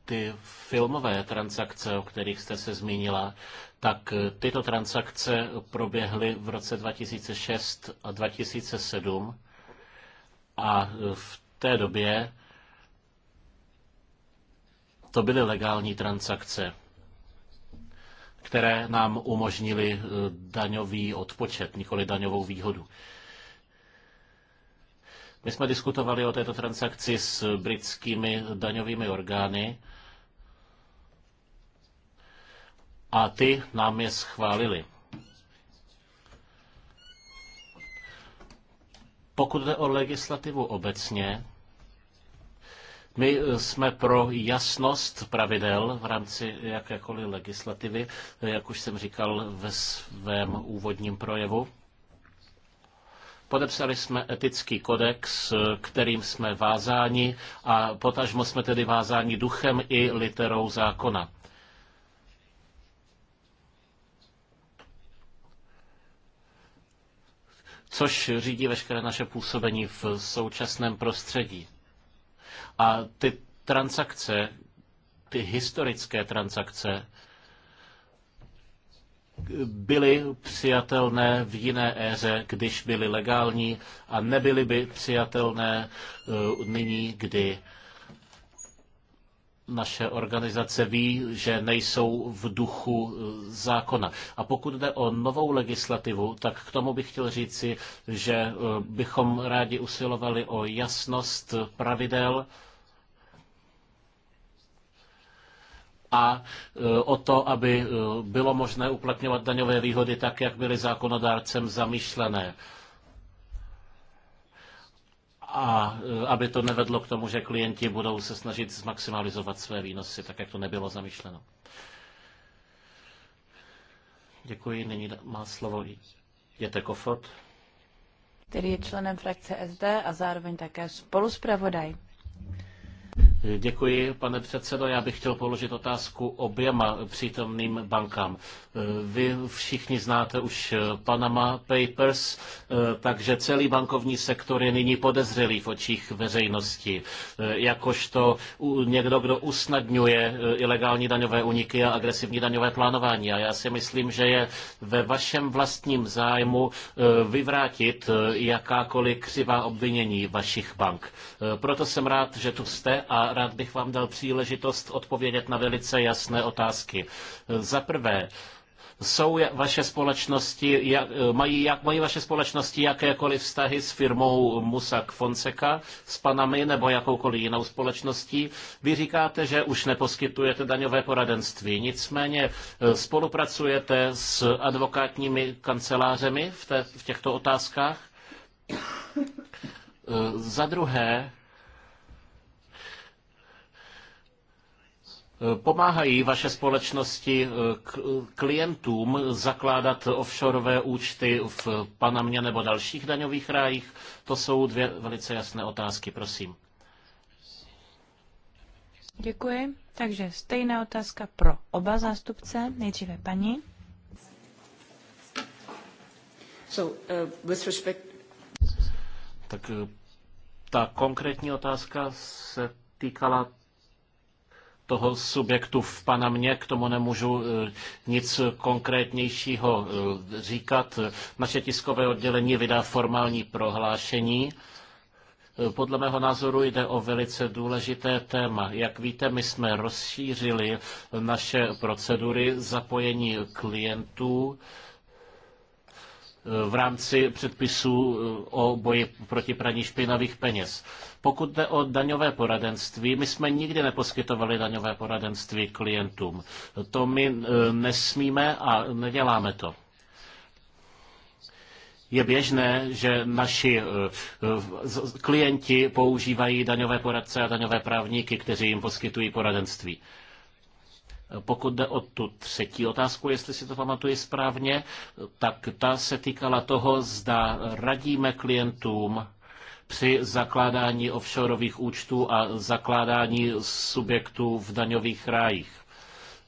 ty filmové transakce, o kterých jste se zmínila, tak eh, tyto transakce proběhly v roce 2006 a 2007 a eh, v té době to byly legální transakce, které nám umožnily eh, daňový odpočet, nikoli daňovou výhodu. My jsme diskutovali o této transakci s britskými daňovými orgány a ty nám je schválili. Pokud jde o legislativu obecně, my jsme pro jasnost pravidel v rámci jakékoliv legislativy, jak už jsem říkal ve svém úvodním projevu. Podepsali jsme etický kodex, kterým jsme vázáni a potažmo jsme tedy vázáni duchem i literou zákona. což řídí veškeré naše působení v současném prostředí. A ty transakce, ty historické transakce, byly přijatelné v jiné éře, když byly legální a nebyly by přijatelné eh, nyní, kdy naše organizace ví, že nejsou v duchu e, zákona. A pokud jde o novou legislativu, tak k tomu bych chtěl říci, že e, bychom rádi usilovali o jasnost pravidel a e, o to, aby bylo možné uplatňovat daňové výhody tak, jak byly zákonodárcem zamýšlené a e, aby to nevedlo k tomu, že klienti budou se snažit zmaximalizovat své výnosy, tak jak to nebylo zamýšleno. Děkuji. Nyní má slovo Jete Kofot, který je členem frakce SD a zároveň také spoluspravodaj. Děkuji, pane předsedo. Já bych chtěl položit otázku oběma přítomným bankám. Vy všichni znáte už Panama Papers, takže celý bankovní sektor je nyní podezřelý v očích veřejnosti. Jakožto někdo, kdo usnadňuje ilegální daňové uniky a agresivní daňové plánování. A já si myslím, že je ve vašem vlastním zájmu eh, vyvrátit eh, jakákoliv křivá obvinění vašich bank. Eh, proto jsem rád, že tu jste a rád bych vám dal příležitost odpovědět na velice jasné otázky. Za prvé, jsou vaše společnosti, jak, mají, jak, mají vaše společnosti jakékoliv vztahy s firmou Musak Fonseca, s Panami nebo jakoukoliv jinou společností. Vy říkáte, že už neposkytujete daňové poradenství, nicméně eh, spolupracujete s advokátními kancelářemi v, v těchto otázkách? Eh, za druhé, Pomáhají vaše společnosti eh, klientům zakládat offshoreové účty v Panamě nebo dalších daňových rájích? To jsou dvě velice jasné otázky, prosím. Děkuji. Takže stejná otázka pro oba zástupce. Nejdříve paní. So, uh, with respect... Tak eh, ta konkrétní otázka se týkala toho subjektu v Panamě, k tomu nemůžu e, nic konkrétnějšího e, říkat. Naše tiskové oddělení vydá formální prohlášení. E, podle mého názoru jde o velice důležité téma. Jak víte, my jsme rozšířili naše procedury zapojení klientů v rámci předpisů eh, o boji proti praní špinavých peněz. Pokud jde o daňové poradenství, my jsme nikdy neposkytovali daňové poradenství klientům. To my eh, nesmíme a neděláme to je běžné, že naši eh, klienti používají daňové poradce a daňové právníky, kteří jim poskytují poradenství. Pokud jde o tu třetí otázku, jestli si to pamatuji správně, tak ta se týkala toho, zda radíme klientům při zakládání offshoreových účtů a zakládání subjektů v daňových rájích.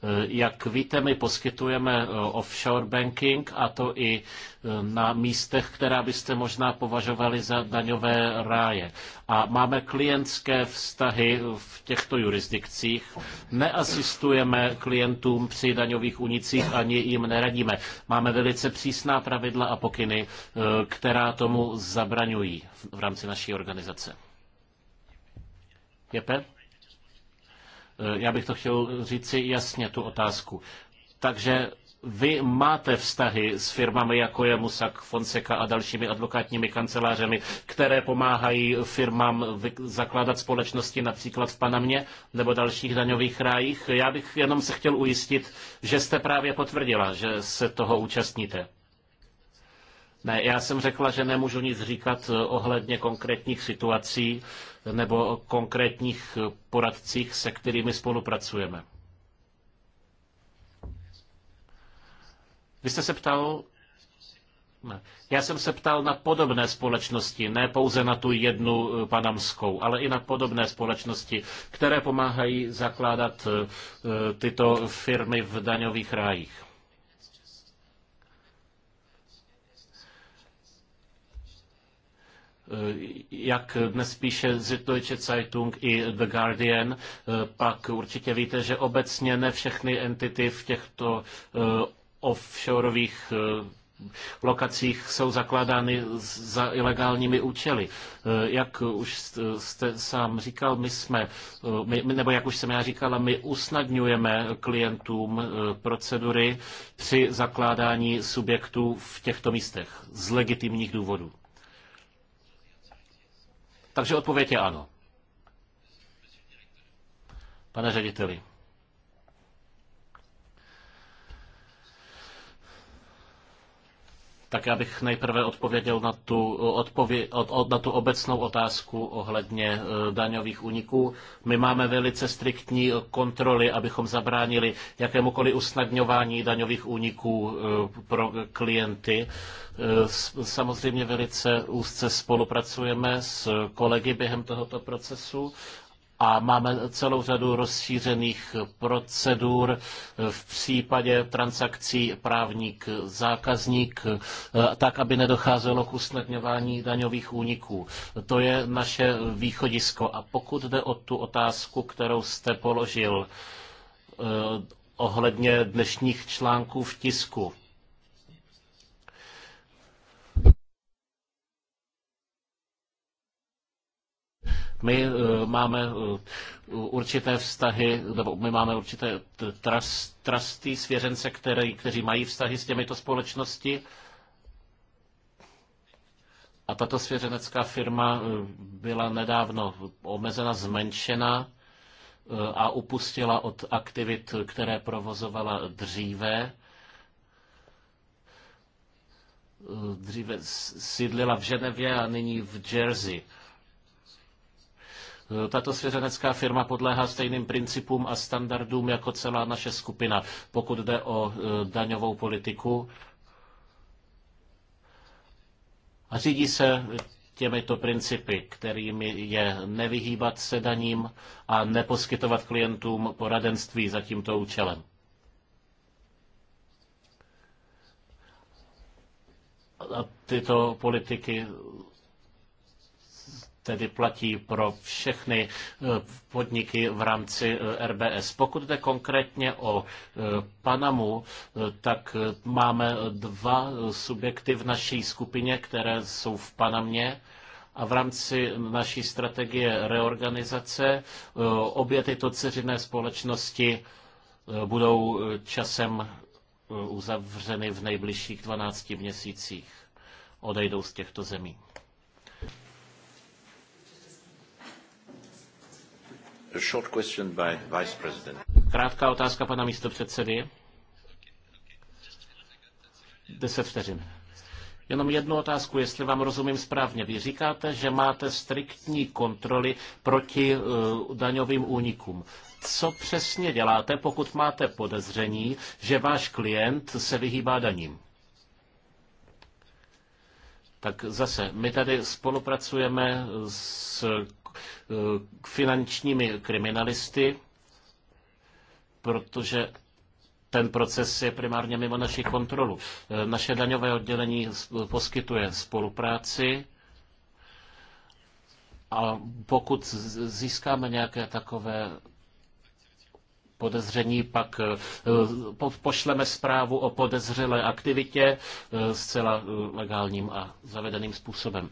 Eh, jak víte, my poskytujeme eh, offshore banking a to i eh, na místech, která byste možná považovali za daňové ráje. A máme klientské vztahy v těchto jurisdikcích. Neasistujeme klientům při daňových únicích ani jim neradíme. Máme velice přísná pravidla a pokyny, která tomu zabraňují v rámci naší organizace. Jepe? Eh, já bych to chtěl říci jasně, tu otázku. Takže vy máte vztahy s firmami, jako je Musak, Fonseca a dalšími advokátními kancelářemi, které pomáhají firmám zakládat společnosti například v Panamě nebo dalších daňových rájích. Já bych jenom se chtěl ujistit, že jste právě potvrdila, že se toho účastníte. Ne, já jsem řekla, že nemůžu nic říkat eh, ohledně konkrétních situací nebo konkrétních eh, poradcích, se kterými spolupracujeme. Vy jste se ptal? Ne. Já jsem se ptal na podobné společnosti, ne pouze na tu jednu eh, panamskou, ale i na podobné společnosti, které pomáhají zakládat tyto firmy v daňových rájích. Eh, jak dnes píše Süddeutsche Zeitung i The Guardian, eh, pak určitě víte, že obecně ne všechny entity v těchto eh, offshoreových lokacích jsou zakládány za ilegálními účely. Jak už jste sám říkal, my jsme, my, nebo jak už jsem já říkal, my usnadňujeme klientům procedury při zakládání subjektů v těchto místech z legitimních důvodů. Takže odpověď je ano. Pane řediteli. Tak já bych nejprve odpověděl na tu, odpově, na tu obecnou otázku ohledně e, daňových úniků. My máme velice striktní kontroly, abychom zabránili jakémukoliv usnadňování daňových úniků e, pro klienty. E, samozřejmě velice úzce spolupracujeme s kolegy během tohoto procesu a máme celou řadu rozšířených procedur v případě transakcí právník zákazník, tak, aby nedocházelo k usnadňování daňových úniků. To je naše východisko. A pokud jde o tu otázku, kterou jste položil eh, ohledně dnešních článků v tisku, My eh, máme eh, určité vztahy, nebo my máme určité trust, trusty, svěřence, který, kteří mají vztahy s těmito společnosti. A tato svěřenecká firma eh, byla nedávno omezena, zmenšena a upustila od aktivit, které provozovala dříve. Dříve sídlila v Ženevě a nyní v Jersey. Tato svěřenecká firma podléhá stejným principům a standardům jako celá naše skupina, pokud jde o e, daňovou politiku. A řídí se těmito principy, kterými je nevyhýbat se daním a neposkytovat klientům poradenství za tímto účelem. A tyto politiky tedy platí pro všechny eh, podniky v rámci eh, RBS. Pokud jde konkrétně o eh, Panamu, tak máme dva subjekty v naší skupině, které jsou v Panamě a v rámci naší strategie reorganizace obě tyto ceřinné společnosti budou časem uzavřeny v nejbližších 12 měsících. Odejdou z těchto zemí. A short question by Vice President. Krátká otázka pana místopředsedy. Deset vteřin. Jenom jednu otázku, jestli vám rozumím správně. Vy říkáte, že máte striktní kontroly proti uh, daňovým únikům. Co přesně děláte, pokud máte podezření, že váš klient se vyhýbá daním? Tak zase, my tady spolupracujeme s finančními kriminalisty, protože ten proces je primárně mimo naši kontrolu. Naše daňové oddělení poskytuje spolupráci a pokud získáme nějaké takové podezření, pak eh, pošleme zprávu o podezřelé aktivitě eh, zcela eh, legálním a zavedeným způsobem.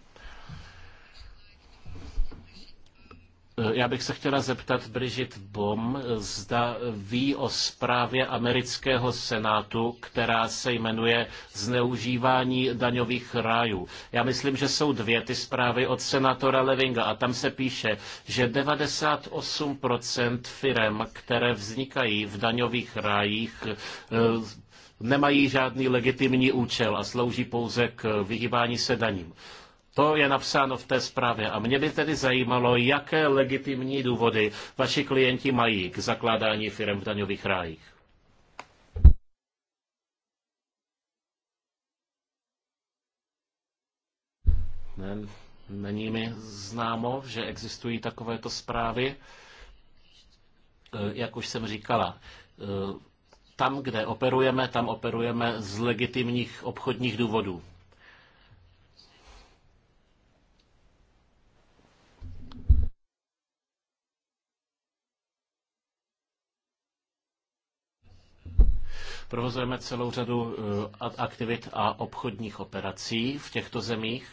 Eh, já bych se chtěla zeptat Bridget Bom, zda ví o zprávě amerického senátu, která se jmenuje Zneužívání daňových rájů. Já myslím, že jsou dvě ty zprávy od senátora Levinga a tam se píše, že 98% firem, které vznikají v daňových rájích, eh, nemají žádný legitimní účel a slouží pouze k vyhýbání se daním. To je napsáno v té zprávě a mě by tedy zajímalo, jaké legitimní důvody vaši klienti mají k zakládání firm v daňových rájích. není mi známo, že existují takovéto zprávy. E, jak už jsem říkala, e, tam, kde operujeme, tam operujeme z legitimních obchodních důvodů. Provozujeme celou řadu eh, aktivit a obchodních operací v těchto zemích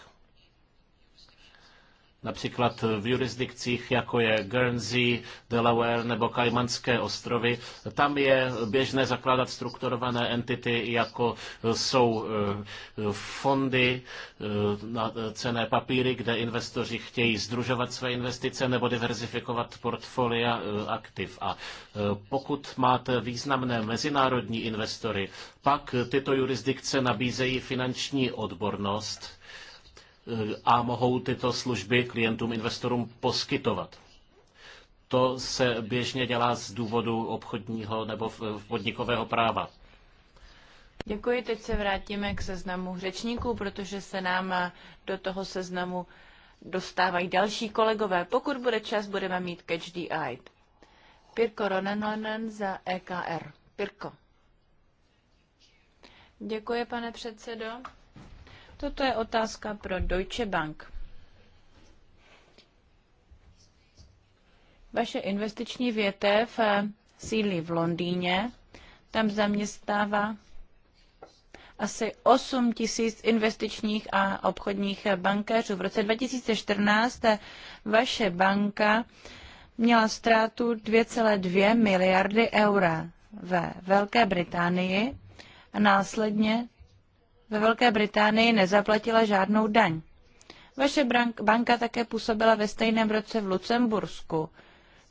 Například v jurisdikcích, jako je Guernsey, Delaware nebo Kajmanské ostrovy, tam je běžné zakládat strukturované entity, jako jsou eh, fondy eh, na cené papíry, kde investoři chtějí združovat své investice nebo diverzifikovat portfolia eh, aktiv. A pokud máte významné mezinárodní investory, pak tyto jurisdikce nabízejí finanční odbornost, a mohou tyto služby klientům, investorům poskytovat. To se běžně dělá z důvodu obchodního nebo podnikového práva. Děkuji, teď se vrátíme k seznamu řečníků, protože se nám do toho seznamu dostávají další kolegové. Pokud bude čas, budeme mít catch the eye. Pirko Ronanonen za EKR. Pirko. Děkuji, pane předsedo. Toto je otázka pro Deutsche Bank. Vaše investiční větev eh, sídlí v Londýně, tam zaměstnává asi 8 tisíc investičních a obchodních bankéřů. V roce 2014 eh, vaše banka měla ztrátu 2,2 miliardy eura ve Velké Británii a následně ve Velké Británii nezaplatila žádnou daň. Vaše banka také působila ve stejném roce v Lucembursku.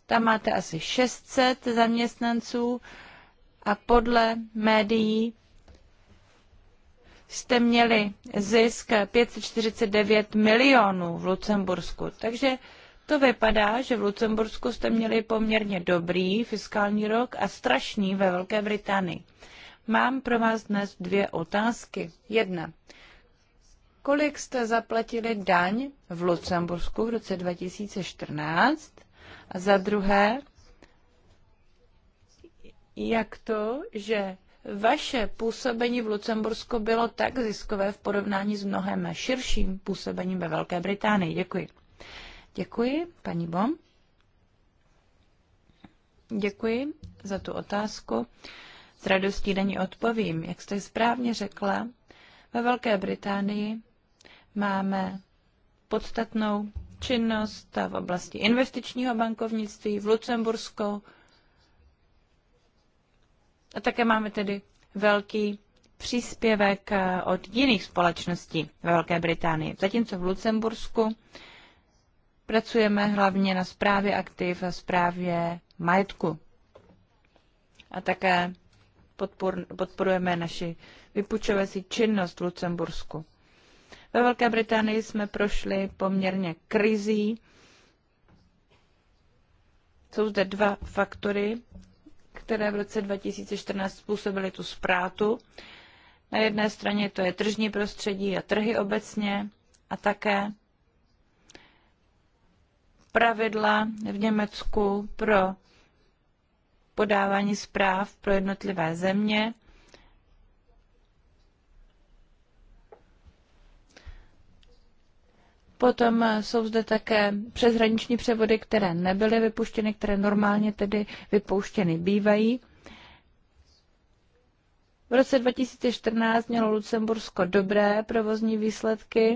Tam máte asi 600 zaměstnanců a podle médií jste měli zisk 549 milionů v Lucembursku. Takže to vypadá, že v Lucembursku jste měli poměrně dobrý fiskální rok a strašný ve Velké Británii. Mám pro vás dnes dvě otázky. Jedna. Kolik jste zaplatili daň v Lucembursku v roce 2014? A za druhé, jak to, že vaše působení v Lucembursku bylo tak ziskové v porovnání s mnohem širším působením ve Velké Británii? Děkuji. Děkuji, paní Bom. Děkuji za tu otázku. Uh, s radostí na ní odpovím. Jak jste správně řekla, ve Velké Británii máme podstatnou činnost v oblasti investičního bankovnictví v Lucembursku. A také máme tedy velký příspěvek eh, od jiných společností ve Velké Británii. Zatímco v Lucembursku pracujeme hlavně na správě aktiv a správě majetku. A také podpor, podporujeme naši vypučovací činnost v Lucembursku. Ve Velké Británii jsme prošli poměrně krizí. Jsou zde dva faktory, které v roce 2014 způsobily tu zprátu. Na jedné straně to je tržní prostředí a trhy obecně a také pravidla v Německu pro podávání zpráv pro jednotlivé země. Potom jsou zde také přeshraniční převody, které nebyly vypuštěny, které normálně tedy vypouštěny bývají. V roce 2014 mělo Lucembursko dobré provozní výsledky,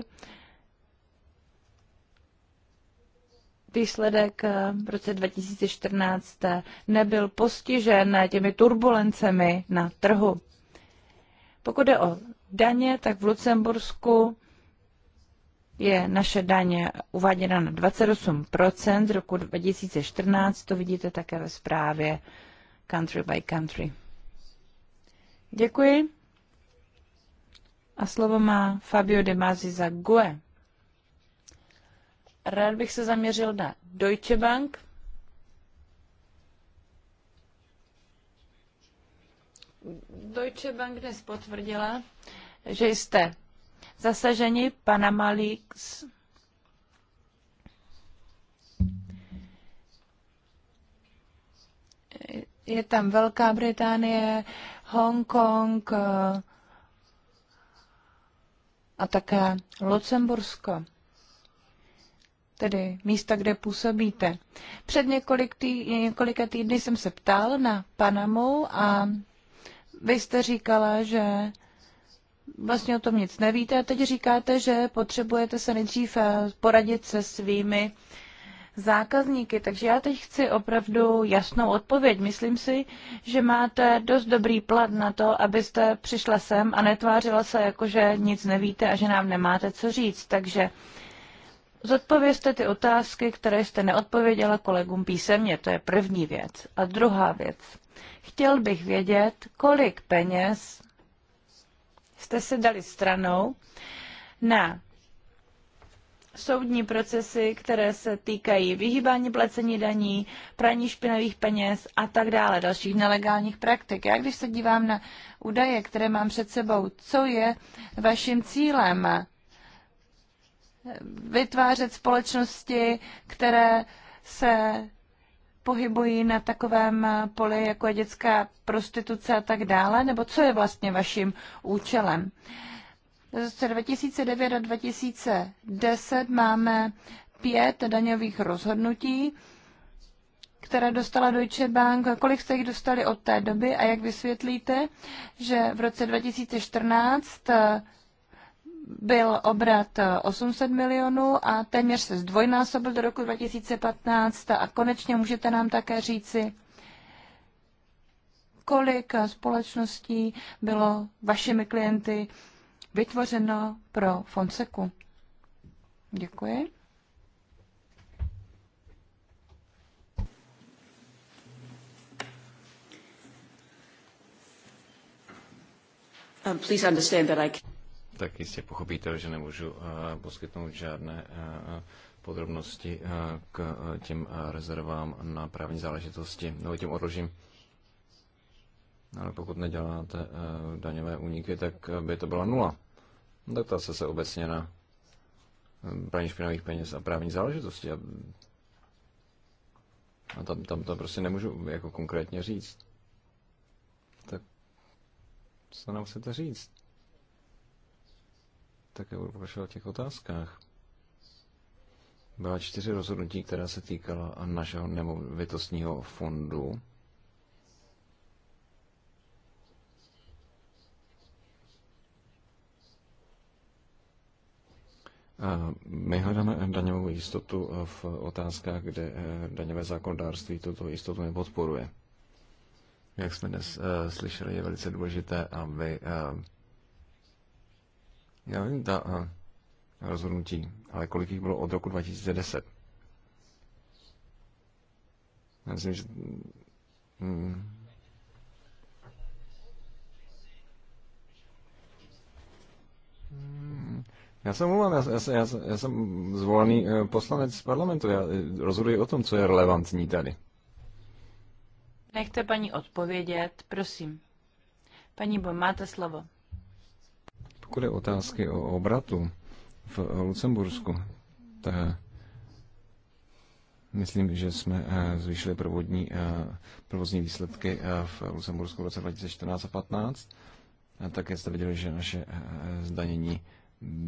výsledek eh, v roce 2014 eh, nebyl postižen eh, těmi turbulencemi na trhu. Pokud jde o daně, tak v Lucembursku je naše daně uváděna na 28% z roku 2014, to vidíte také ve zprávě country by country. Děkuji. A slovo má Fabio De Masi za GUE. Rád bych se zaměřil na Deutsche Bank, Deutsche Bank dnes potvrdila, že jste zasaženi Panama Leaks. Je tam Velká Británie, Hongkong eh, a také Lucembursko tedy místa, kde působíte. Před několik tý, několika týdny jsem se ptal na Panamu a vy jste říkala, že vlastně o tom nic nevíte a teď říkáte, že potřebujete se nejdřív eh, poradit se svými zákazníky. Takže já teď chci opravdu jasnou odpověď. Myslím si, že máte dost dobrý plat na to, abyste přišla sem a netvářila se jako, že nic nevíte a že nám nemáte co říct. Takže Zodpovězte ty otázky, které jste neodpověděla kolegům písemně, to je první věc. A druhá věc. Chtěl bych vědět, kolik peněz jste si dali stranou na soudní procesy, které se týkají vyhýbání placení daní, praní špinavých peněz a tak dále, dalších nelegálních praktik. Já když se dívám na údaje, které mám před sebou, co je vaším cílem vytvářet společnosti, které se pohybují na takovém poli, jako je dětská prostituce a tak dále, nebo co je vlastně vaším účelem? V roce 2009 a 2010 máme pět daňových rozhodnutí, které dostala Deutsche Bank. Kolik jste jich dostali od té doby a jak vysvětlíte, že v roce 2014 byl obrat 800 eh, milionů a téměř se zdvojnásobil do roku 2015. A konečně můžete nám také říci, kolik společností bylo vašimi klienty vytvořeno pro Fonseku. Děkuji. Um, please understand that I can tak jistě pochopíte, že nemůžu eh, poskytnout žádné eh, eh, podrobnosti k těm rezervám na právní záležitosti, nebo těm odložím. Ale pokud neděláte daňové úniky, tak by to byla nula. No, tak ta se se obecně na praní špinavých peněz a právní záležitosti. A, a tam, tam to prostě nemůžu jako konkrétně říct. Tak co nám chcete říct? také budu pokračovat o těch otázkách. Byla čtyři rozhodnutí, která se týkala našeho nemovitostního fondu. My hledáme daňovou jistotu v otázkách, kde eh, daňové zákonodárství tuto jistotu nepodporuje. Jak jsme dnes eh, slyšeli, je velice důležité, aby eh, já vím, ta eh, a, rozhodnutí, ale kolik jich bylo od roku 2010? Já myslím, že... Hmm. Já se omlouvám, já, já, já, já jsem zvolený eh, poslanec z parlamentu, já eh, rozhoduji o tom, co je relevantní tady. Nechte paní odpovědět, prosím. Paní Bo, máte slovo. Pokud je otázky o obratu v Lucembursku, tak eh, myslím, že jsme eh, zvýšili provodní, eh, provozní výsledky v Lucembursku v roce 2014 a 2015. také jste viděli, že naše zdanění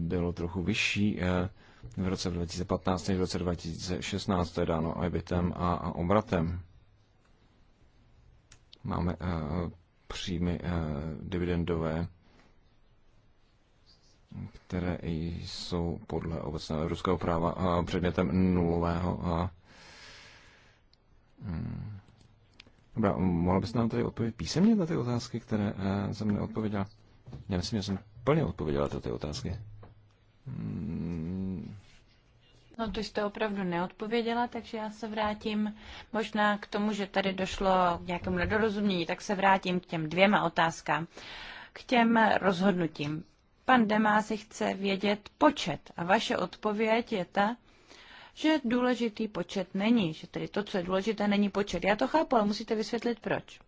bylo trochu vyšší v roce 2015 než v roce 2016, to je dáno EBITem a obratem. Máme příjmy dividendové které jsou podle obecného evropského práva předmětem nulového. Mm. Dobrá, mohla bys nám tady odpovědět písemně na ty otázky, které jsem eh, neodpověděla? Já myslím, že jsem plně odpověděla na ty otázky. Mm. No to jste opravdu neodpověděla, takže já se vrátím možná k tomu, že tady došlo k nějakému nedorozumění, tak se vrátím k těm dvěma otázkám. K těm rozhodnutím. Pan Demási chce vědět počet a vaše odpověď je ta, že důležitý počet není, že tedy to, co je důležité, není počet. Já to chápu, ale musíte vysvětlit proč.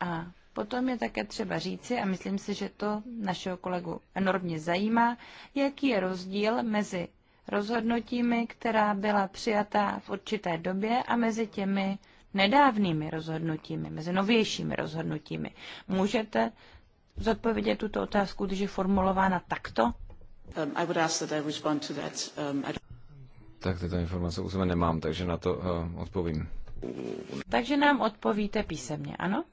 A potom je také třeba říci, a myslím si, že to našeho kolegu enormně zajímá, jaký je rozdíl mezi rozhodnutími, která byla přijatá v určité době a mezi těmi nedávnými rozhodnutími, mezi novějšími rozhodnutími. Můžete zodpovědět tuto otázku, když je formulována takto? Um, um, tak tyto informace u sebe nemám, takže na to uh, odpovím. Takže nám odpovíte písemně, ano?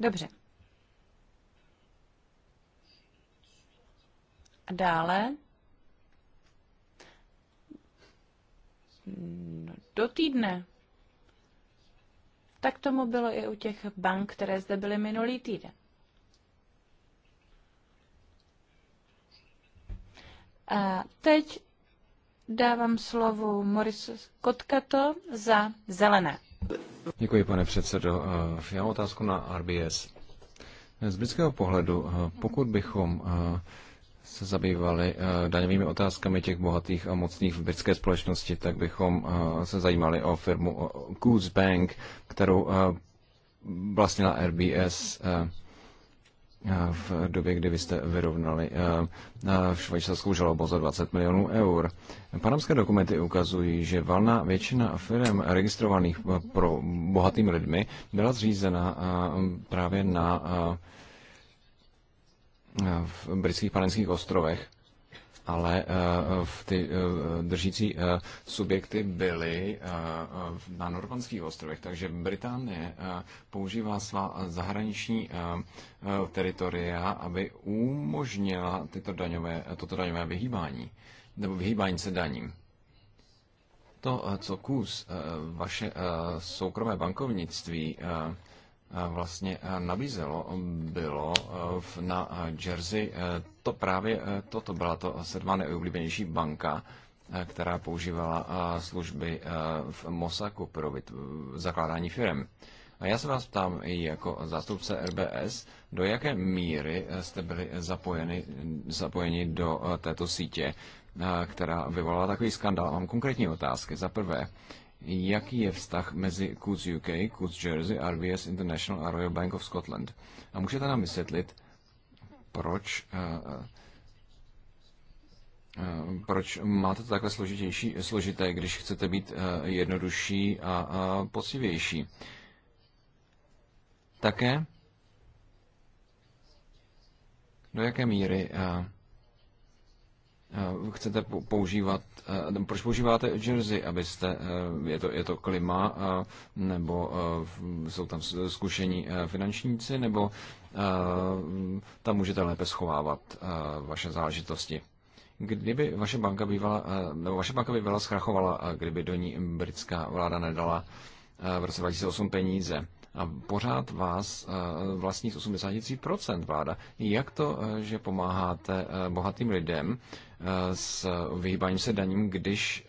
Dobře. A dále. No, do týdne. Tak tomu bylo i u těch bank, které zde byly minulý týden. A teď dávám slovo Morisu Kotkato za zelené. Děkuji, pane předsedo. Eh, já mám otázku na RBS. Z britského pohledu, eh, pokud bychom eh, se zabývali eh, daňovými otázkami těch bohatých a mocných v britské společnosti, tak bychom eh, se zajímali o firmu Goose Bank, kterou eh, vlastnila RBS v době, kdy vy jste vyrovnali švajčarskou žalobu za 20 milionů eur. Panamské dokumenty ukazují, že valná většina firm registrovaných pro bohatými lidmi byla zřízena právě na v britských panenských ostrovech, ale eh, v ty eh, držící eh, subjekty byly na normandských ostrovech, takže Británie používá svá zahraniční teritoria, aby umožnila tyto daňové, toto daňové vyhýbání, nebo vyhýbání se daním. To, co kus vaše soukromé bankovnictví vlastně nabízelo, bylo e, na e, Jersey e, to právě toto. Byla to sedmá nejoblíbenější banka, která používala služby v Mosaku pro zakládání firm. A já se vás ptám i jako zástupce RBS, do jaké míry jste byli zapojeni, zapojeni do této sítě, která vyvolala takový skandál. Mám konkrétní otázky. Za prvé, jaký je vztah mezi Coutts UK, Coutts Jersey, RBS International a Royal Bank of Scotland. A můžete nám vysvětlit, proč, eh, eh, eh, proč máte to takhle složitější, složité, když chcete být jednodušší a poctivější. Také, do jaké míry Eh, chcete používat, eh, proč používáte Jersey, abyste, eh, je to, je to klima, nebo jsou tam zkušení finančníci, nebo tam můžete lépe schovávat vaše záležitosti. Kdyby vaše banka bývala, nebo vaše banka by byla zkrachovala, kdyby do ní britská vláda nedala v roce 2008 peníze, a pořád vás eh, vlastní 83% vláda. Jak to, eh, že pomáháte eh, bohatým lidem s vyhýbáním se daním, když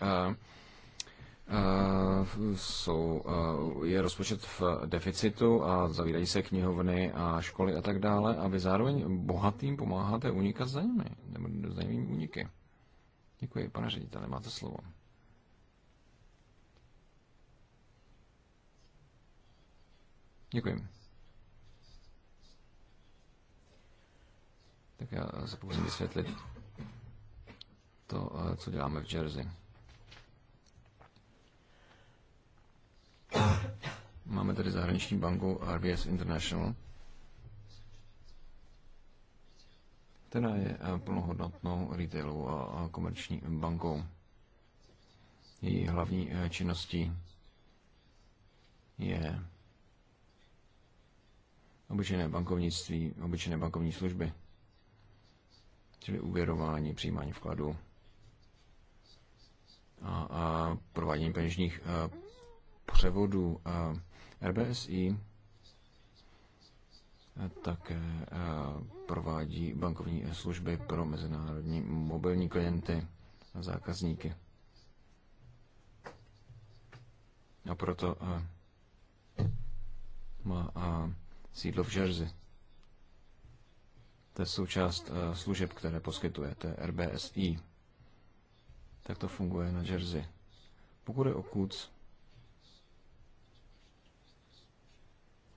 jsou, je rozpočet v deficitu a zavírají se knihovny a školy a tak dále a vy zároveň bohatým pomáháte unikat zajímavé, nebo zajímavé úniky. Děkuji, pane řediteli, máte slovo. Děkuji. Tak já se pokusím vysvětlit to, eh, co děláme v Jersey. Máme tady zahraniční banku RBS International, která je eh, plnohodnotnou retailovou a komerční bankou. Její hlavní eh, činností je obyčejné bankovnictví, obyčejné bankovní služby, čili uvěrování, přijímání vkladů a, a provádění peněžních a, převodů. A RBSI také provádí bankovní služby pro mezinárodní mobilní klienty a zákazníky. A proto má a sídlo v Jersey. To je součást eh, služeb, které poskytuje, to je RBSI. Tak to funguje na Jersey. Pokud je o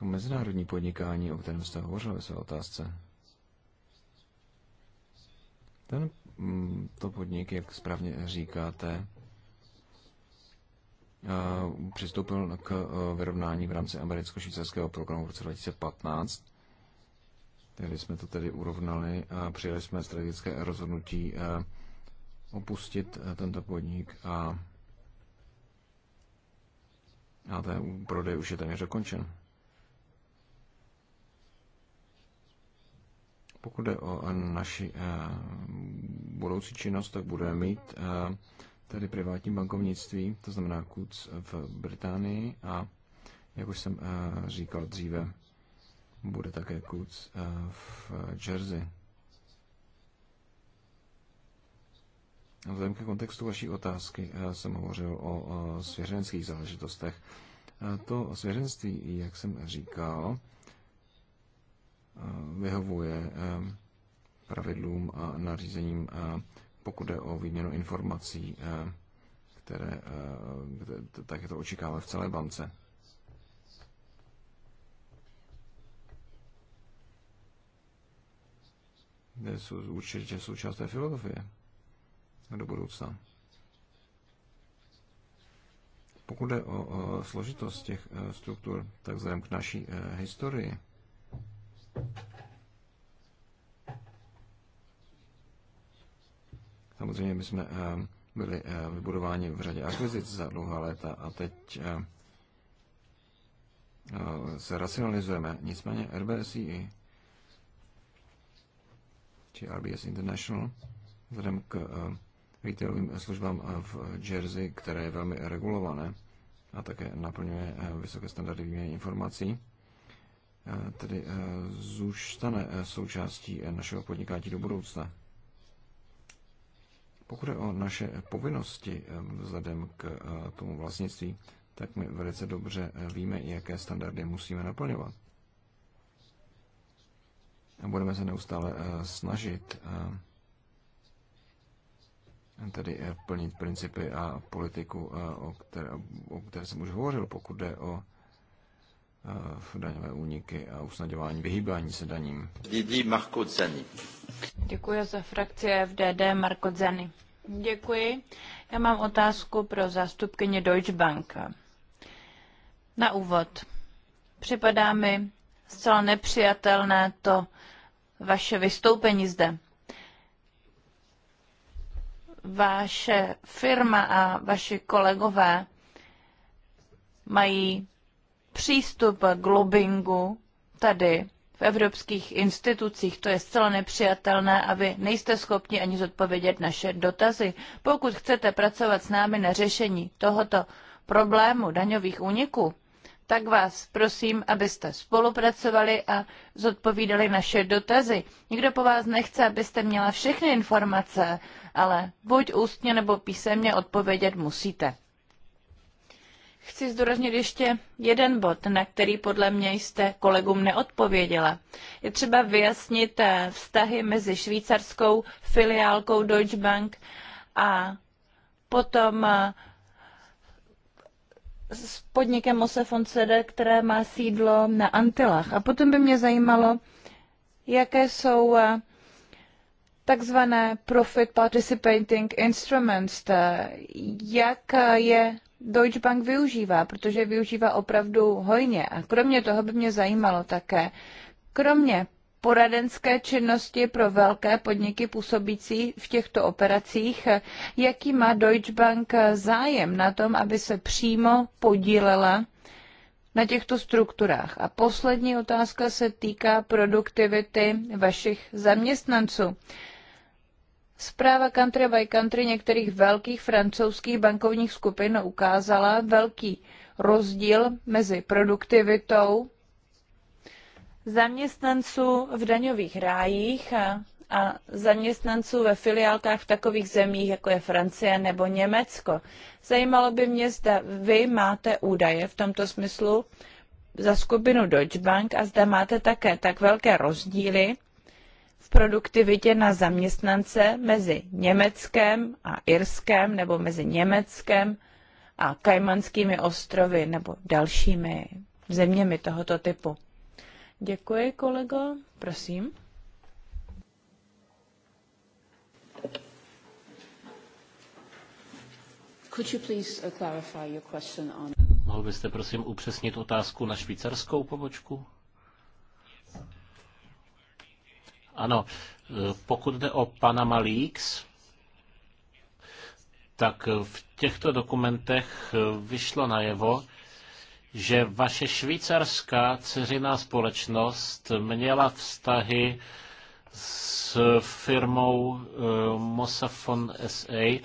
o mezinárodní podnikání, o kterém jste hovořil ve své otázce, ten, mm, to podnik, jak správně říkáte, přistoupil k e, vyrovnání v rámci americko-švýcarského programu v roce 2015. Tehdy jsme to tedy urovnali a přijali jsme strategické rozhodnutí e, opustit e, tento podnik a a ten prodej už je téměř dokončen. Pokud jde o naši budoucí činnost, tak budeme mít Tady privátní bankovnictví, to znamená KUC v Británii a, jak už jsem eh, říkal dříve, bude také KUC eh, v Jersey. Vzhledem ke kontextu vaší otázky eh, jsem hovořil o svěřenských záležitostech. To svěřenství, jak jsem říkal, vyhovuje pravidlům a nařízením pokud jde o výměnu informací, eh, které, eh, tak je to očekáváme v celé bance. je určitě součást té filozofie do budoucna. Pokud jde o, o složitost těch eh, struktur, tak vzhledem k naší historii Samozřejmě my jsme eh, byli eh, vybudováni v řadě akvizic za dlouhá léta a teď eh, se racionalizujeme. Nicméně RBSI či RBS International vzhledem k retailovým službám v Jersey, které je velmi regulované a také naplňuje vysoké standardy výměny informací, tedy zůstane součástí našeho podnikání do budoucna. Pokud je o naše povinnosti vzhledem k eh, tomu vlastnictví, tak my velice dobře eh, víme, jaké standardy musíme naplňovat. A budeme se neustále eh, snažit tedy plnit principy a politiku, o které, o které jsem už hovořil, pokud jde o Eh, daňové úniky a usnadňování vyhýbání se daním. Marko Zani. Děkuji za frakci FDD Marko Zani. Děkuji. Já mám otázku pro zástupkyně Deutsche Bank. Na úvod. Připadá mi zcela nepřijatelné to vaše vystoupení zde vaše firma a vaši kolegové mají přístup k lobbingu tady v evropských institucích. To je zcela nepřijatelné a vy nejste schopni ani zodpovědět naše dotazy. Pokud chcete pracovat s námi na řešení tohoto problému daňových úniků, tak vás prosím, abyste spolupracovali a zodpovídali naše dotazy. Nikdo po vás nechce, abyste měla všechny informace, ale buď ústně nebo písemně odpovědět musíte chci zdůraznit ještě jeden bod, na který podle mě jste kolegům neodpověděla. Je třeba vyjasnit eh, vztahy mezi švýcarskou filiálkou Deutsche Bank a potom eh, s podnikem Mose Fonsede, které má sídlo na Antilách. A potom by mě zajímalo, jaké jsou eh, takzvané Profit Participating Instruments, jak je Deutsche Bank využívá, protože využívá opravdu hojně. A kromě toho by mě zajímalo také, kromě poradenské činnosti pro velké podniky působící v těchto operacích, jaký má Deutsche Bank zájem na tom, aby se přímo podílela na těchto strukturách. A poslední otázka se týká produktivity vašich zaměstnanců. Zpráva country by country některých velkých francouzských bankovních skupin ukázala velký rozdíl mezi produktivitou zaměstnanců v daňových rájích a, a zaměstnanců ve filiálkách v takových zemích, jako je Francie nebo Německo. Zajímalo by mě, zda vy máte údaje v tomto smyslu za skupinu Deutsche Bank a zda máte také tak velké rozdíly v produktivitě na zaměstnance mezi Německem a Irskem nebo mezi Německem a Kajmanskými ostrovy nebo dalšími zeměmi tohoto typu. Děkuji, kolego. Prosím. Could you please uh, clarify your question on... Mohl byste prosím upřesnit otázku na švýcarskou pobočku? Ano, e, pokud jde o Panama Leaks, tak v těchto dokumentech e, vyšlo najevo, že vaše švýcarská dceřiná společnost měla vztahy s firmou e, Mossafon SA,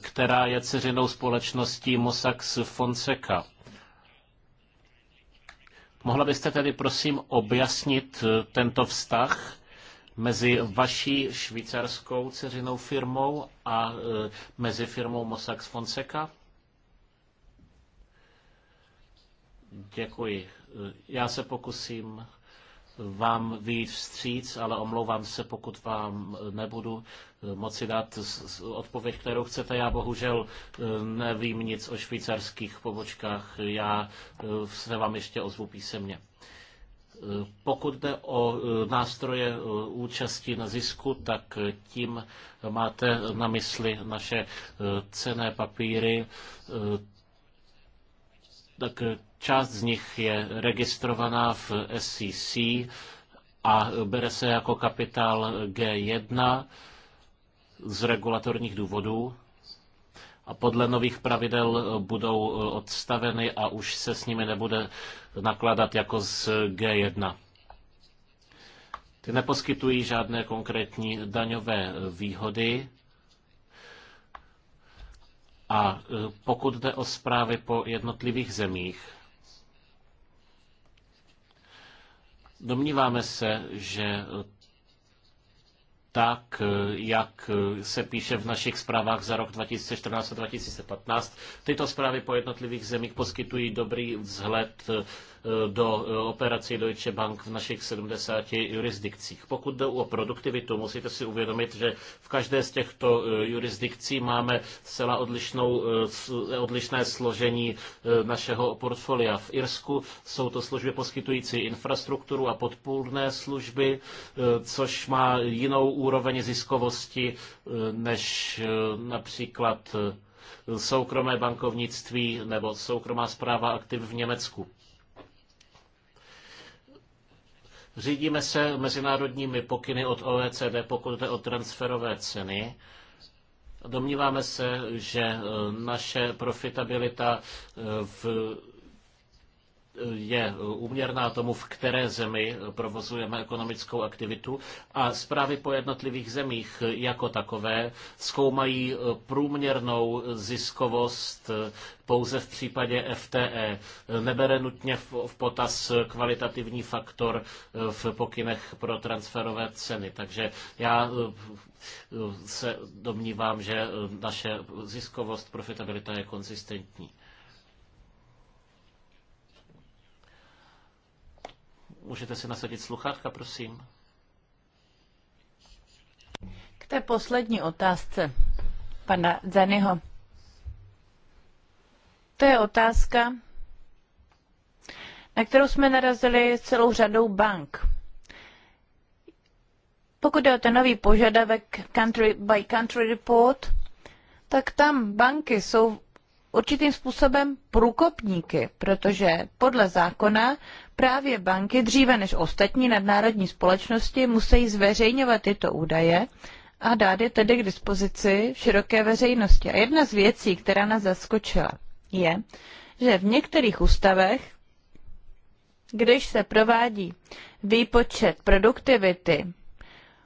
která je dceřinou společností Mossack Fonseca. Mohla byste tedy prosím objasnit tento vztah mezi vaší švýcarskou ceřinou firmou a e, mezi firmou Mossack Fonseca? Děkuji. Já se pokusím vám výjít vstříc, ale omlouvám se, pokud vám nebudu e, moci dát odpověď, kterou chcete. Já bohužel e, nevím nic o švýcarských pobočkách. Já se vám ještě ozvu písemně. Pokud jde o e, nástroje e, účasti na zisku, tak tím máte na mysli naše e, cené papíry. Tak část z nich je registrovaná v SEC a bere se jako kapitál G1 z regulatorních důvodů a podle nových pravidel budou odstaveny a už se s nimi nebude nakládat jako z G1. Ty neposkytují žádné konkrétní daňové výhody. A e, pokud jde o zprávy po jednotlivých zemích, domníváme se, že tak, eh, jak eh, se píše v našich zprávách za rok 2014 a 2015. Tyto zprávy po jednotlivých zemích poskytují dobrý vzhled eh, Eh, do eh, operací Deutsche Bank v našich 70 jurisdikcích. Pokud jde o produktivitu, musíte si uvědomit, že v každé z těchto eh, jurisdikcí máme zcela odlišnou, odlišné složení našeho portfolia. V Irsku jsou to služby poskytující infrastrukturu a podpůrné služby, což má jinou úroveň ziskovosti než například soukromé bankovnictví nebo soukromá zpráva aktiv v Německu. Řídíme se mezinárodními pokyny od OECD, pokud jde o transferové ceny. Domníváme se, že e, naše profitabilita e, v je úměrná tomu, v které zemi provozujeme ekonomickou aktivitu a zprávy po jednotlivých zemích jako takové zkoumají průměrnou ziskovost pouze v případě FTE. Nebere nutně v potaz kvalitativní faktor v pokynech pro transferové ceny. Takže já eh, se domnívám, že naše ziskovost, profitabilita je konzistentní. Můžete si nasadit sluchátka, prosím. K té poslední otázce pana Zaniho. To je otázka, na kterou jsme narazili celou řadou bank. Pokud je o ten nový požadavek country by country report, tak tam banky jsou určitým způsobem průkopníky, protože podle zákona právě banky dříve než ostatní nadnárodní společnosti musí zveřejňovat tyto údaje a dát je tedy k dispozici široké veřejnosti. A jedna z věcí, která nás zaskočila, je, že v některých ústavech, když se provádí výpočet produktivity,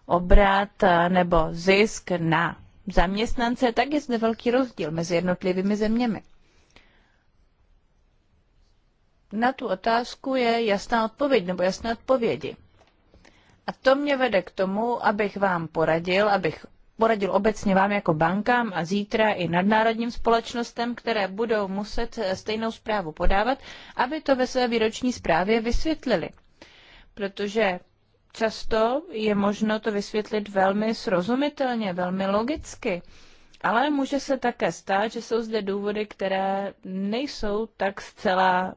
obrat nebo zisk na zaměstnance, tak je zde velký rozdíl mezi jednotlivými zeměmi. Na tu otázku je jasná odpověď nebo jasné odpovědi. A to mě vede k tomu, abych vám poradil, abych poradil obecně vám jako bankám a zítra i nadnárodním společnostem, které budou muset stejnou zprávu podávat, aby to ve své výroční zprávě vysvětlili. Protože Často je možno to vysvětlit velmi srozumitelně, velmi logicky, ale může se také stát, že jsou zde důvody, které nejsou tak zcela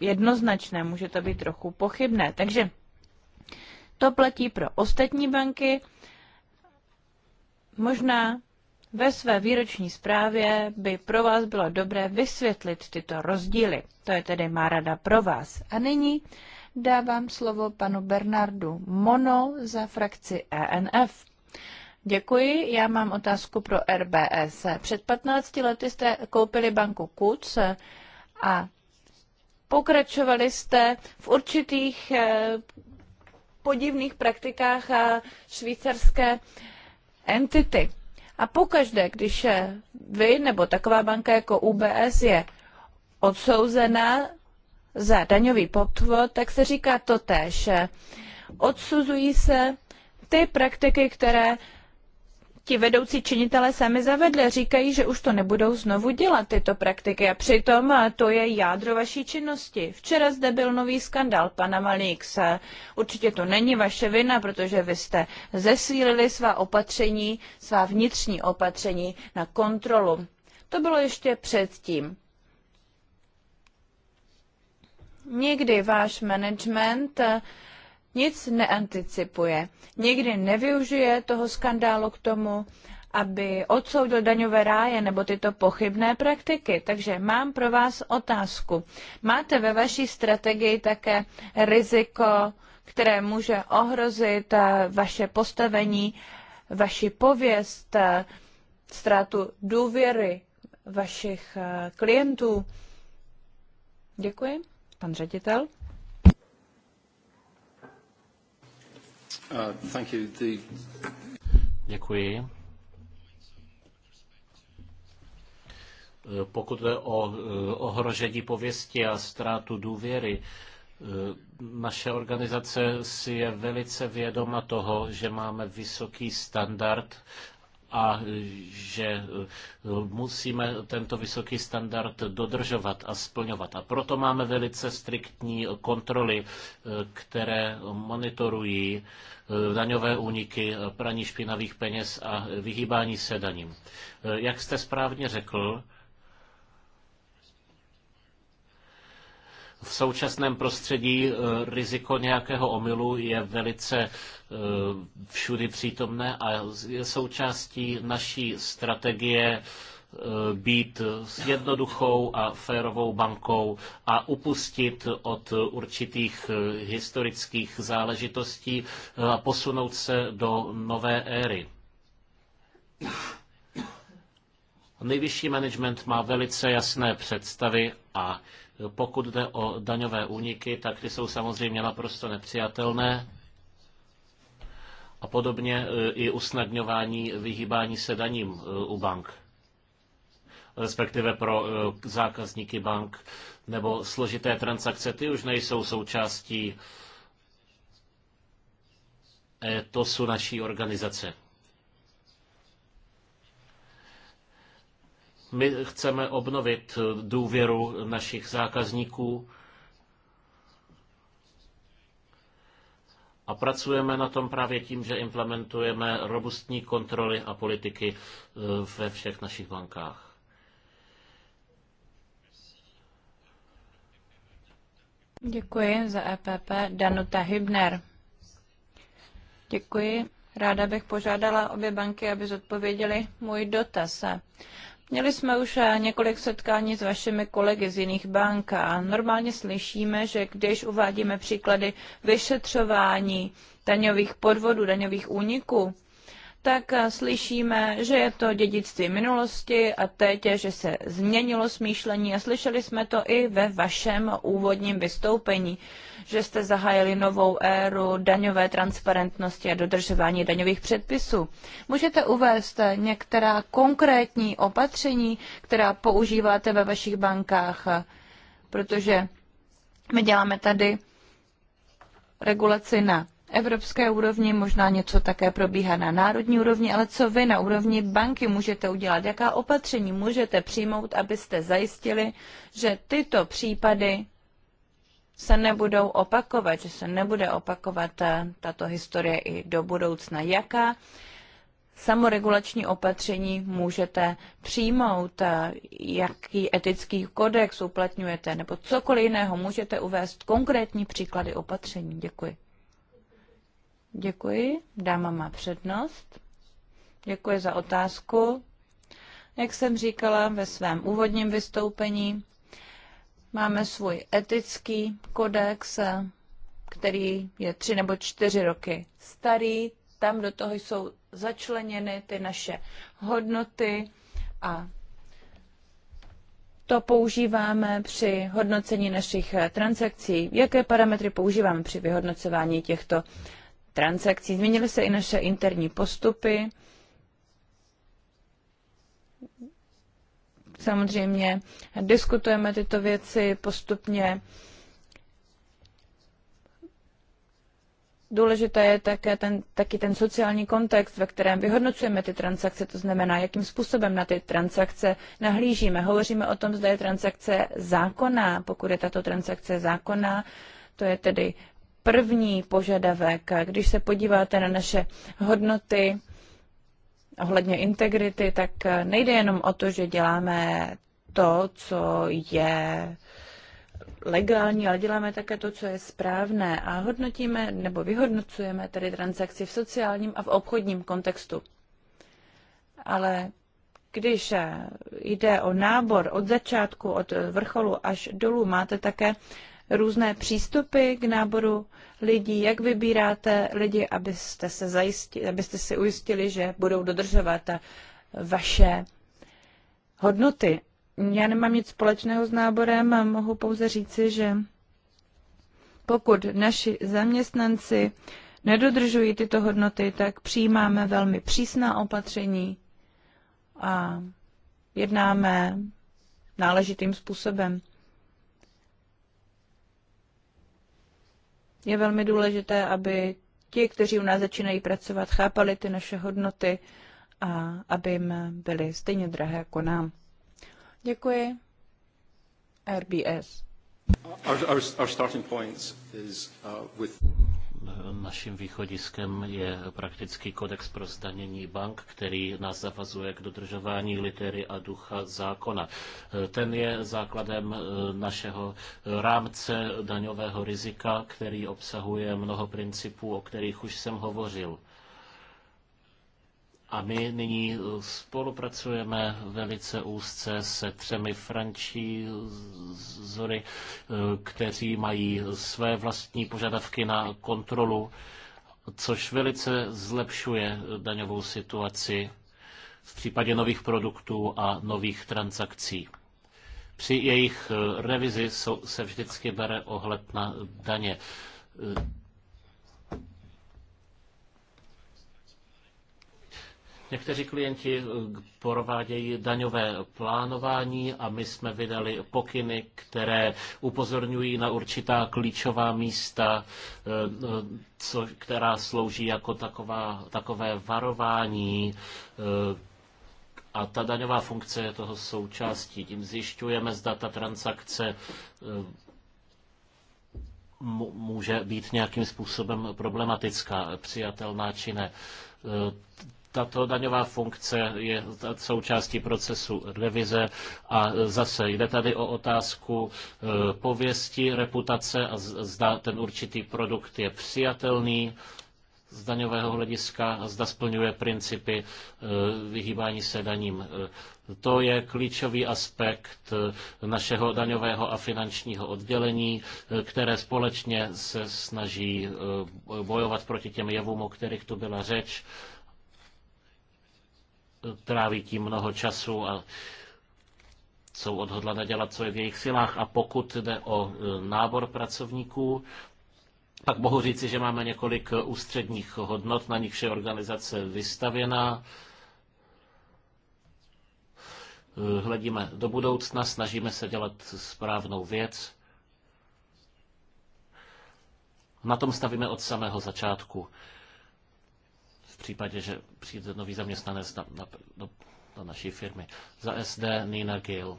jednoznačné, může to být trochu pochybné. Takže to platí pro ostatní banky. Možná ve své výroční zprávě by pro vás bylo dobré vysvětlit tyto rozdíly. To je tedy má rada pro vás. A nyní dávám slovo panu Bernardu Mono za frakci ENF. Děkuji, já mám otázku pro RBS. Před 15 lety jste koupili banku KUC a pokračovali jste v určitých eh, podivných praktikách eh, švýcarské entity. A pokaždé, když eh, vy nebo taková banka jako UBS je odsouzená za daňový podvod, tak se říká to též. Odsuzují se ty praktiky, které ti vedoucí činitelé sami zavedli. Říkají, že už to nebudou znovu dělat, tyto praktiky. A přitom to je jádro vaší činnosti. Včera zde byl nový skandal pana Malíx. Určitě to není vaše vina, protože vy jste zesílili svá opatření, svá vnitřní opatření na kontrolu. To bylo ještě předtím. Někdy váš management eh, nic neanticipuje. Někdy nevyužije toho skandálu k tomu, aby odsoudil daňové ráje nebo tyto pochybné praktiky. Takže mám pro vás otázku. Máte ve vaší strategii také riziko, které může ohrozit eh, vaše postavení, vaši pověst, eh, ztrátu důvěry vašich klientů? Děkuji. Pan ředitel. Uh, Děkuji. Eh, pokud jde o eh, ohrožení pověsti a ztrátu důvěry, eh, naše organizace si je velice vědoma toho, že máme vysoký standard a že eh, musíme tento vysoký standard dodržovat a splňovat. A proto máme velice striktní kontroly, eh, které monitorují eh, daňové úniky, praní špinavých peněz a vyhýbání se daním. Jak jste správně řekl, v současném prostředí e, riziko nějakého omylu je velice e, všudy přítomné a je součástí naší strategie e, být jednoduchou a férovou bankou a upustit od určitých historických záležitostí a posunout se do nové éry. Nejvyšší management má velice jasné představy a pokud jde o daňové úniky, tak ty jsou samozřejmě naprosto nepřijatelné. A podobně e, i usnadňování vyhýbání se daním e, u bank, respektive pro e, zákazníky bank, nebo složité transakce, ty už nejsou součástí to jsou naší organizace. My chceme obnovit důvěru našich zákazníků a pracujeme na tom právě tím, že implementujeme robustní kontroly a politiky e, ve všech našich bankách. Děkuji za EPP Danuta Hybner. Děkuji. Ráda bych požádala obě banky, aby zodpověděly můj dotaz. Měli jsme už eh, několik setkání s vašimi kolegy z jiných bank a normálně slyšíme, že když uvádíme příklady vyšetřování daňových podvodů, daňových úniků, tak eh, slyšíme, že je to dědictví minulosti a teď, že se změnilo smýšlení a slyšeli jsme to i ve vašem úvodním vystoupení, že jste zahájili novou éru daňové transparentnosti a dodržování daňových předpisů. Můžete uvést některá konkrétní opatření, která používáte ve vašich bankách, protože my děláme tady regulaci na evropské úrovni, možná něco také probíhá na národní úrovni, ale co vy na úrovni banky můžete udělat? Jaká opatření můžete přijmout, abyste zajistili, že tyto případy se nebudou opakovat, že se nebude opakovat eh, tato historie i do budoucna? Jaká samoregulační opatření můžete přijmout, eh, jaký etický kodex uplatňujete, nebo cokoliv jiného. Můžete uvést konkrétní příklady opatření. Děkuji. Děkuji. Dáma má přednost. Děkuji za otázku. Jak jsem říkala ve svém úvodním vystoupení, máme svůj etický kodex, který je tři nebo čtyři roky starý. Tam do toho jsou začleněny ty naše hodnoty a to používáme při hodnocení našich transakcí, jaké parametry používáme při vyhodnocování těchto transakcí. Změnily se i naše interní postupy. Samozřejmě diskutujeme tyto věci postupně. Důležité je také ten, taky ten sociální kontext, ve kterém vyhodnocujeme ty transakce, to znamená, jakým způsobem na ty transakce nahlížíme. Hovoříme o tom, zda je transakce zákonná. Pokud je tato transakce zákonná, to je tedy první požadavek. Když se podíváte na naše hodnoty ohledně integrity, tak nejde jenom o to, že děláme to, co je legální, ale děláme také to, co je správné a hodnotíme nebo vyhodnocujeme tedy transakci v sociálním a v obchodním kontextu. Ale když jde o nábor od začátku, od vrcholu až dolů, máte také různé přístupy k náboru lidí, jak vybíráte lidi, abyste, se zajistili, abyste si ujistili, že budou dodržovat vaše hodnoty. Já nemám nic společného s náborem a mohu pouze říci, že pokud naši zaměstnanci nedodržují tyto hodnoty, tak přijímáme velmi přísná opatření a jednáme náležitým způsobem. Je velmi důležité, aby ti, kteří u nás začínají pracovat, chápali ty naše hodnoty a aby jim byly stejně drahé jako nám. Děkuji. RBS. Our, our, our starting is, uh, with... Naším východiskem je prakticky kodex pro zdanění bank, který nás zavazuje k dodržování litery a ducha zákona. Ten je základem eh, našeho rámce daňového rizika, který obsahuje mnoho principů, o kterých už jsem hovořil. A my nyní eh, spolupracujeme velice úzce se třemi frančízory, eh, kteří mají své vlastní požadavky na kontrolu, což velice zlepšuje daňovou situaci v případě nových produktů a nových transakcí. Při jejich eh, revizi se vždycky bere ohled na daně Někteří klienti eh, provádějí daňové plánování a my jsme vydali pokyny, které upozorňují na určitá klíčová místa, eh, eh, co, která slouží jako taková, takové varování a ta daňová funkce je toho součástí. Tím zjišťujeme, zda ta transakce může být nějakým způsobem problematická, přijatelná či ne tato daňová funkce je součástí procesu revize a zase jde tady o otázku e, pověsti, reputace a zda ten určitý produkt je přijatelný z daňového hlediska a zda splňuje principy e, vyhýbání se daním. E, to je klíčový aspekt našeho daňového a finančního oddělení, které společně se snaží bojovat proti těm jevům, o kterých tu byla řeč tráví tím mnoho času a jsou odhodlané dělat, co je v jejich silách. A pokud jde o e, nábor pracovníků, pak mohu říci, že máme několik e, ústředních hodnot, na nich je organizace vystavěná. E, hledíme do budoucna, snažíme se dělat správnou věc. Na tom stavíme od samého začátku případě, že přijde nový zaměstnanec na, na, do, do naší firmy. Za SD Nina Gill.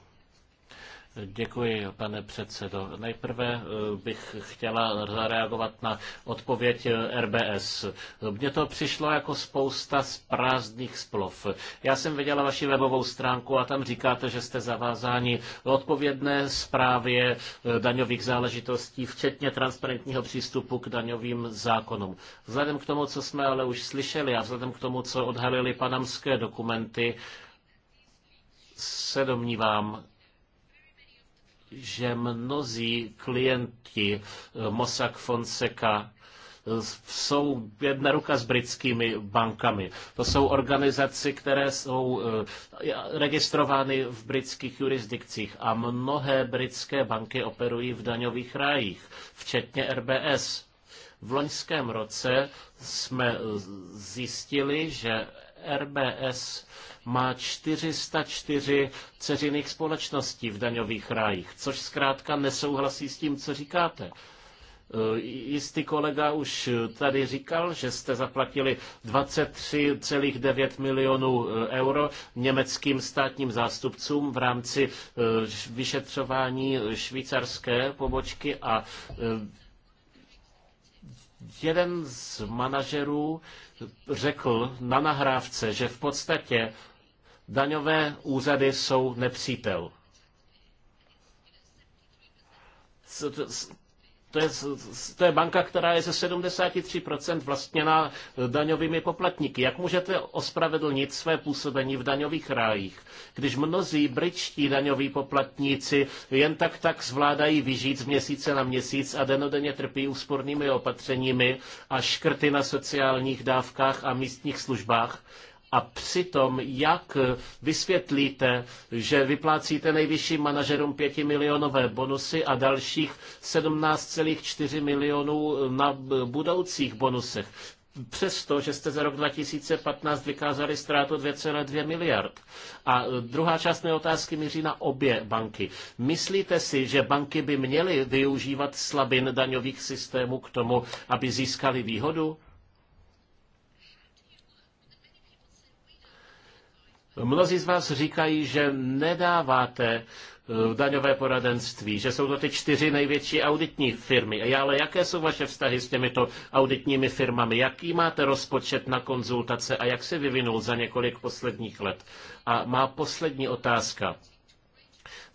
Děkuji, pane předsedo. Nejprve eh, bych chtěla zareagovat na odpověď eh, RBS. Mně to přišlo jako spousta z prázdných splov. Já jsem viděla vaši webovou stránku a tam říkáte, že jste zavázáni odpovědné zprávě eh, daňových záležitostí, včetně transparentního přístupu k daňovým zákonům. Vzhledem k tomu, co jsme ale už slyšeli a vzhledem k tomu, co odhalili panamské dokumenty, se domnívám, že mnozí klienti eh, Mossack Fonseca eh, jsou jedna ruka s britskými bankami. To jsou organizace, které jsou eh, registrovány v britských jurisdikcích a mnohé britské banky operují v daňových rájích, včetně RBS. V loňském roce jsme zjistili, že RBS má 404 ceřiných společností v daňových rájích, což zkrátka nesouhlasí s tím, co říkáte. E, jistý kolega už tady říkal, že jste zaplatili 23,9 milionů e, euro německým státním zástupcům v rámci e, vyšetřování švýcarské pobočky a jeden z manažerů řekl na nahrávce, že v podstatě Daňové úřady jsou nepřítel. To je, to je banka, která je ze 73% vlastněna daňovými poplatníky. Jak můžete ospravedlnit své působení v daňových rájích, když mnozí britští daňoví poplatníci jen tak tak zvládají vyžít z měsíce na měsíc a denodenně trpí úspornými opatřeními a škrty na sociálních dávkách a místních službách? a přitom jak vysvětlíte, že vyplácíte nejvyšším manažerům 5 milionové bonusy a dalších 17,4 milionů na budoucích bonusech? přesto, že jste za rok 2015 vykázali ztrátu 2,2 miliard. A druhá část mé otázky míří na obě banky. Myslíte si, že banky by měly využívat slabin daňových systémů k tomu, aby získali výhodu? Mnozí z vás říkají, že nedáváte eh, daňové poradenství, že jsou to ty čtyři největší auditní firmy. Ale jaké jsou vaše vztahy s těmito auditními firmami? Jaký máte rozpočet na konzultace a jak se vyvinul za několik posledních let? A má poslední otázka.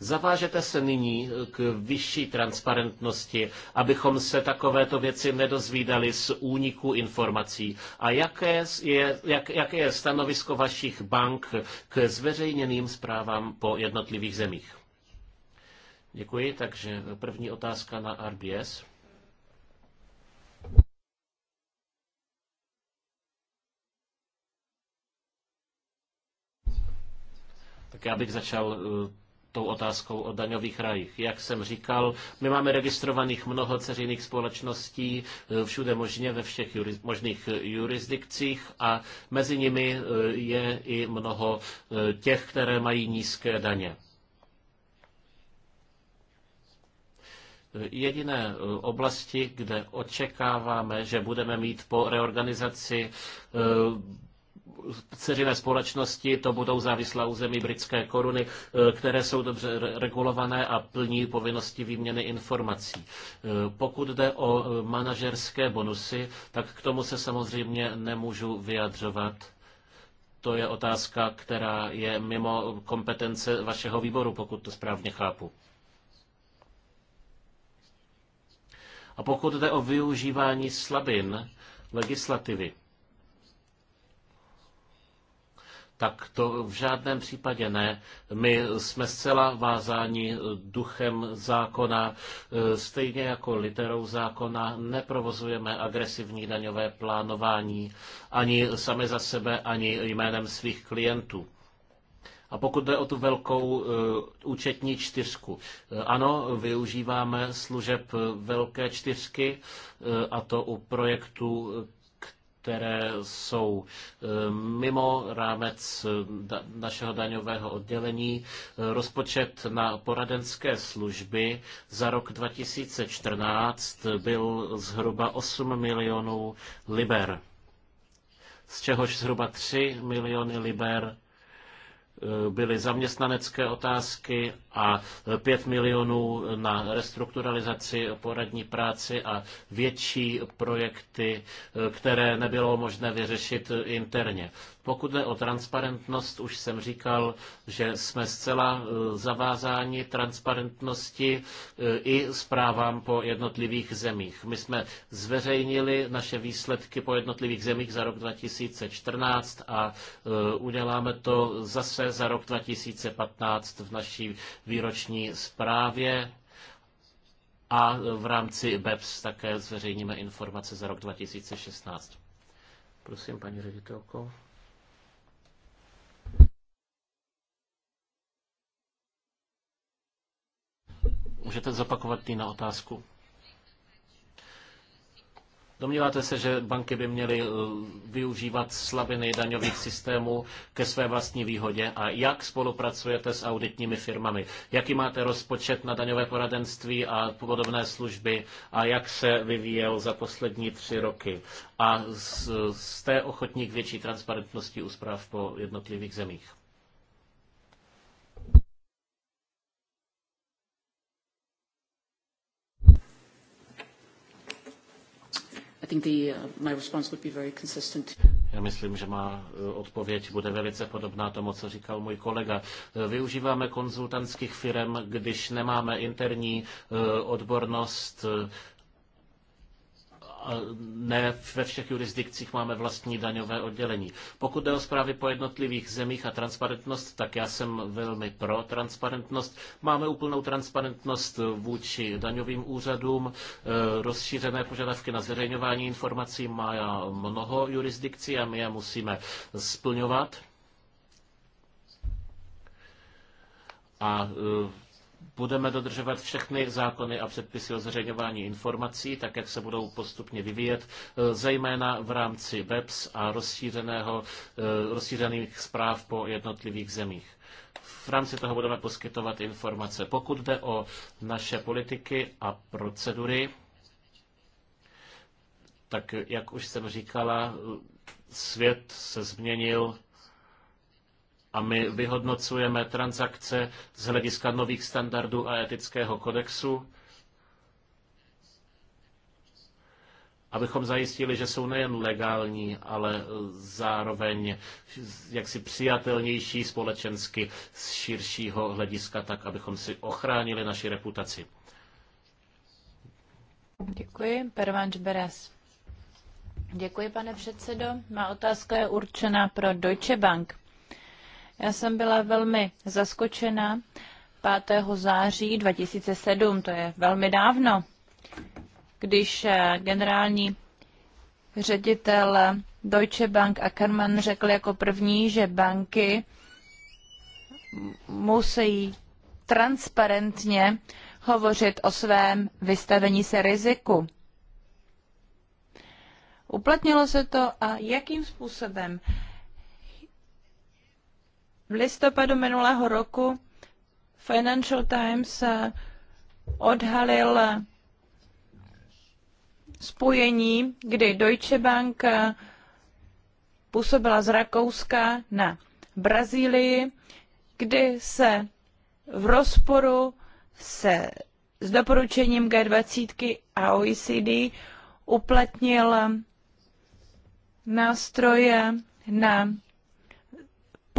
Zavážete se nyní eh, k vyšší transparentnosti, abychom se takovéto věci nedozvídali z úniku informací. A jaké je, jak, jaké je stanovisko vašich bank k zveřejněným zprávám po jednotlivých zemích? Děkuji, takže první otázka na RBS. Tak já bych začal eh, tou otázkou o daňových rajích. Jak jsem říkal, my máme registrovaných mnoho ceřiných společností eh, všude možně, ve všech juris, možných eh, jurisdikcích a mezi nimi eh, je i mnoho těch, které mají nízké daně. jediné oblasti, kde očekáváme, že budeme mít po reorganizaci ceřiné společnosti to budou závislá území britské koruny, eh, které jsou dobře regulované a plní povinnosti výměny informací. Eh, pokud jde o eh, manažerské bonusy, tak k tomu se samozřejmě nemůžu vyjadřovat. To je otázka, která je mimo kompetence vašeho výboru, pokud to správně chápu. A pokud jde o využívání slabin legislativy, Tak to v žádném případě ne. My jsme zcela vázáni duchem zákona, stejně jako literou zákona, neprovozujeme agresivní daňové plánování ani sami za sebe, ani jménem svých klientů. A pokud jde o tu velkou eh, účetní čtyřku, eh, ano, využíváme služeb eh, velké čtyřky, a to u projektu které jsou eh, mimo rámec eh, našeho daňového oddělení. Eh, rozpočet na poradenské služby za rok 2014 byl zhruba 8 milionů liber, z čehož zhruba 3 miliony liber byly zaměstnanecké otázky a 5 milionů na restrukturalizaci, poradní práci a větší projekty, které nebylo možné vyřešit interně. Pokud jde o transparentnost, už jsem říkal, že jsme zcela e, zavázáni transparentnosti e, i zprávám po jednotlivých zemích. My jsme zveřejnili naše výsledky po jednotlivých zemích za rok 2014 a e, uděláme to zase za rok 2015 v naší výroční zprávě a v rámci BEPS také zveřejníme informace za rok 2016. Prosím, paní ředitelko. Můžete zopakovat na otázku? Domníváte se, že banky by měly eh, využívat slabiny daňových systémů ke své vlastní výhodě? A jak spolupracujete s auditními firmami? Jaký máte rozpočet na daňové poradenství a podobné služby? A jak se vyvíjel za poslední tři roky? A jste ochotní k větší transparentnosti úsprav po jednotlivých zemích? Uh, Já myslím, že má uh, odpověď bude velice podobná tomu, co říkal můj kolega. Uh, využíváme konzultantských firm, když nemáme interní odbornost ne ve všech jurisdikcích máme vlastní daňové oddělení. Pokud jde o zprávy po jednotlivých zemích a transparentnost, tak já jsem velmi pro transparentnost. Máme úplnou transparentnost vůči daňovým úřadům, e, rozšířené požadavky na zveřejňování informací má mnoho jurisdikcí a my je musíme splňovat. A e, budeme dodržovat všechny zákony a předpisy o zřejňování informací, tak jak se budou postupně vyvíjet, e, zejména v rámci WebS a rozšířeného, e, rozšířených zpráv po jednotlivých zemích. V rámci toho budeme poskytovat informace. Pokud jde o naše politiky a procedury, tak jak už jsem říkala, e, svět se změnil a my vyhodnocujeme transakce z hlediska nových standardů a etického kodexu, abychom zajistili, že jsou nejen legální, ale zároveň jaksi přijatelnější společensky z širšího hlediska, tak abychom si ochránili naši reputaci. Děkuji. Pervanč Beres. Děkuji, pane předsedo. Má otázka je určena pro Deutsche Bank. Já jsem byla velmi zaskočena 5. září 2007, to je velmi dávno, když eh, generální ředitel Deutsche Bank Ackermann řekl jako první, že banky musí transparentně hovořit o svém vystavení se riziku. Uplatnilo se to a jakým způsobem? V listopadu minulého roku Financial Times eh, odhalil eh, spojení, kdy Deutsche Bank eh, působila z Rakouska na Brazílii, kdy se v rozporu se s doporučením G20 a OECD uplatnil nástroje na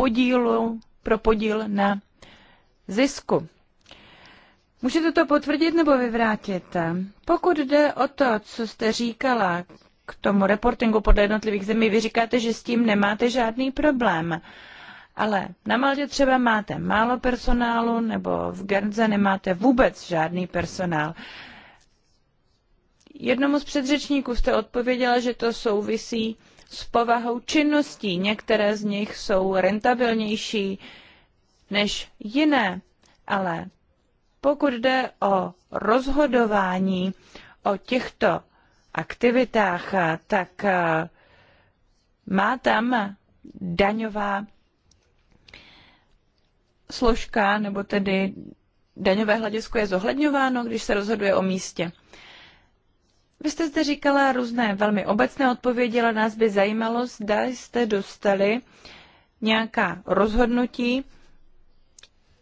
podílu, pro podíl na zisku. Můžete to potvrdit nebo vyvrátit? Pokud jde o to, co jste říkala k tomu reportingu podle jednotlivých zemí, vy říkáte, že s tím nemáte žádný problém. Ale na Maltě třeba máte málo personálu, nebo v Gernze nemáte vůbec žádný personál. Jednomu z předřečníků jste odpověděla, že to souvisí s povahou činností. Některé z nich jsou rentabilnější než jiné, ale pokud jde o rozhodování o těchto aktivitách, tak eh, má tam daňová složka, nebo tedy daňové hledisko je zohledňováno, když se rozhoduje o místě. Vy jste zde říkala různé velmi obecné odpovědi, ale nás by zajímalo, zda jste dostali nějaká rozhodnutí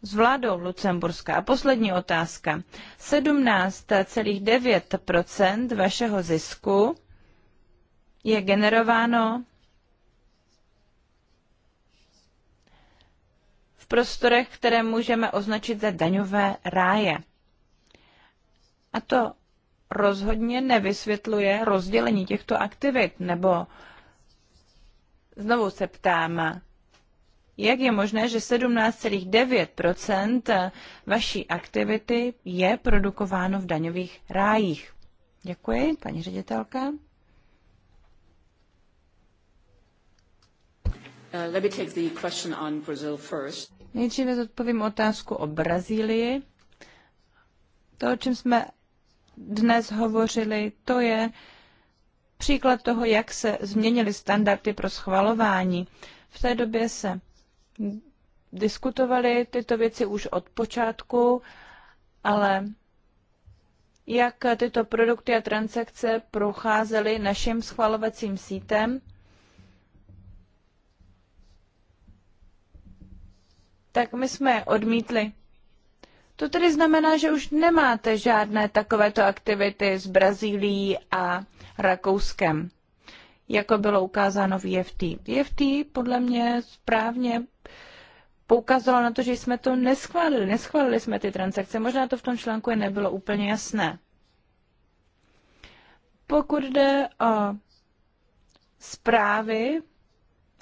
s vládou Lucemburska. A poslední otázka. 17,9 vašeho zisku je generováno v prostorech, které můžeme označit za daňové ráje. A to rozhodně nevysvětluje rozdělení těchto aktivit, nebo znovu se ptám, jak je možné, že 17,9 vaší aktivity je produkováno v daňových rájích? Děkuji, paní ředitelka. Uh, let me take the question on Brazil first. Nejdříve zodpovím otázku o Brazílii. To, o čem jsme dnes hovořili, to je příklad toho, jak se změnily standardy pro schvalování. V té době se diskutovaly tyto věci už od počátku, ale jak tyto produkty a transakce procházely naším schvalovacím sítem, tak my jsme odmítli to tedy znamená, že už nemáte žádné takovéto aktivity s Brazílií a Rakouskem, jako bylo ukázáno v EFT. EFT podle mě správně poukazovalo na to, že jsme to neschválili. Neschválili jsme ty transakce. Možná to v tom článku je nebylo úplně jasné. Pokud jde o zprávy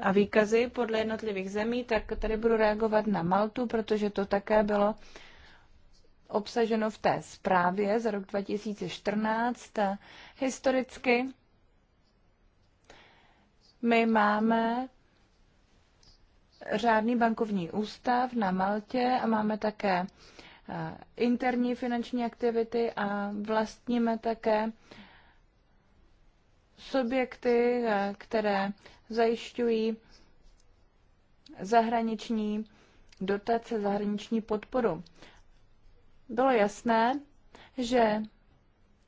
a výkazy podle jednotlivých zemí, tak tady budu reagovat na Maltu, protože to také bylo uh, obsaženo v té zprávě za rok 2014. Historicky my máme řádný bankovní ústav na Maltě a máme také eh, interní finanční aktivity a vlastníme také subjekty, eh, které zajišťují zahraniční dotace, zahraniční podporu bylo jasné, že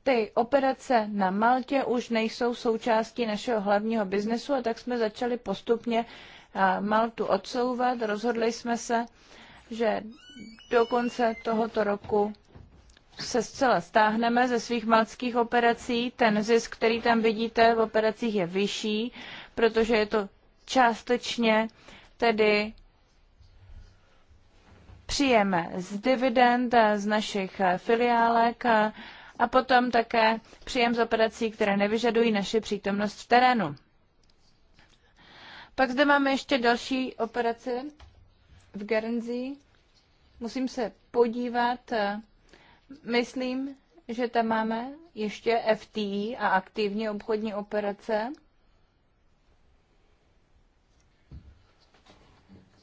ty operace na Maltě už nejsou součástí našeho hlavního biznesu a tak jsme začali postupně Maltu odsouvat. Rozhodli jsme se, že do konce tohoto roku se zcela stáhneme ze svých maltských operací. Ten zisk, který tam vidíte v operacích, je vyšší, protože je to částečně tedy příjem z dividend eh, z našich eh, filiálek eh, a potom také příjem z operací, které nevyžadují naši přítomnost v terénu. Pak zde máme ještě další operaci v Guernsey. Musím se podívat. Myslím, že tam máme ještě FTI a aktivní obchodní operace.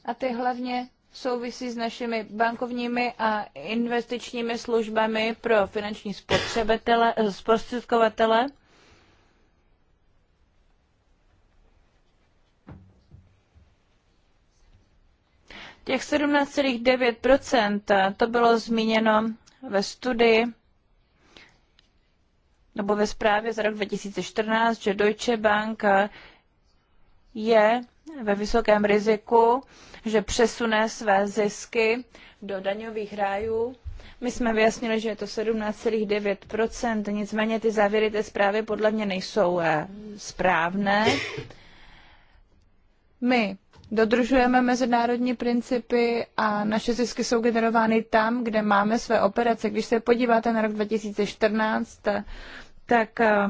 A ty hlavně souvisí s našimi bankovními a investičními službami pro finanční spotřebitele, eh, zprostředkovatele. Těch 17,9% eh, to bylo zmíněno ve studii nebo ve zprávě za rok 2014, že Deutsche Bank eh, je ve vysokém riziku, že přesune své zisky do daňových rájů. My jsme vyjasnili, že je to 17,9%, nicméně ty závěry té zprávy podle mě nejsou eh, správné. My dodržujeme mezinárodní principy a naše zisky jsou generovány tam, kde máme své operace. Když se podíváte na rok 2014, eh, tak eh,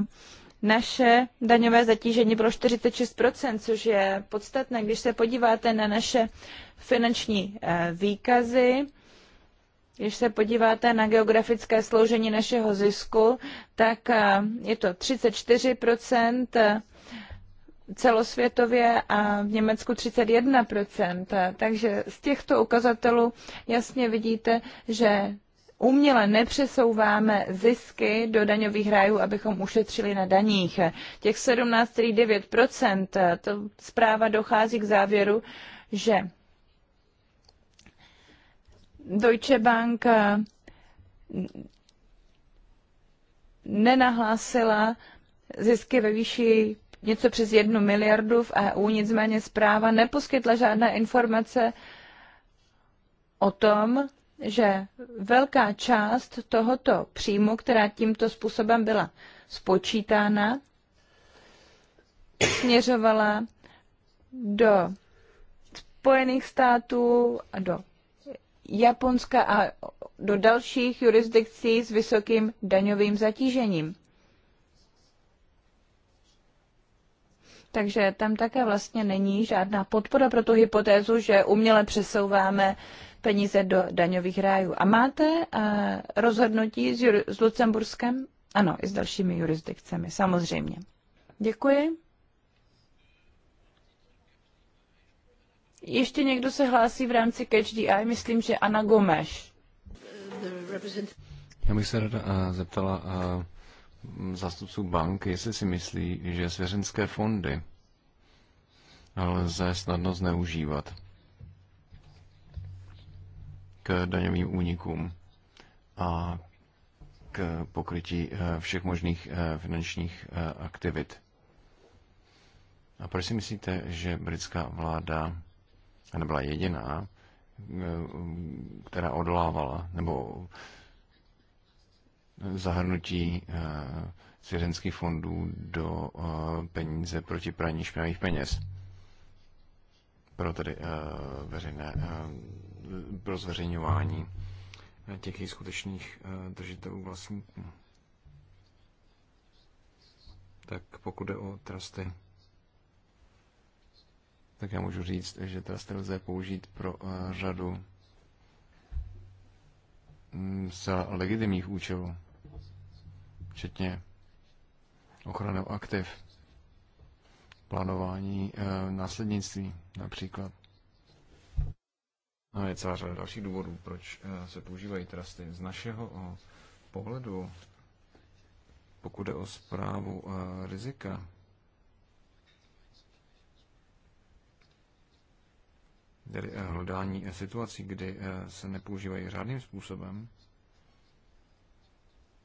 naše daňové zatížení bylo 46%, což je podstatné. Když se podíváte na naše finanční eh, výkazy, když se podíváte na geografické sloužení našeho zisku, tak eh, je to 34% eh, celosvětově a v Německu 31%. Takže z těchto ukazatelů jasně vidíte, že uměle nepřesouváme zisky do daňových rájů, abychom ušetřili na daních. Těch 17,9%, to zpráva dochází k závěru, že Deutsche Bank eh, nenahlásila zisky ve výši něco přes jednu miliardu v EU, nicméně zpráva neposkytla žádné informace o tom, že velká část tohoto příjmu, která tímto způsobem byla spočítána, směřovala do Spojených států a do Japonska a do dalších jurisdikcí s vysokým daňovým zatížením. Takže tam také vlastně není žádná podpora pro tu hypotézu, že uměle přesouváme uh, peníze do daňových rájů. A máte eh, rozhodnutí s, Jur- s Lucemburskem? Ano, i s dalšími jurisdikcemi, samozřejmě. Děkuji. Ještě někdo se hlásí v rámci Catch the Eye, myslím, že Ana Gomeš. Já bych se rada uh, eh, zeptala uh, zástupců bank, jestli si myslí, že svěřenské fondy lze snadno zneužívat k daňovým únikům a k pokrytí eh, všech možných eh, finančních eh, aktivit. A proč si myslíte, že britská vláda nebyla jediná, která odlávala, nebo zahrnutí svěřenských fondů do peníze proti praní špinavých peněz pro tedy veřejné pro zveřejňování těch skutečných eh, držitelů vlastníků. Tak pokud jde o trusty, tak já můžu říct, že trusty lze použít pro eh, řadu mm, za legitimních účelů, včetně ochrany aktiv, plánování eh, následnictví například. A no, je celá řada dalších důvodů, proč eh, se používají trusty. Z našeho eh, pohledu, pokud jde o zprávu eh, rizika, tedy hledání situací, kdy se nepoužívají řádným způsobem,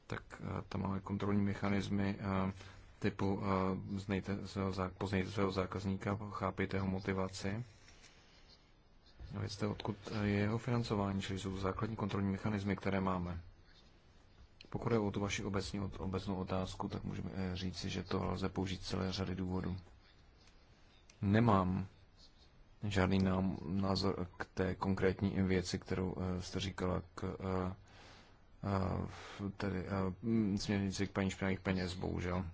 tak tam máme kontrolní mechanismy typu poznejte svého zákazníka, chápejte jeho motivaci Věc odkud je jeho financování, čili jsou základní kontrolní mechanismy, které máme. Pokud je o tu vaši obecní, obecnou otázku, tak můžeme eh, říci, že to lze použít celé řady důvodů. Nemám žádný nám, názor k té konkrétní věci, kterou eh, jste říkala k eh, tedy směrnici k paní špinavých peněz, bohužel.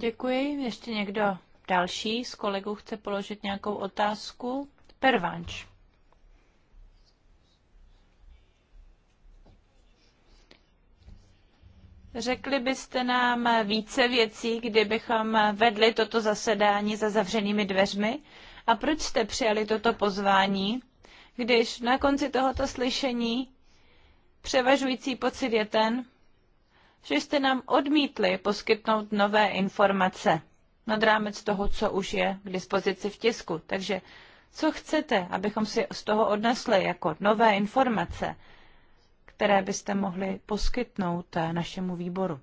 Děkuji. Ještě někdo další z kolegů chce položit nějakou otázku? Pervanč. Řekli byste nám více věcí, kdybychom vedli toto zasedání za zavřenými dveřmi? A proč jste přijali toto pozvání, když na konci tohoto slyšení převažující pocit je ten, že jste nám odmítli poskytnout nové informace nad rámec toho, co už je k dispozici v tisku. Takže co chcete, abychom si z toho odnesli jako nové informace, které byste mohli poskytnout eh, našemu výboru?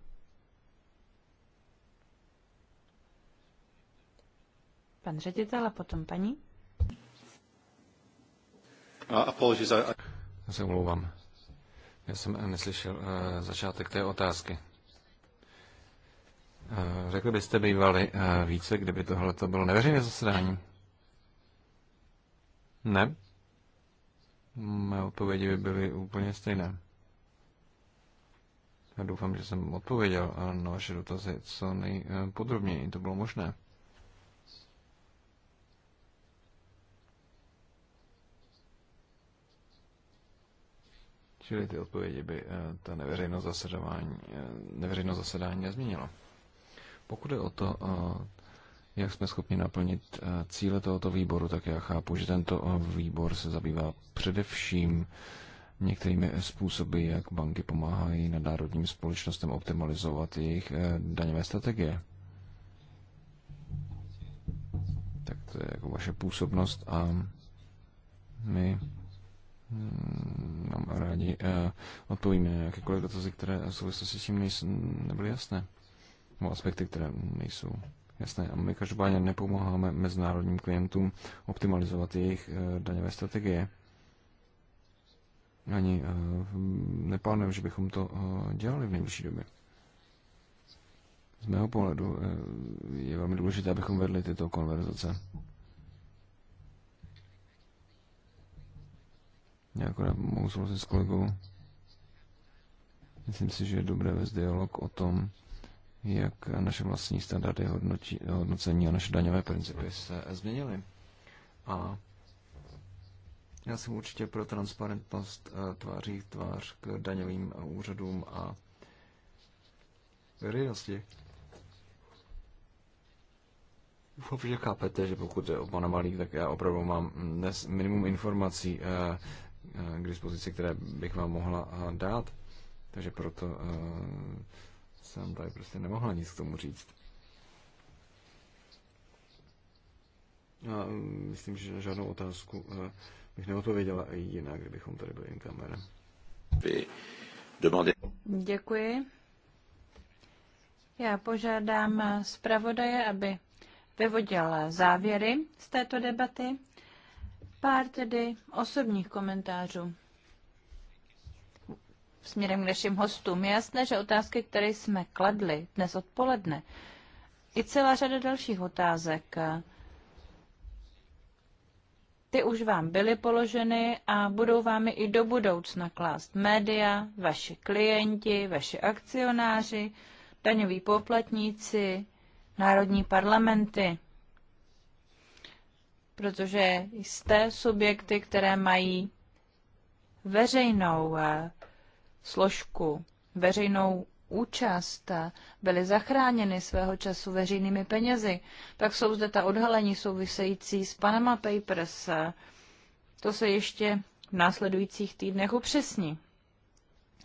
Pan ředitel a potom paní. Já se omlouvám. Já jsem eh, neslyšel eh, začátek té otázky. Řekli byste bývali více, kdyby tohle to bylo neveřejné zasedání? Ne. Mé odpovědi by byly úplně stejné. Já doufám, že jsem odpověděl na vaše dotazy co nejpodrobněji. To bylo možné. Čili ty odpovědi by eh, ta neveřejnost zasedání, eh, neveřejnost zasedání nezměnila. Pokud je o to, eh, jak jsme schopni naplnit eh, cíle tohoto výboru, tak já chápu, že tento eh, výbor se zabývá především některými způsoby, jak banky pomáhají nadnárodním společnostem optimalizovat jejich eh, daňové strategie. Tak to je jako vaše působnost a my mm, nám rádi odpovíme na jakékoliv dotazy, které v souvislosti s tím nebyly jasné, nebo aspekty, které nejsou jasné. A my každopádně nepomáháme mezinárodním klientům optimalizovat jejich eh, daňové strategie. Ani eh, neplánujeme, že bychom to eh, dělali v nejbližší době. Z mého pohledu je velmi důležité, abychom vedli tyto konverzace. Já akorát mohu souhlasit s kolegou. Myslím si, že je dobré vést dialog o tom, jak naše vlastní standardy hodnotí, hodnocení a naše daňové principy se změnily. A já jsem určitě pro transparentnost eh, tváří tvář k daňovým úřadům a veřejnosti. Doufám, že chápete, že pokud je o pana Malík, tak já opravdu mám dnes minimum informací eh, eh, k dispozici, které bych vám mohla dát. Takže proto jsem tady prostě nemohla nic k tomu říct. A mm, myslím, že na žádnou otázku eh, bych neodpověděla i jinak, kdybychom tady byli in kamera. Děkuji. Já požádám eh, zpravodaje, aby vyvodil eh, závěry z této debaty. Pár tedy osobních komentářů směrem k našim hostům. Je jasné, že otázky, které jsme kladli dnes odpoledne, i celá řada dalších otázek, ty už vám byly položeny a budou vám i do budoucna klást média, vaši klienti, vaši akcionáři, daňoví poplatníci, národní parlamenty. Protože jste subjekty, které mají veřejnou eh, složku, veřejnou účast, byly zachráněny svého času veřejnými penězi. tak jsou zde ta odhalení související s Panama Papers. To se ještě v následujících týdnech upřesní.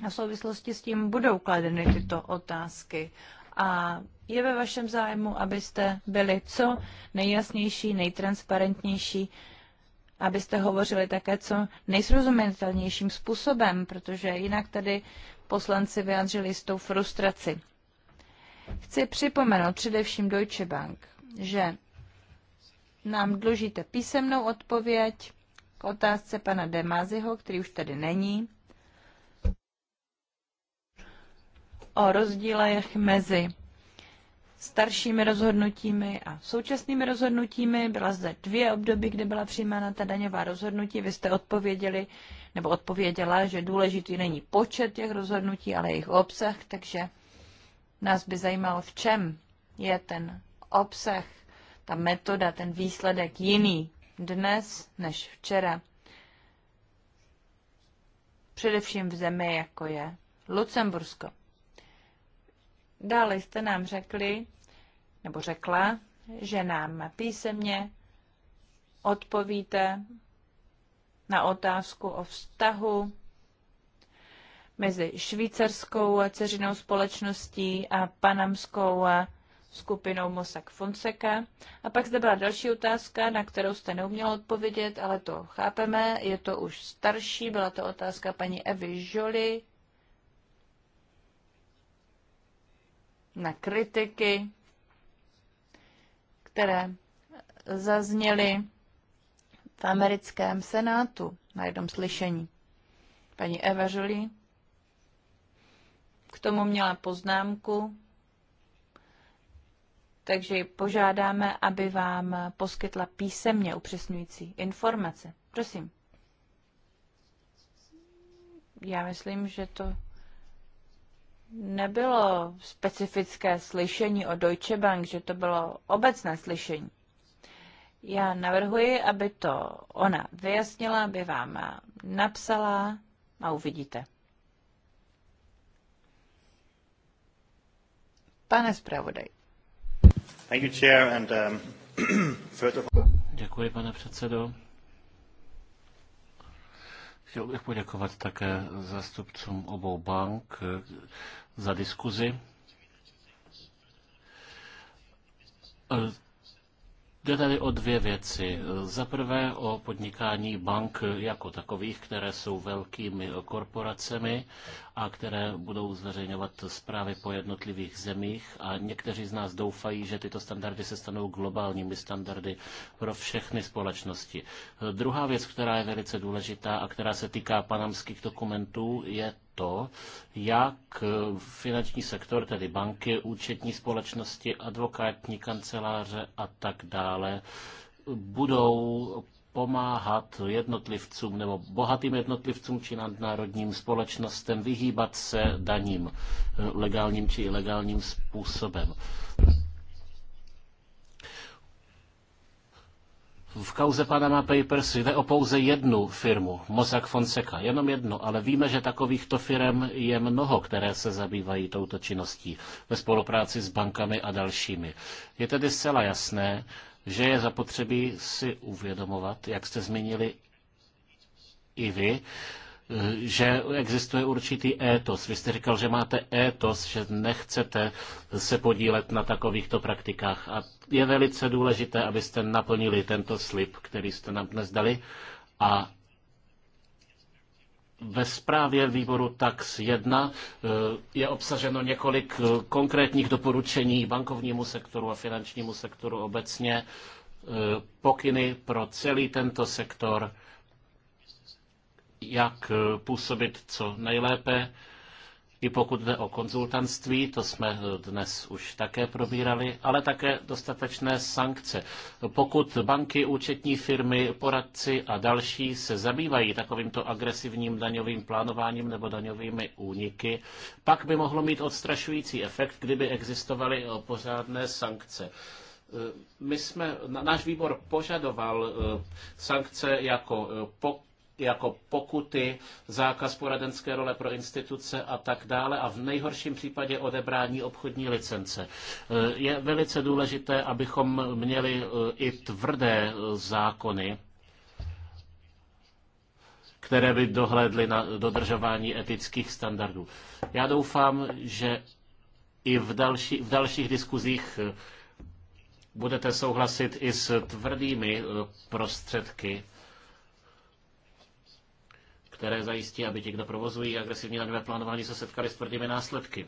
A v souvislosti s tím budou kladeny tyto otázky. A je ve vašem zájmu, abyste byli co nejjasnější, nejtransparentnější, abyste hovořili také co nejsrozumitelnějším způsobem, protože jinak tady poslanci vyjádřili jistou frustraci. Chci připomenout především Deutsche Bank, že nám dlužíte písemnou odpověď k otázce pana Demaziho, který už tady není, o rozdílech mezi staršími rozhodnutími a současnými rozhodnutími. Byla zde dvě období, kdy byla přijímána ta daňová rozhodnutí. Vy jste odpověděli, nebo odpověděla, že důležitý není počet těch rozhodnutí, ale jejich obsah, takže nás by zajímalo, v čem je ten obsah, ta metoda, ten výsledek jiný dnes než včera. Především v zemi, jako je Lucembursko. Dále jste nám řekli, nebo řekla, že nám písemně odpovíte na otázku o vztahu mezi švýcarskou ceřinou společností a panamskou skupinou Mosak Fonseca. A pak zde byla další otázka, na kterou jste neuměl odpovědět, ale to chápeme, je to už starší, byla to otázka paní Evy Jolie. na kritiky, které zazněly v americkém senátu na jednom slyšení. Paní Eva Jolie k tomu měla poznámku, takže ji požádáme, aby vám poskytla písemně upřesňující informace. Prosím. Já myslím, že to nebylo specifické slyšení o Deutsche Bank, že to bylo obecné slyšení. Já navrhuji, aby to ona vyjasnila, aby vám napsala a uvidíte. Pane zpravodaj. Um, <clears throat> Děkuji, pane předsedo. Chtěl bych poděkovat také zastupcům obou bank, za diskuzi. E, jde tady o dvě věci. Za prvé o podnikání bank jako takových, které jsou velkými korporacemi a které budou zveřejňovat zprávy po jednotlivých zemích a někteří z nás doufají, že tyto standardy se stanou globálními standardy pro všechny společnosti. Druhá věc, která je velice důležitá a která se týká panamských dokumentů, je to, jak finanční sektor, tedy banky, účetní společnosti, advokátní kanceláře a tak dále, budou pomáhat jednotlivcům nebo bohatým jednotlivcům či nadnárodním společnostem vyhýbat se daním eh, legálním či ilegálním způsobem. V kauze Panama Papers jde o pouze jednu firmu, Mozak Fonseca, jenom jednu, ale víme, že takovýchto firm je mnoho, které se zabývají touto činností ve spolupráci s bankami a dalšími. Je tedy zcela jasné, že je zapotřebí si uvědomovat, jak jste zmínili i vy, že existuje určitý étos. Vy jste říkal, že máte étos, že nechcete se podílet na takovýchto praktikách. A je velice důležité, abyste naplnili tento slib, který jste nám dnes dali. A ve zprávě výboru TAX 1 eh, je obsaženo několik eh, konkrétních doporučení bankovnímu sektoru a finančnímu sektoru obecně, eh, pokyny pro celý tento sektor, jak působit co nejlépe i pokud jde o konzultantství, to jsme dnes už také probírali, ale také dostatečné sankce. Pokud banky, účetní firmy, poradci a další se zabývají takovýmto agresivním daňovým plánováním nebo daňovými úniky, pak by mohlo mít odstrašující efekt, kdyby existovaly pořádné sankce my jsme, náš výbor požadoval eh, sankce jako eh, jako pokuty, zákaz poradenské role pro instituce a tak dále a v nejhorším případě odebrání obchodní licence. Eh, je velice důležité, abychom měli eh, i tvrdé eh, zákony, které by dohlédly na dodržování etických standardů. Já doufám, že i v, další, v dalších diskuzích budete souhlasit i s tvrdými prostředky, které zajistí, aby ti, kdo provozují agresivní daňové plánování, se setkali s tvrdými následky.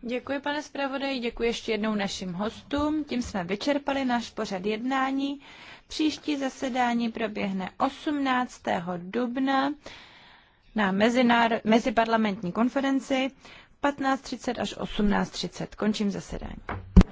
Děkuji, pane zpravodaji, děkuji ještě jednou našim hostům. Tím jsme vyčerpali náš pořad jednání. Příští zasedání proběhne 18. dubna na mezinár- meziparlamentní konferenci 15.30 až 18.30. Končím zasedání.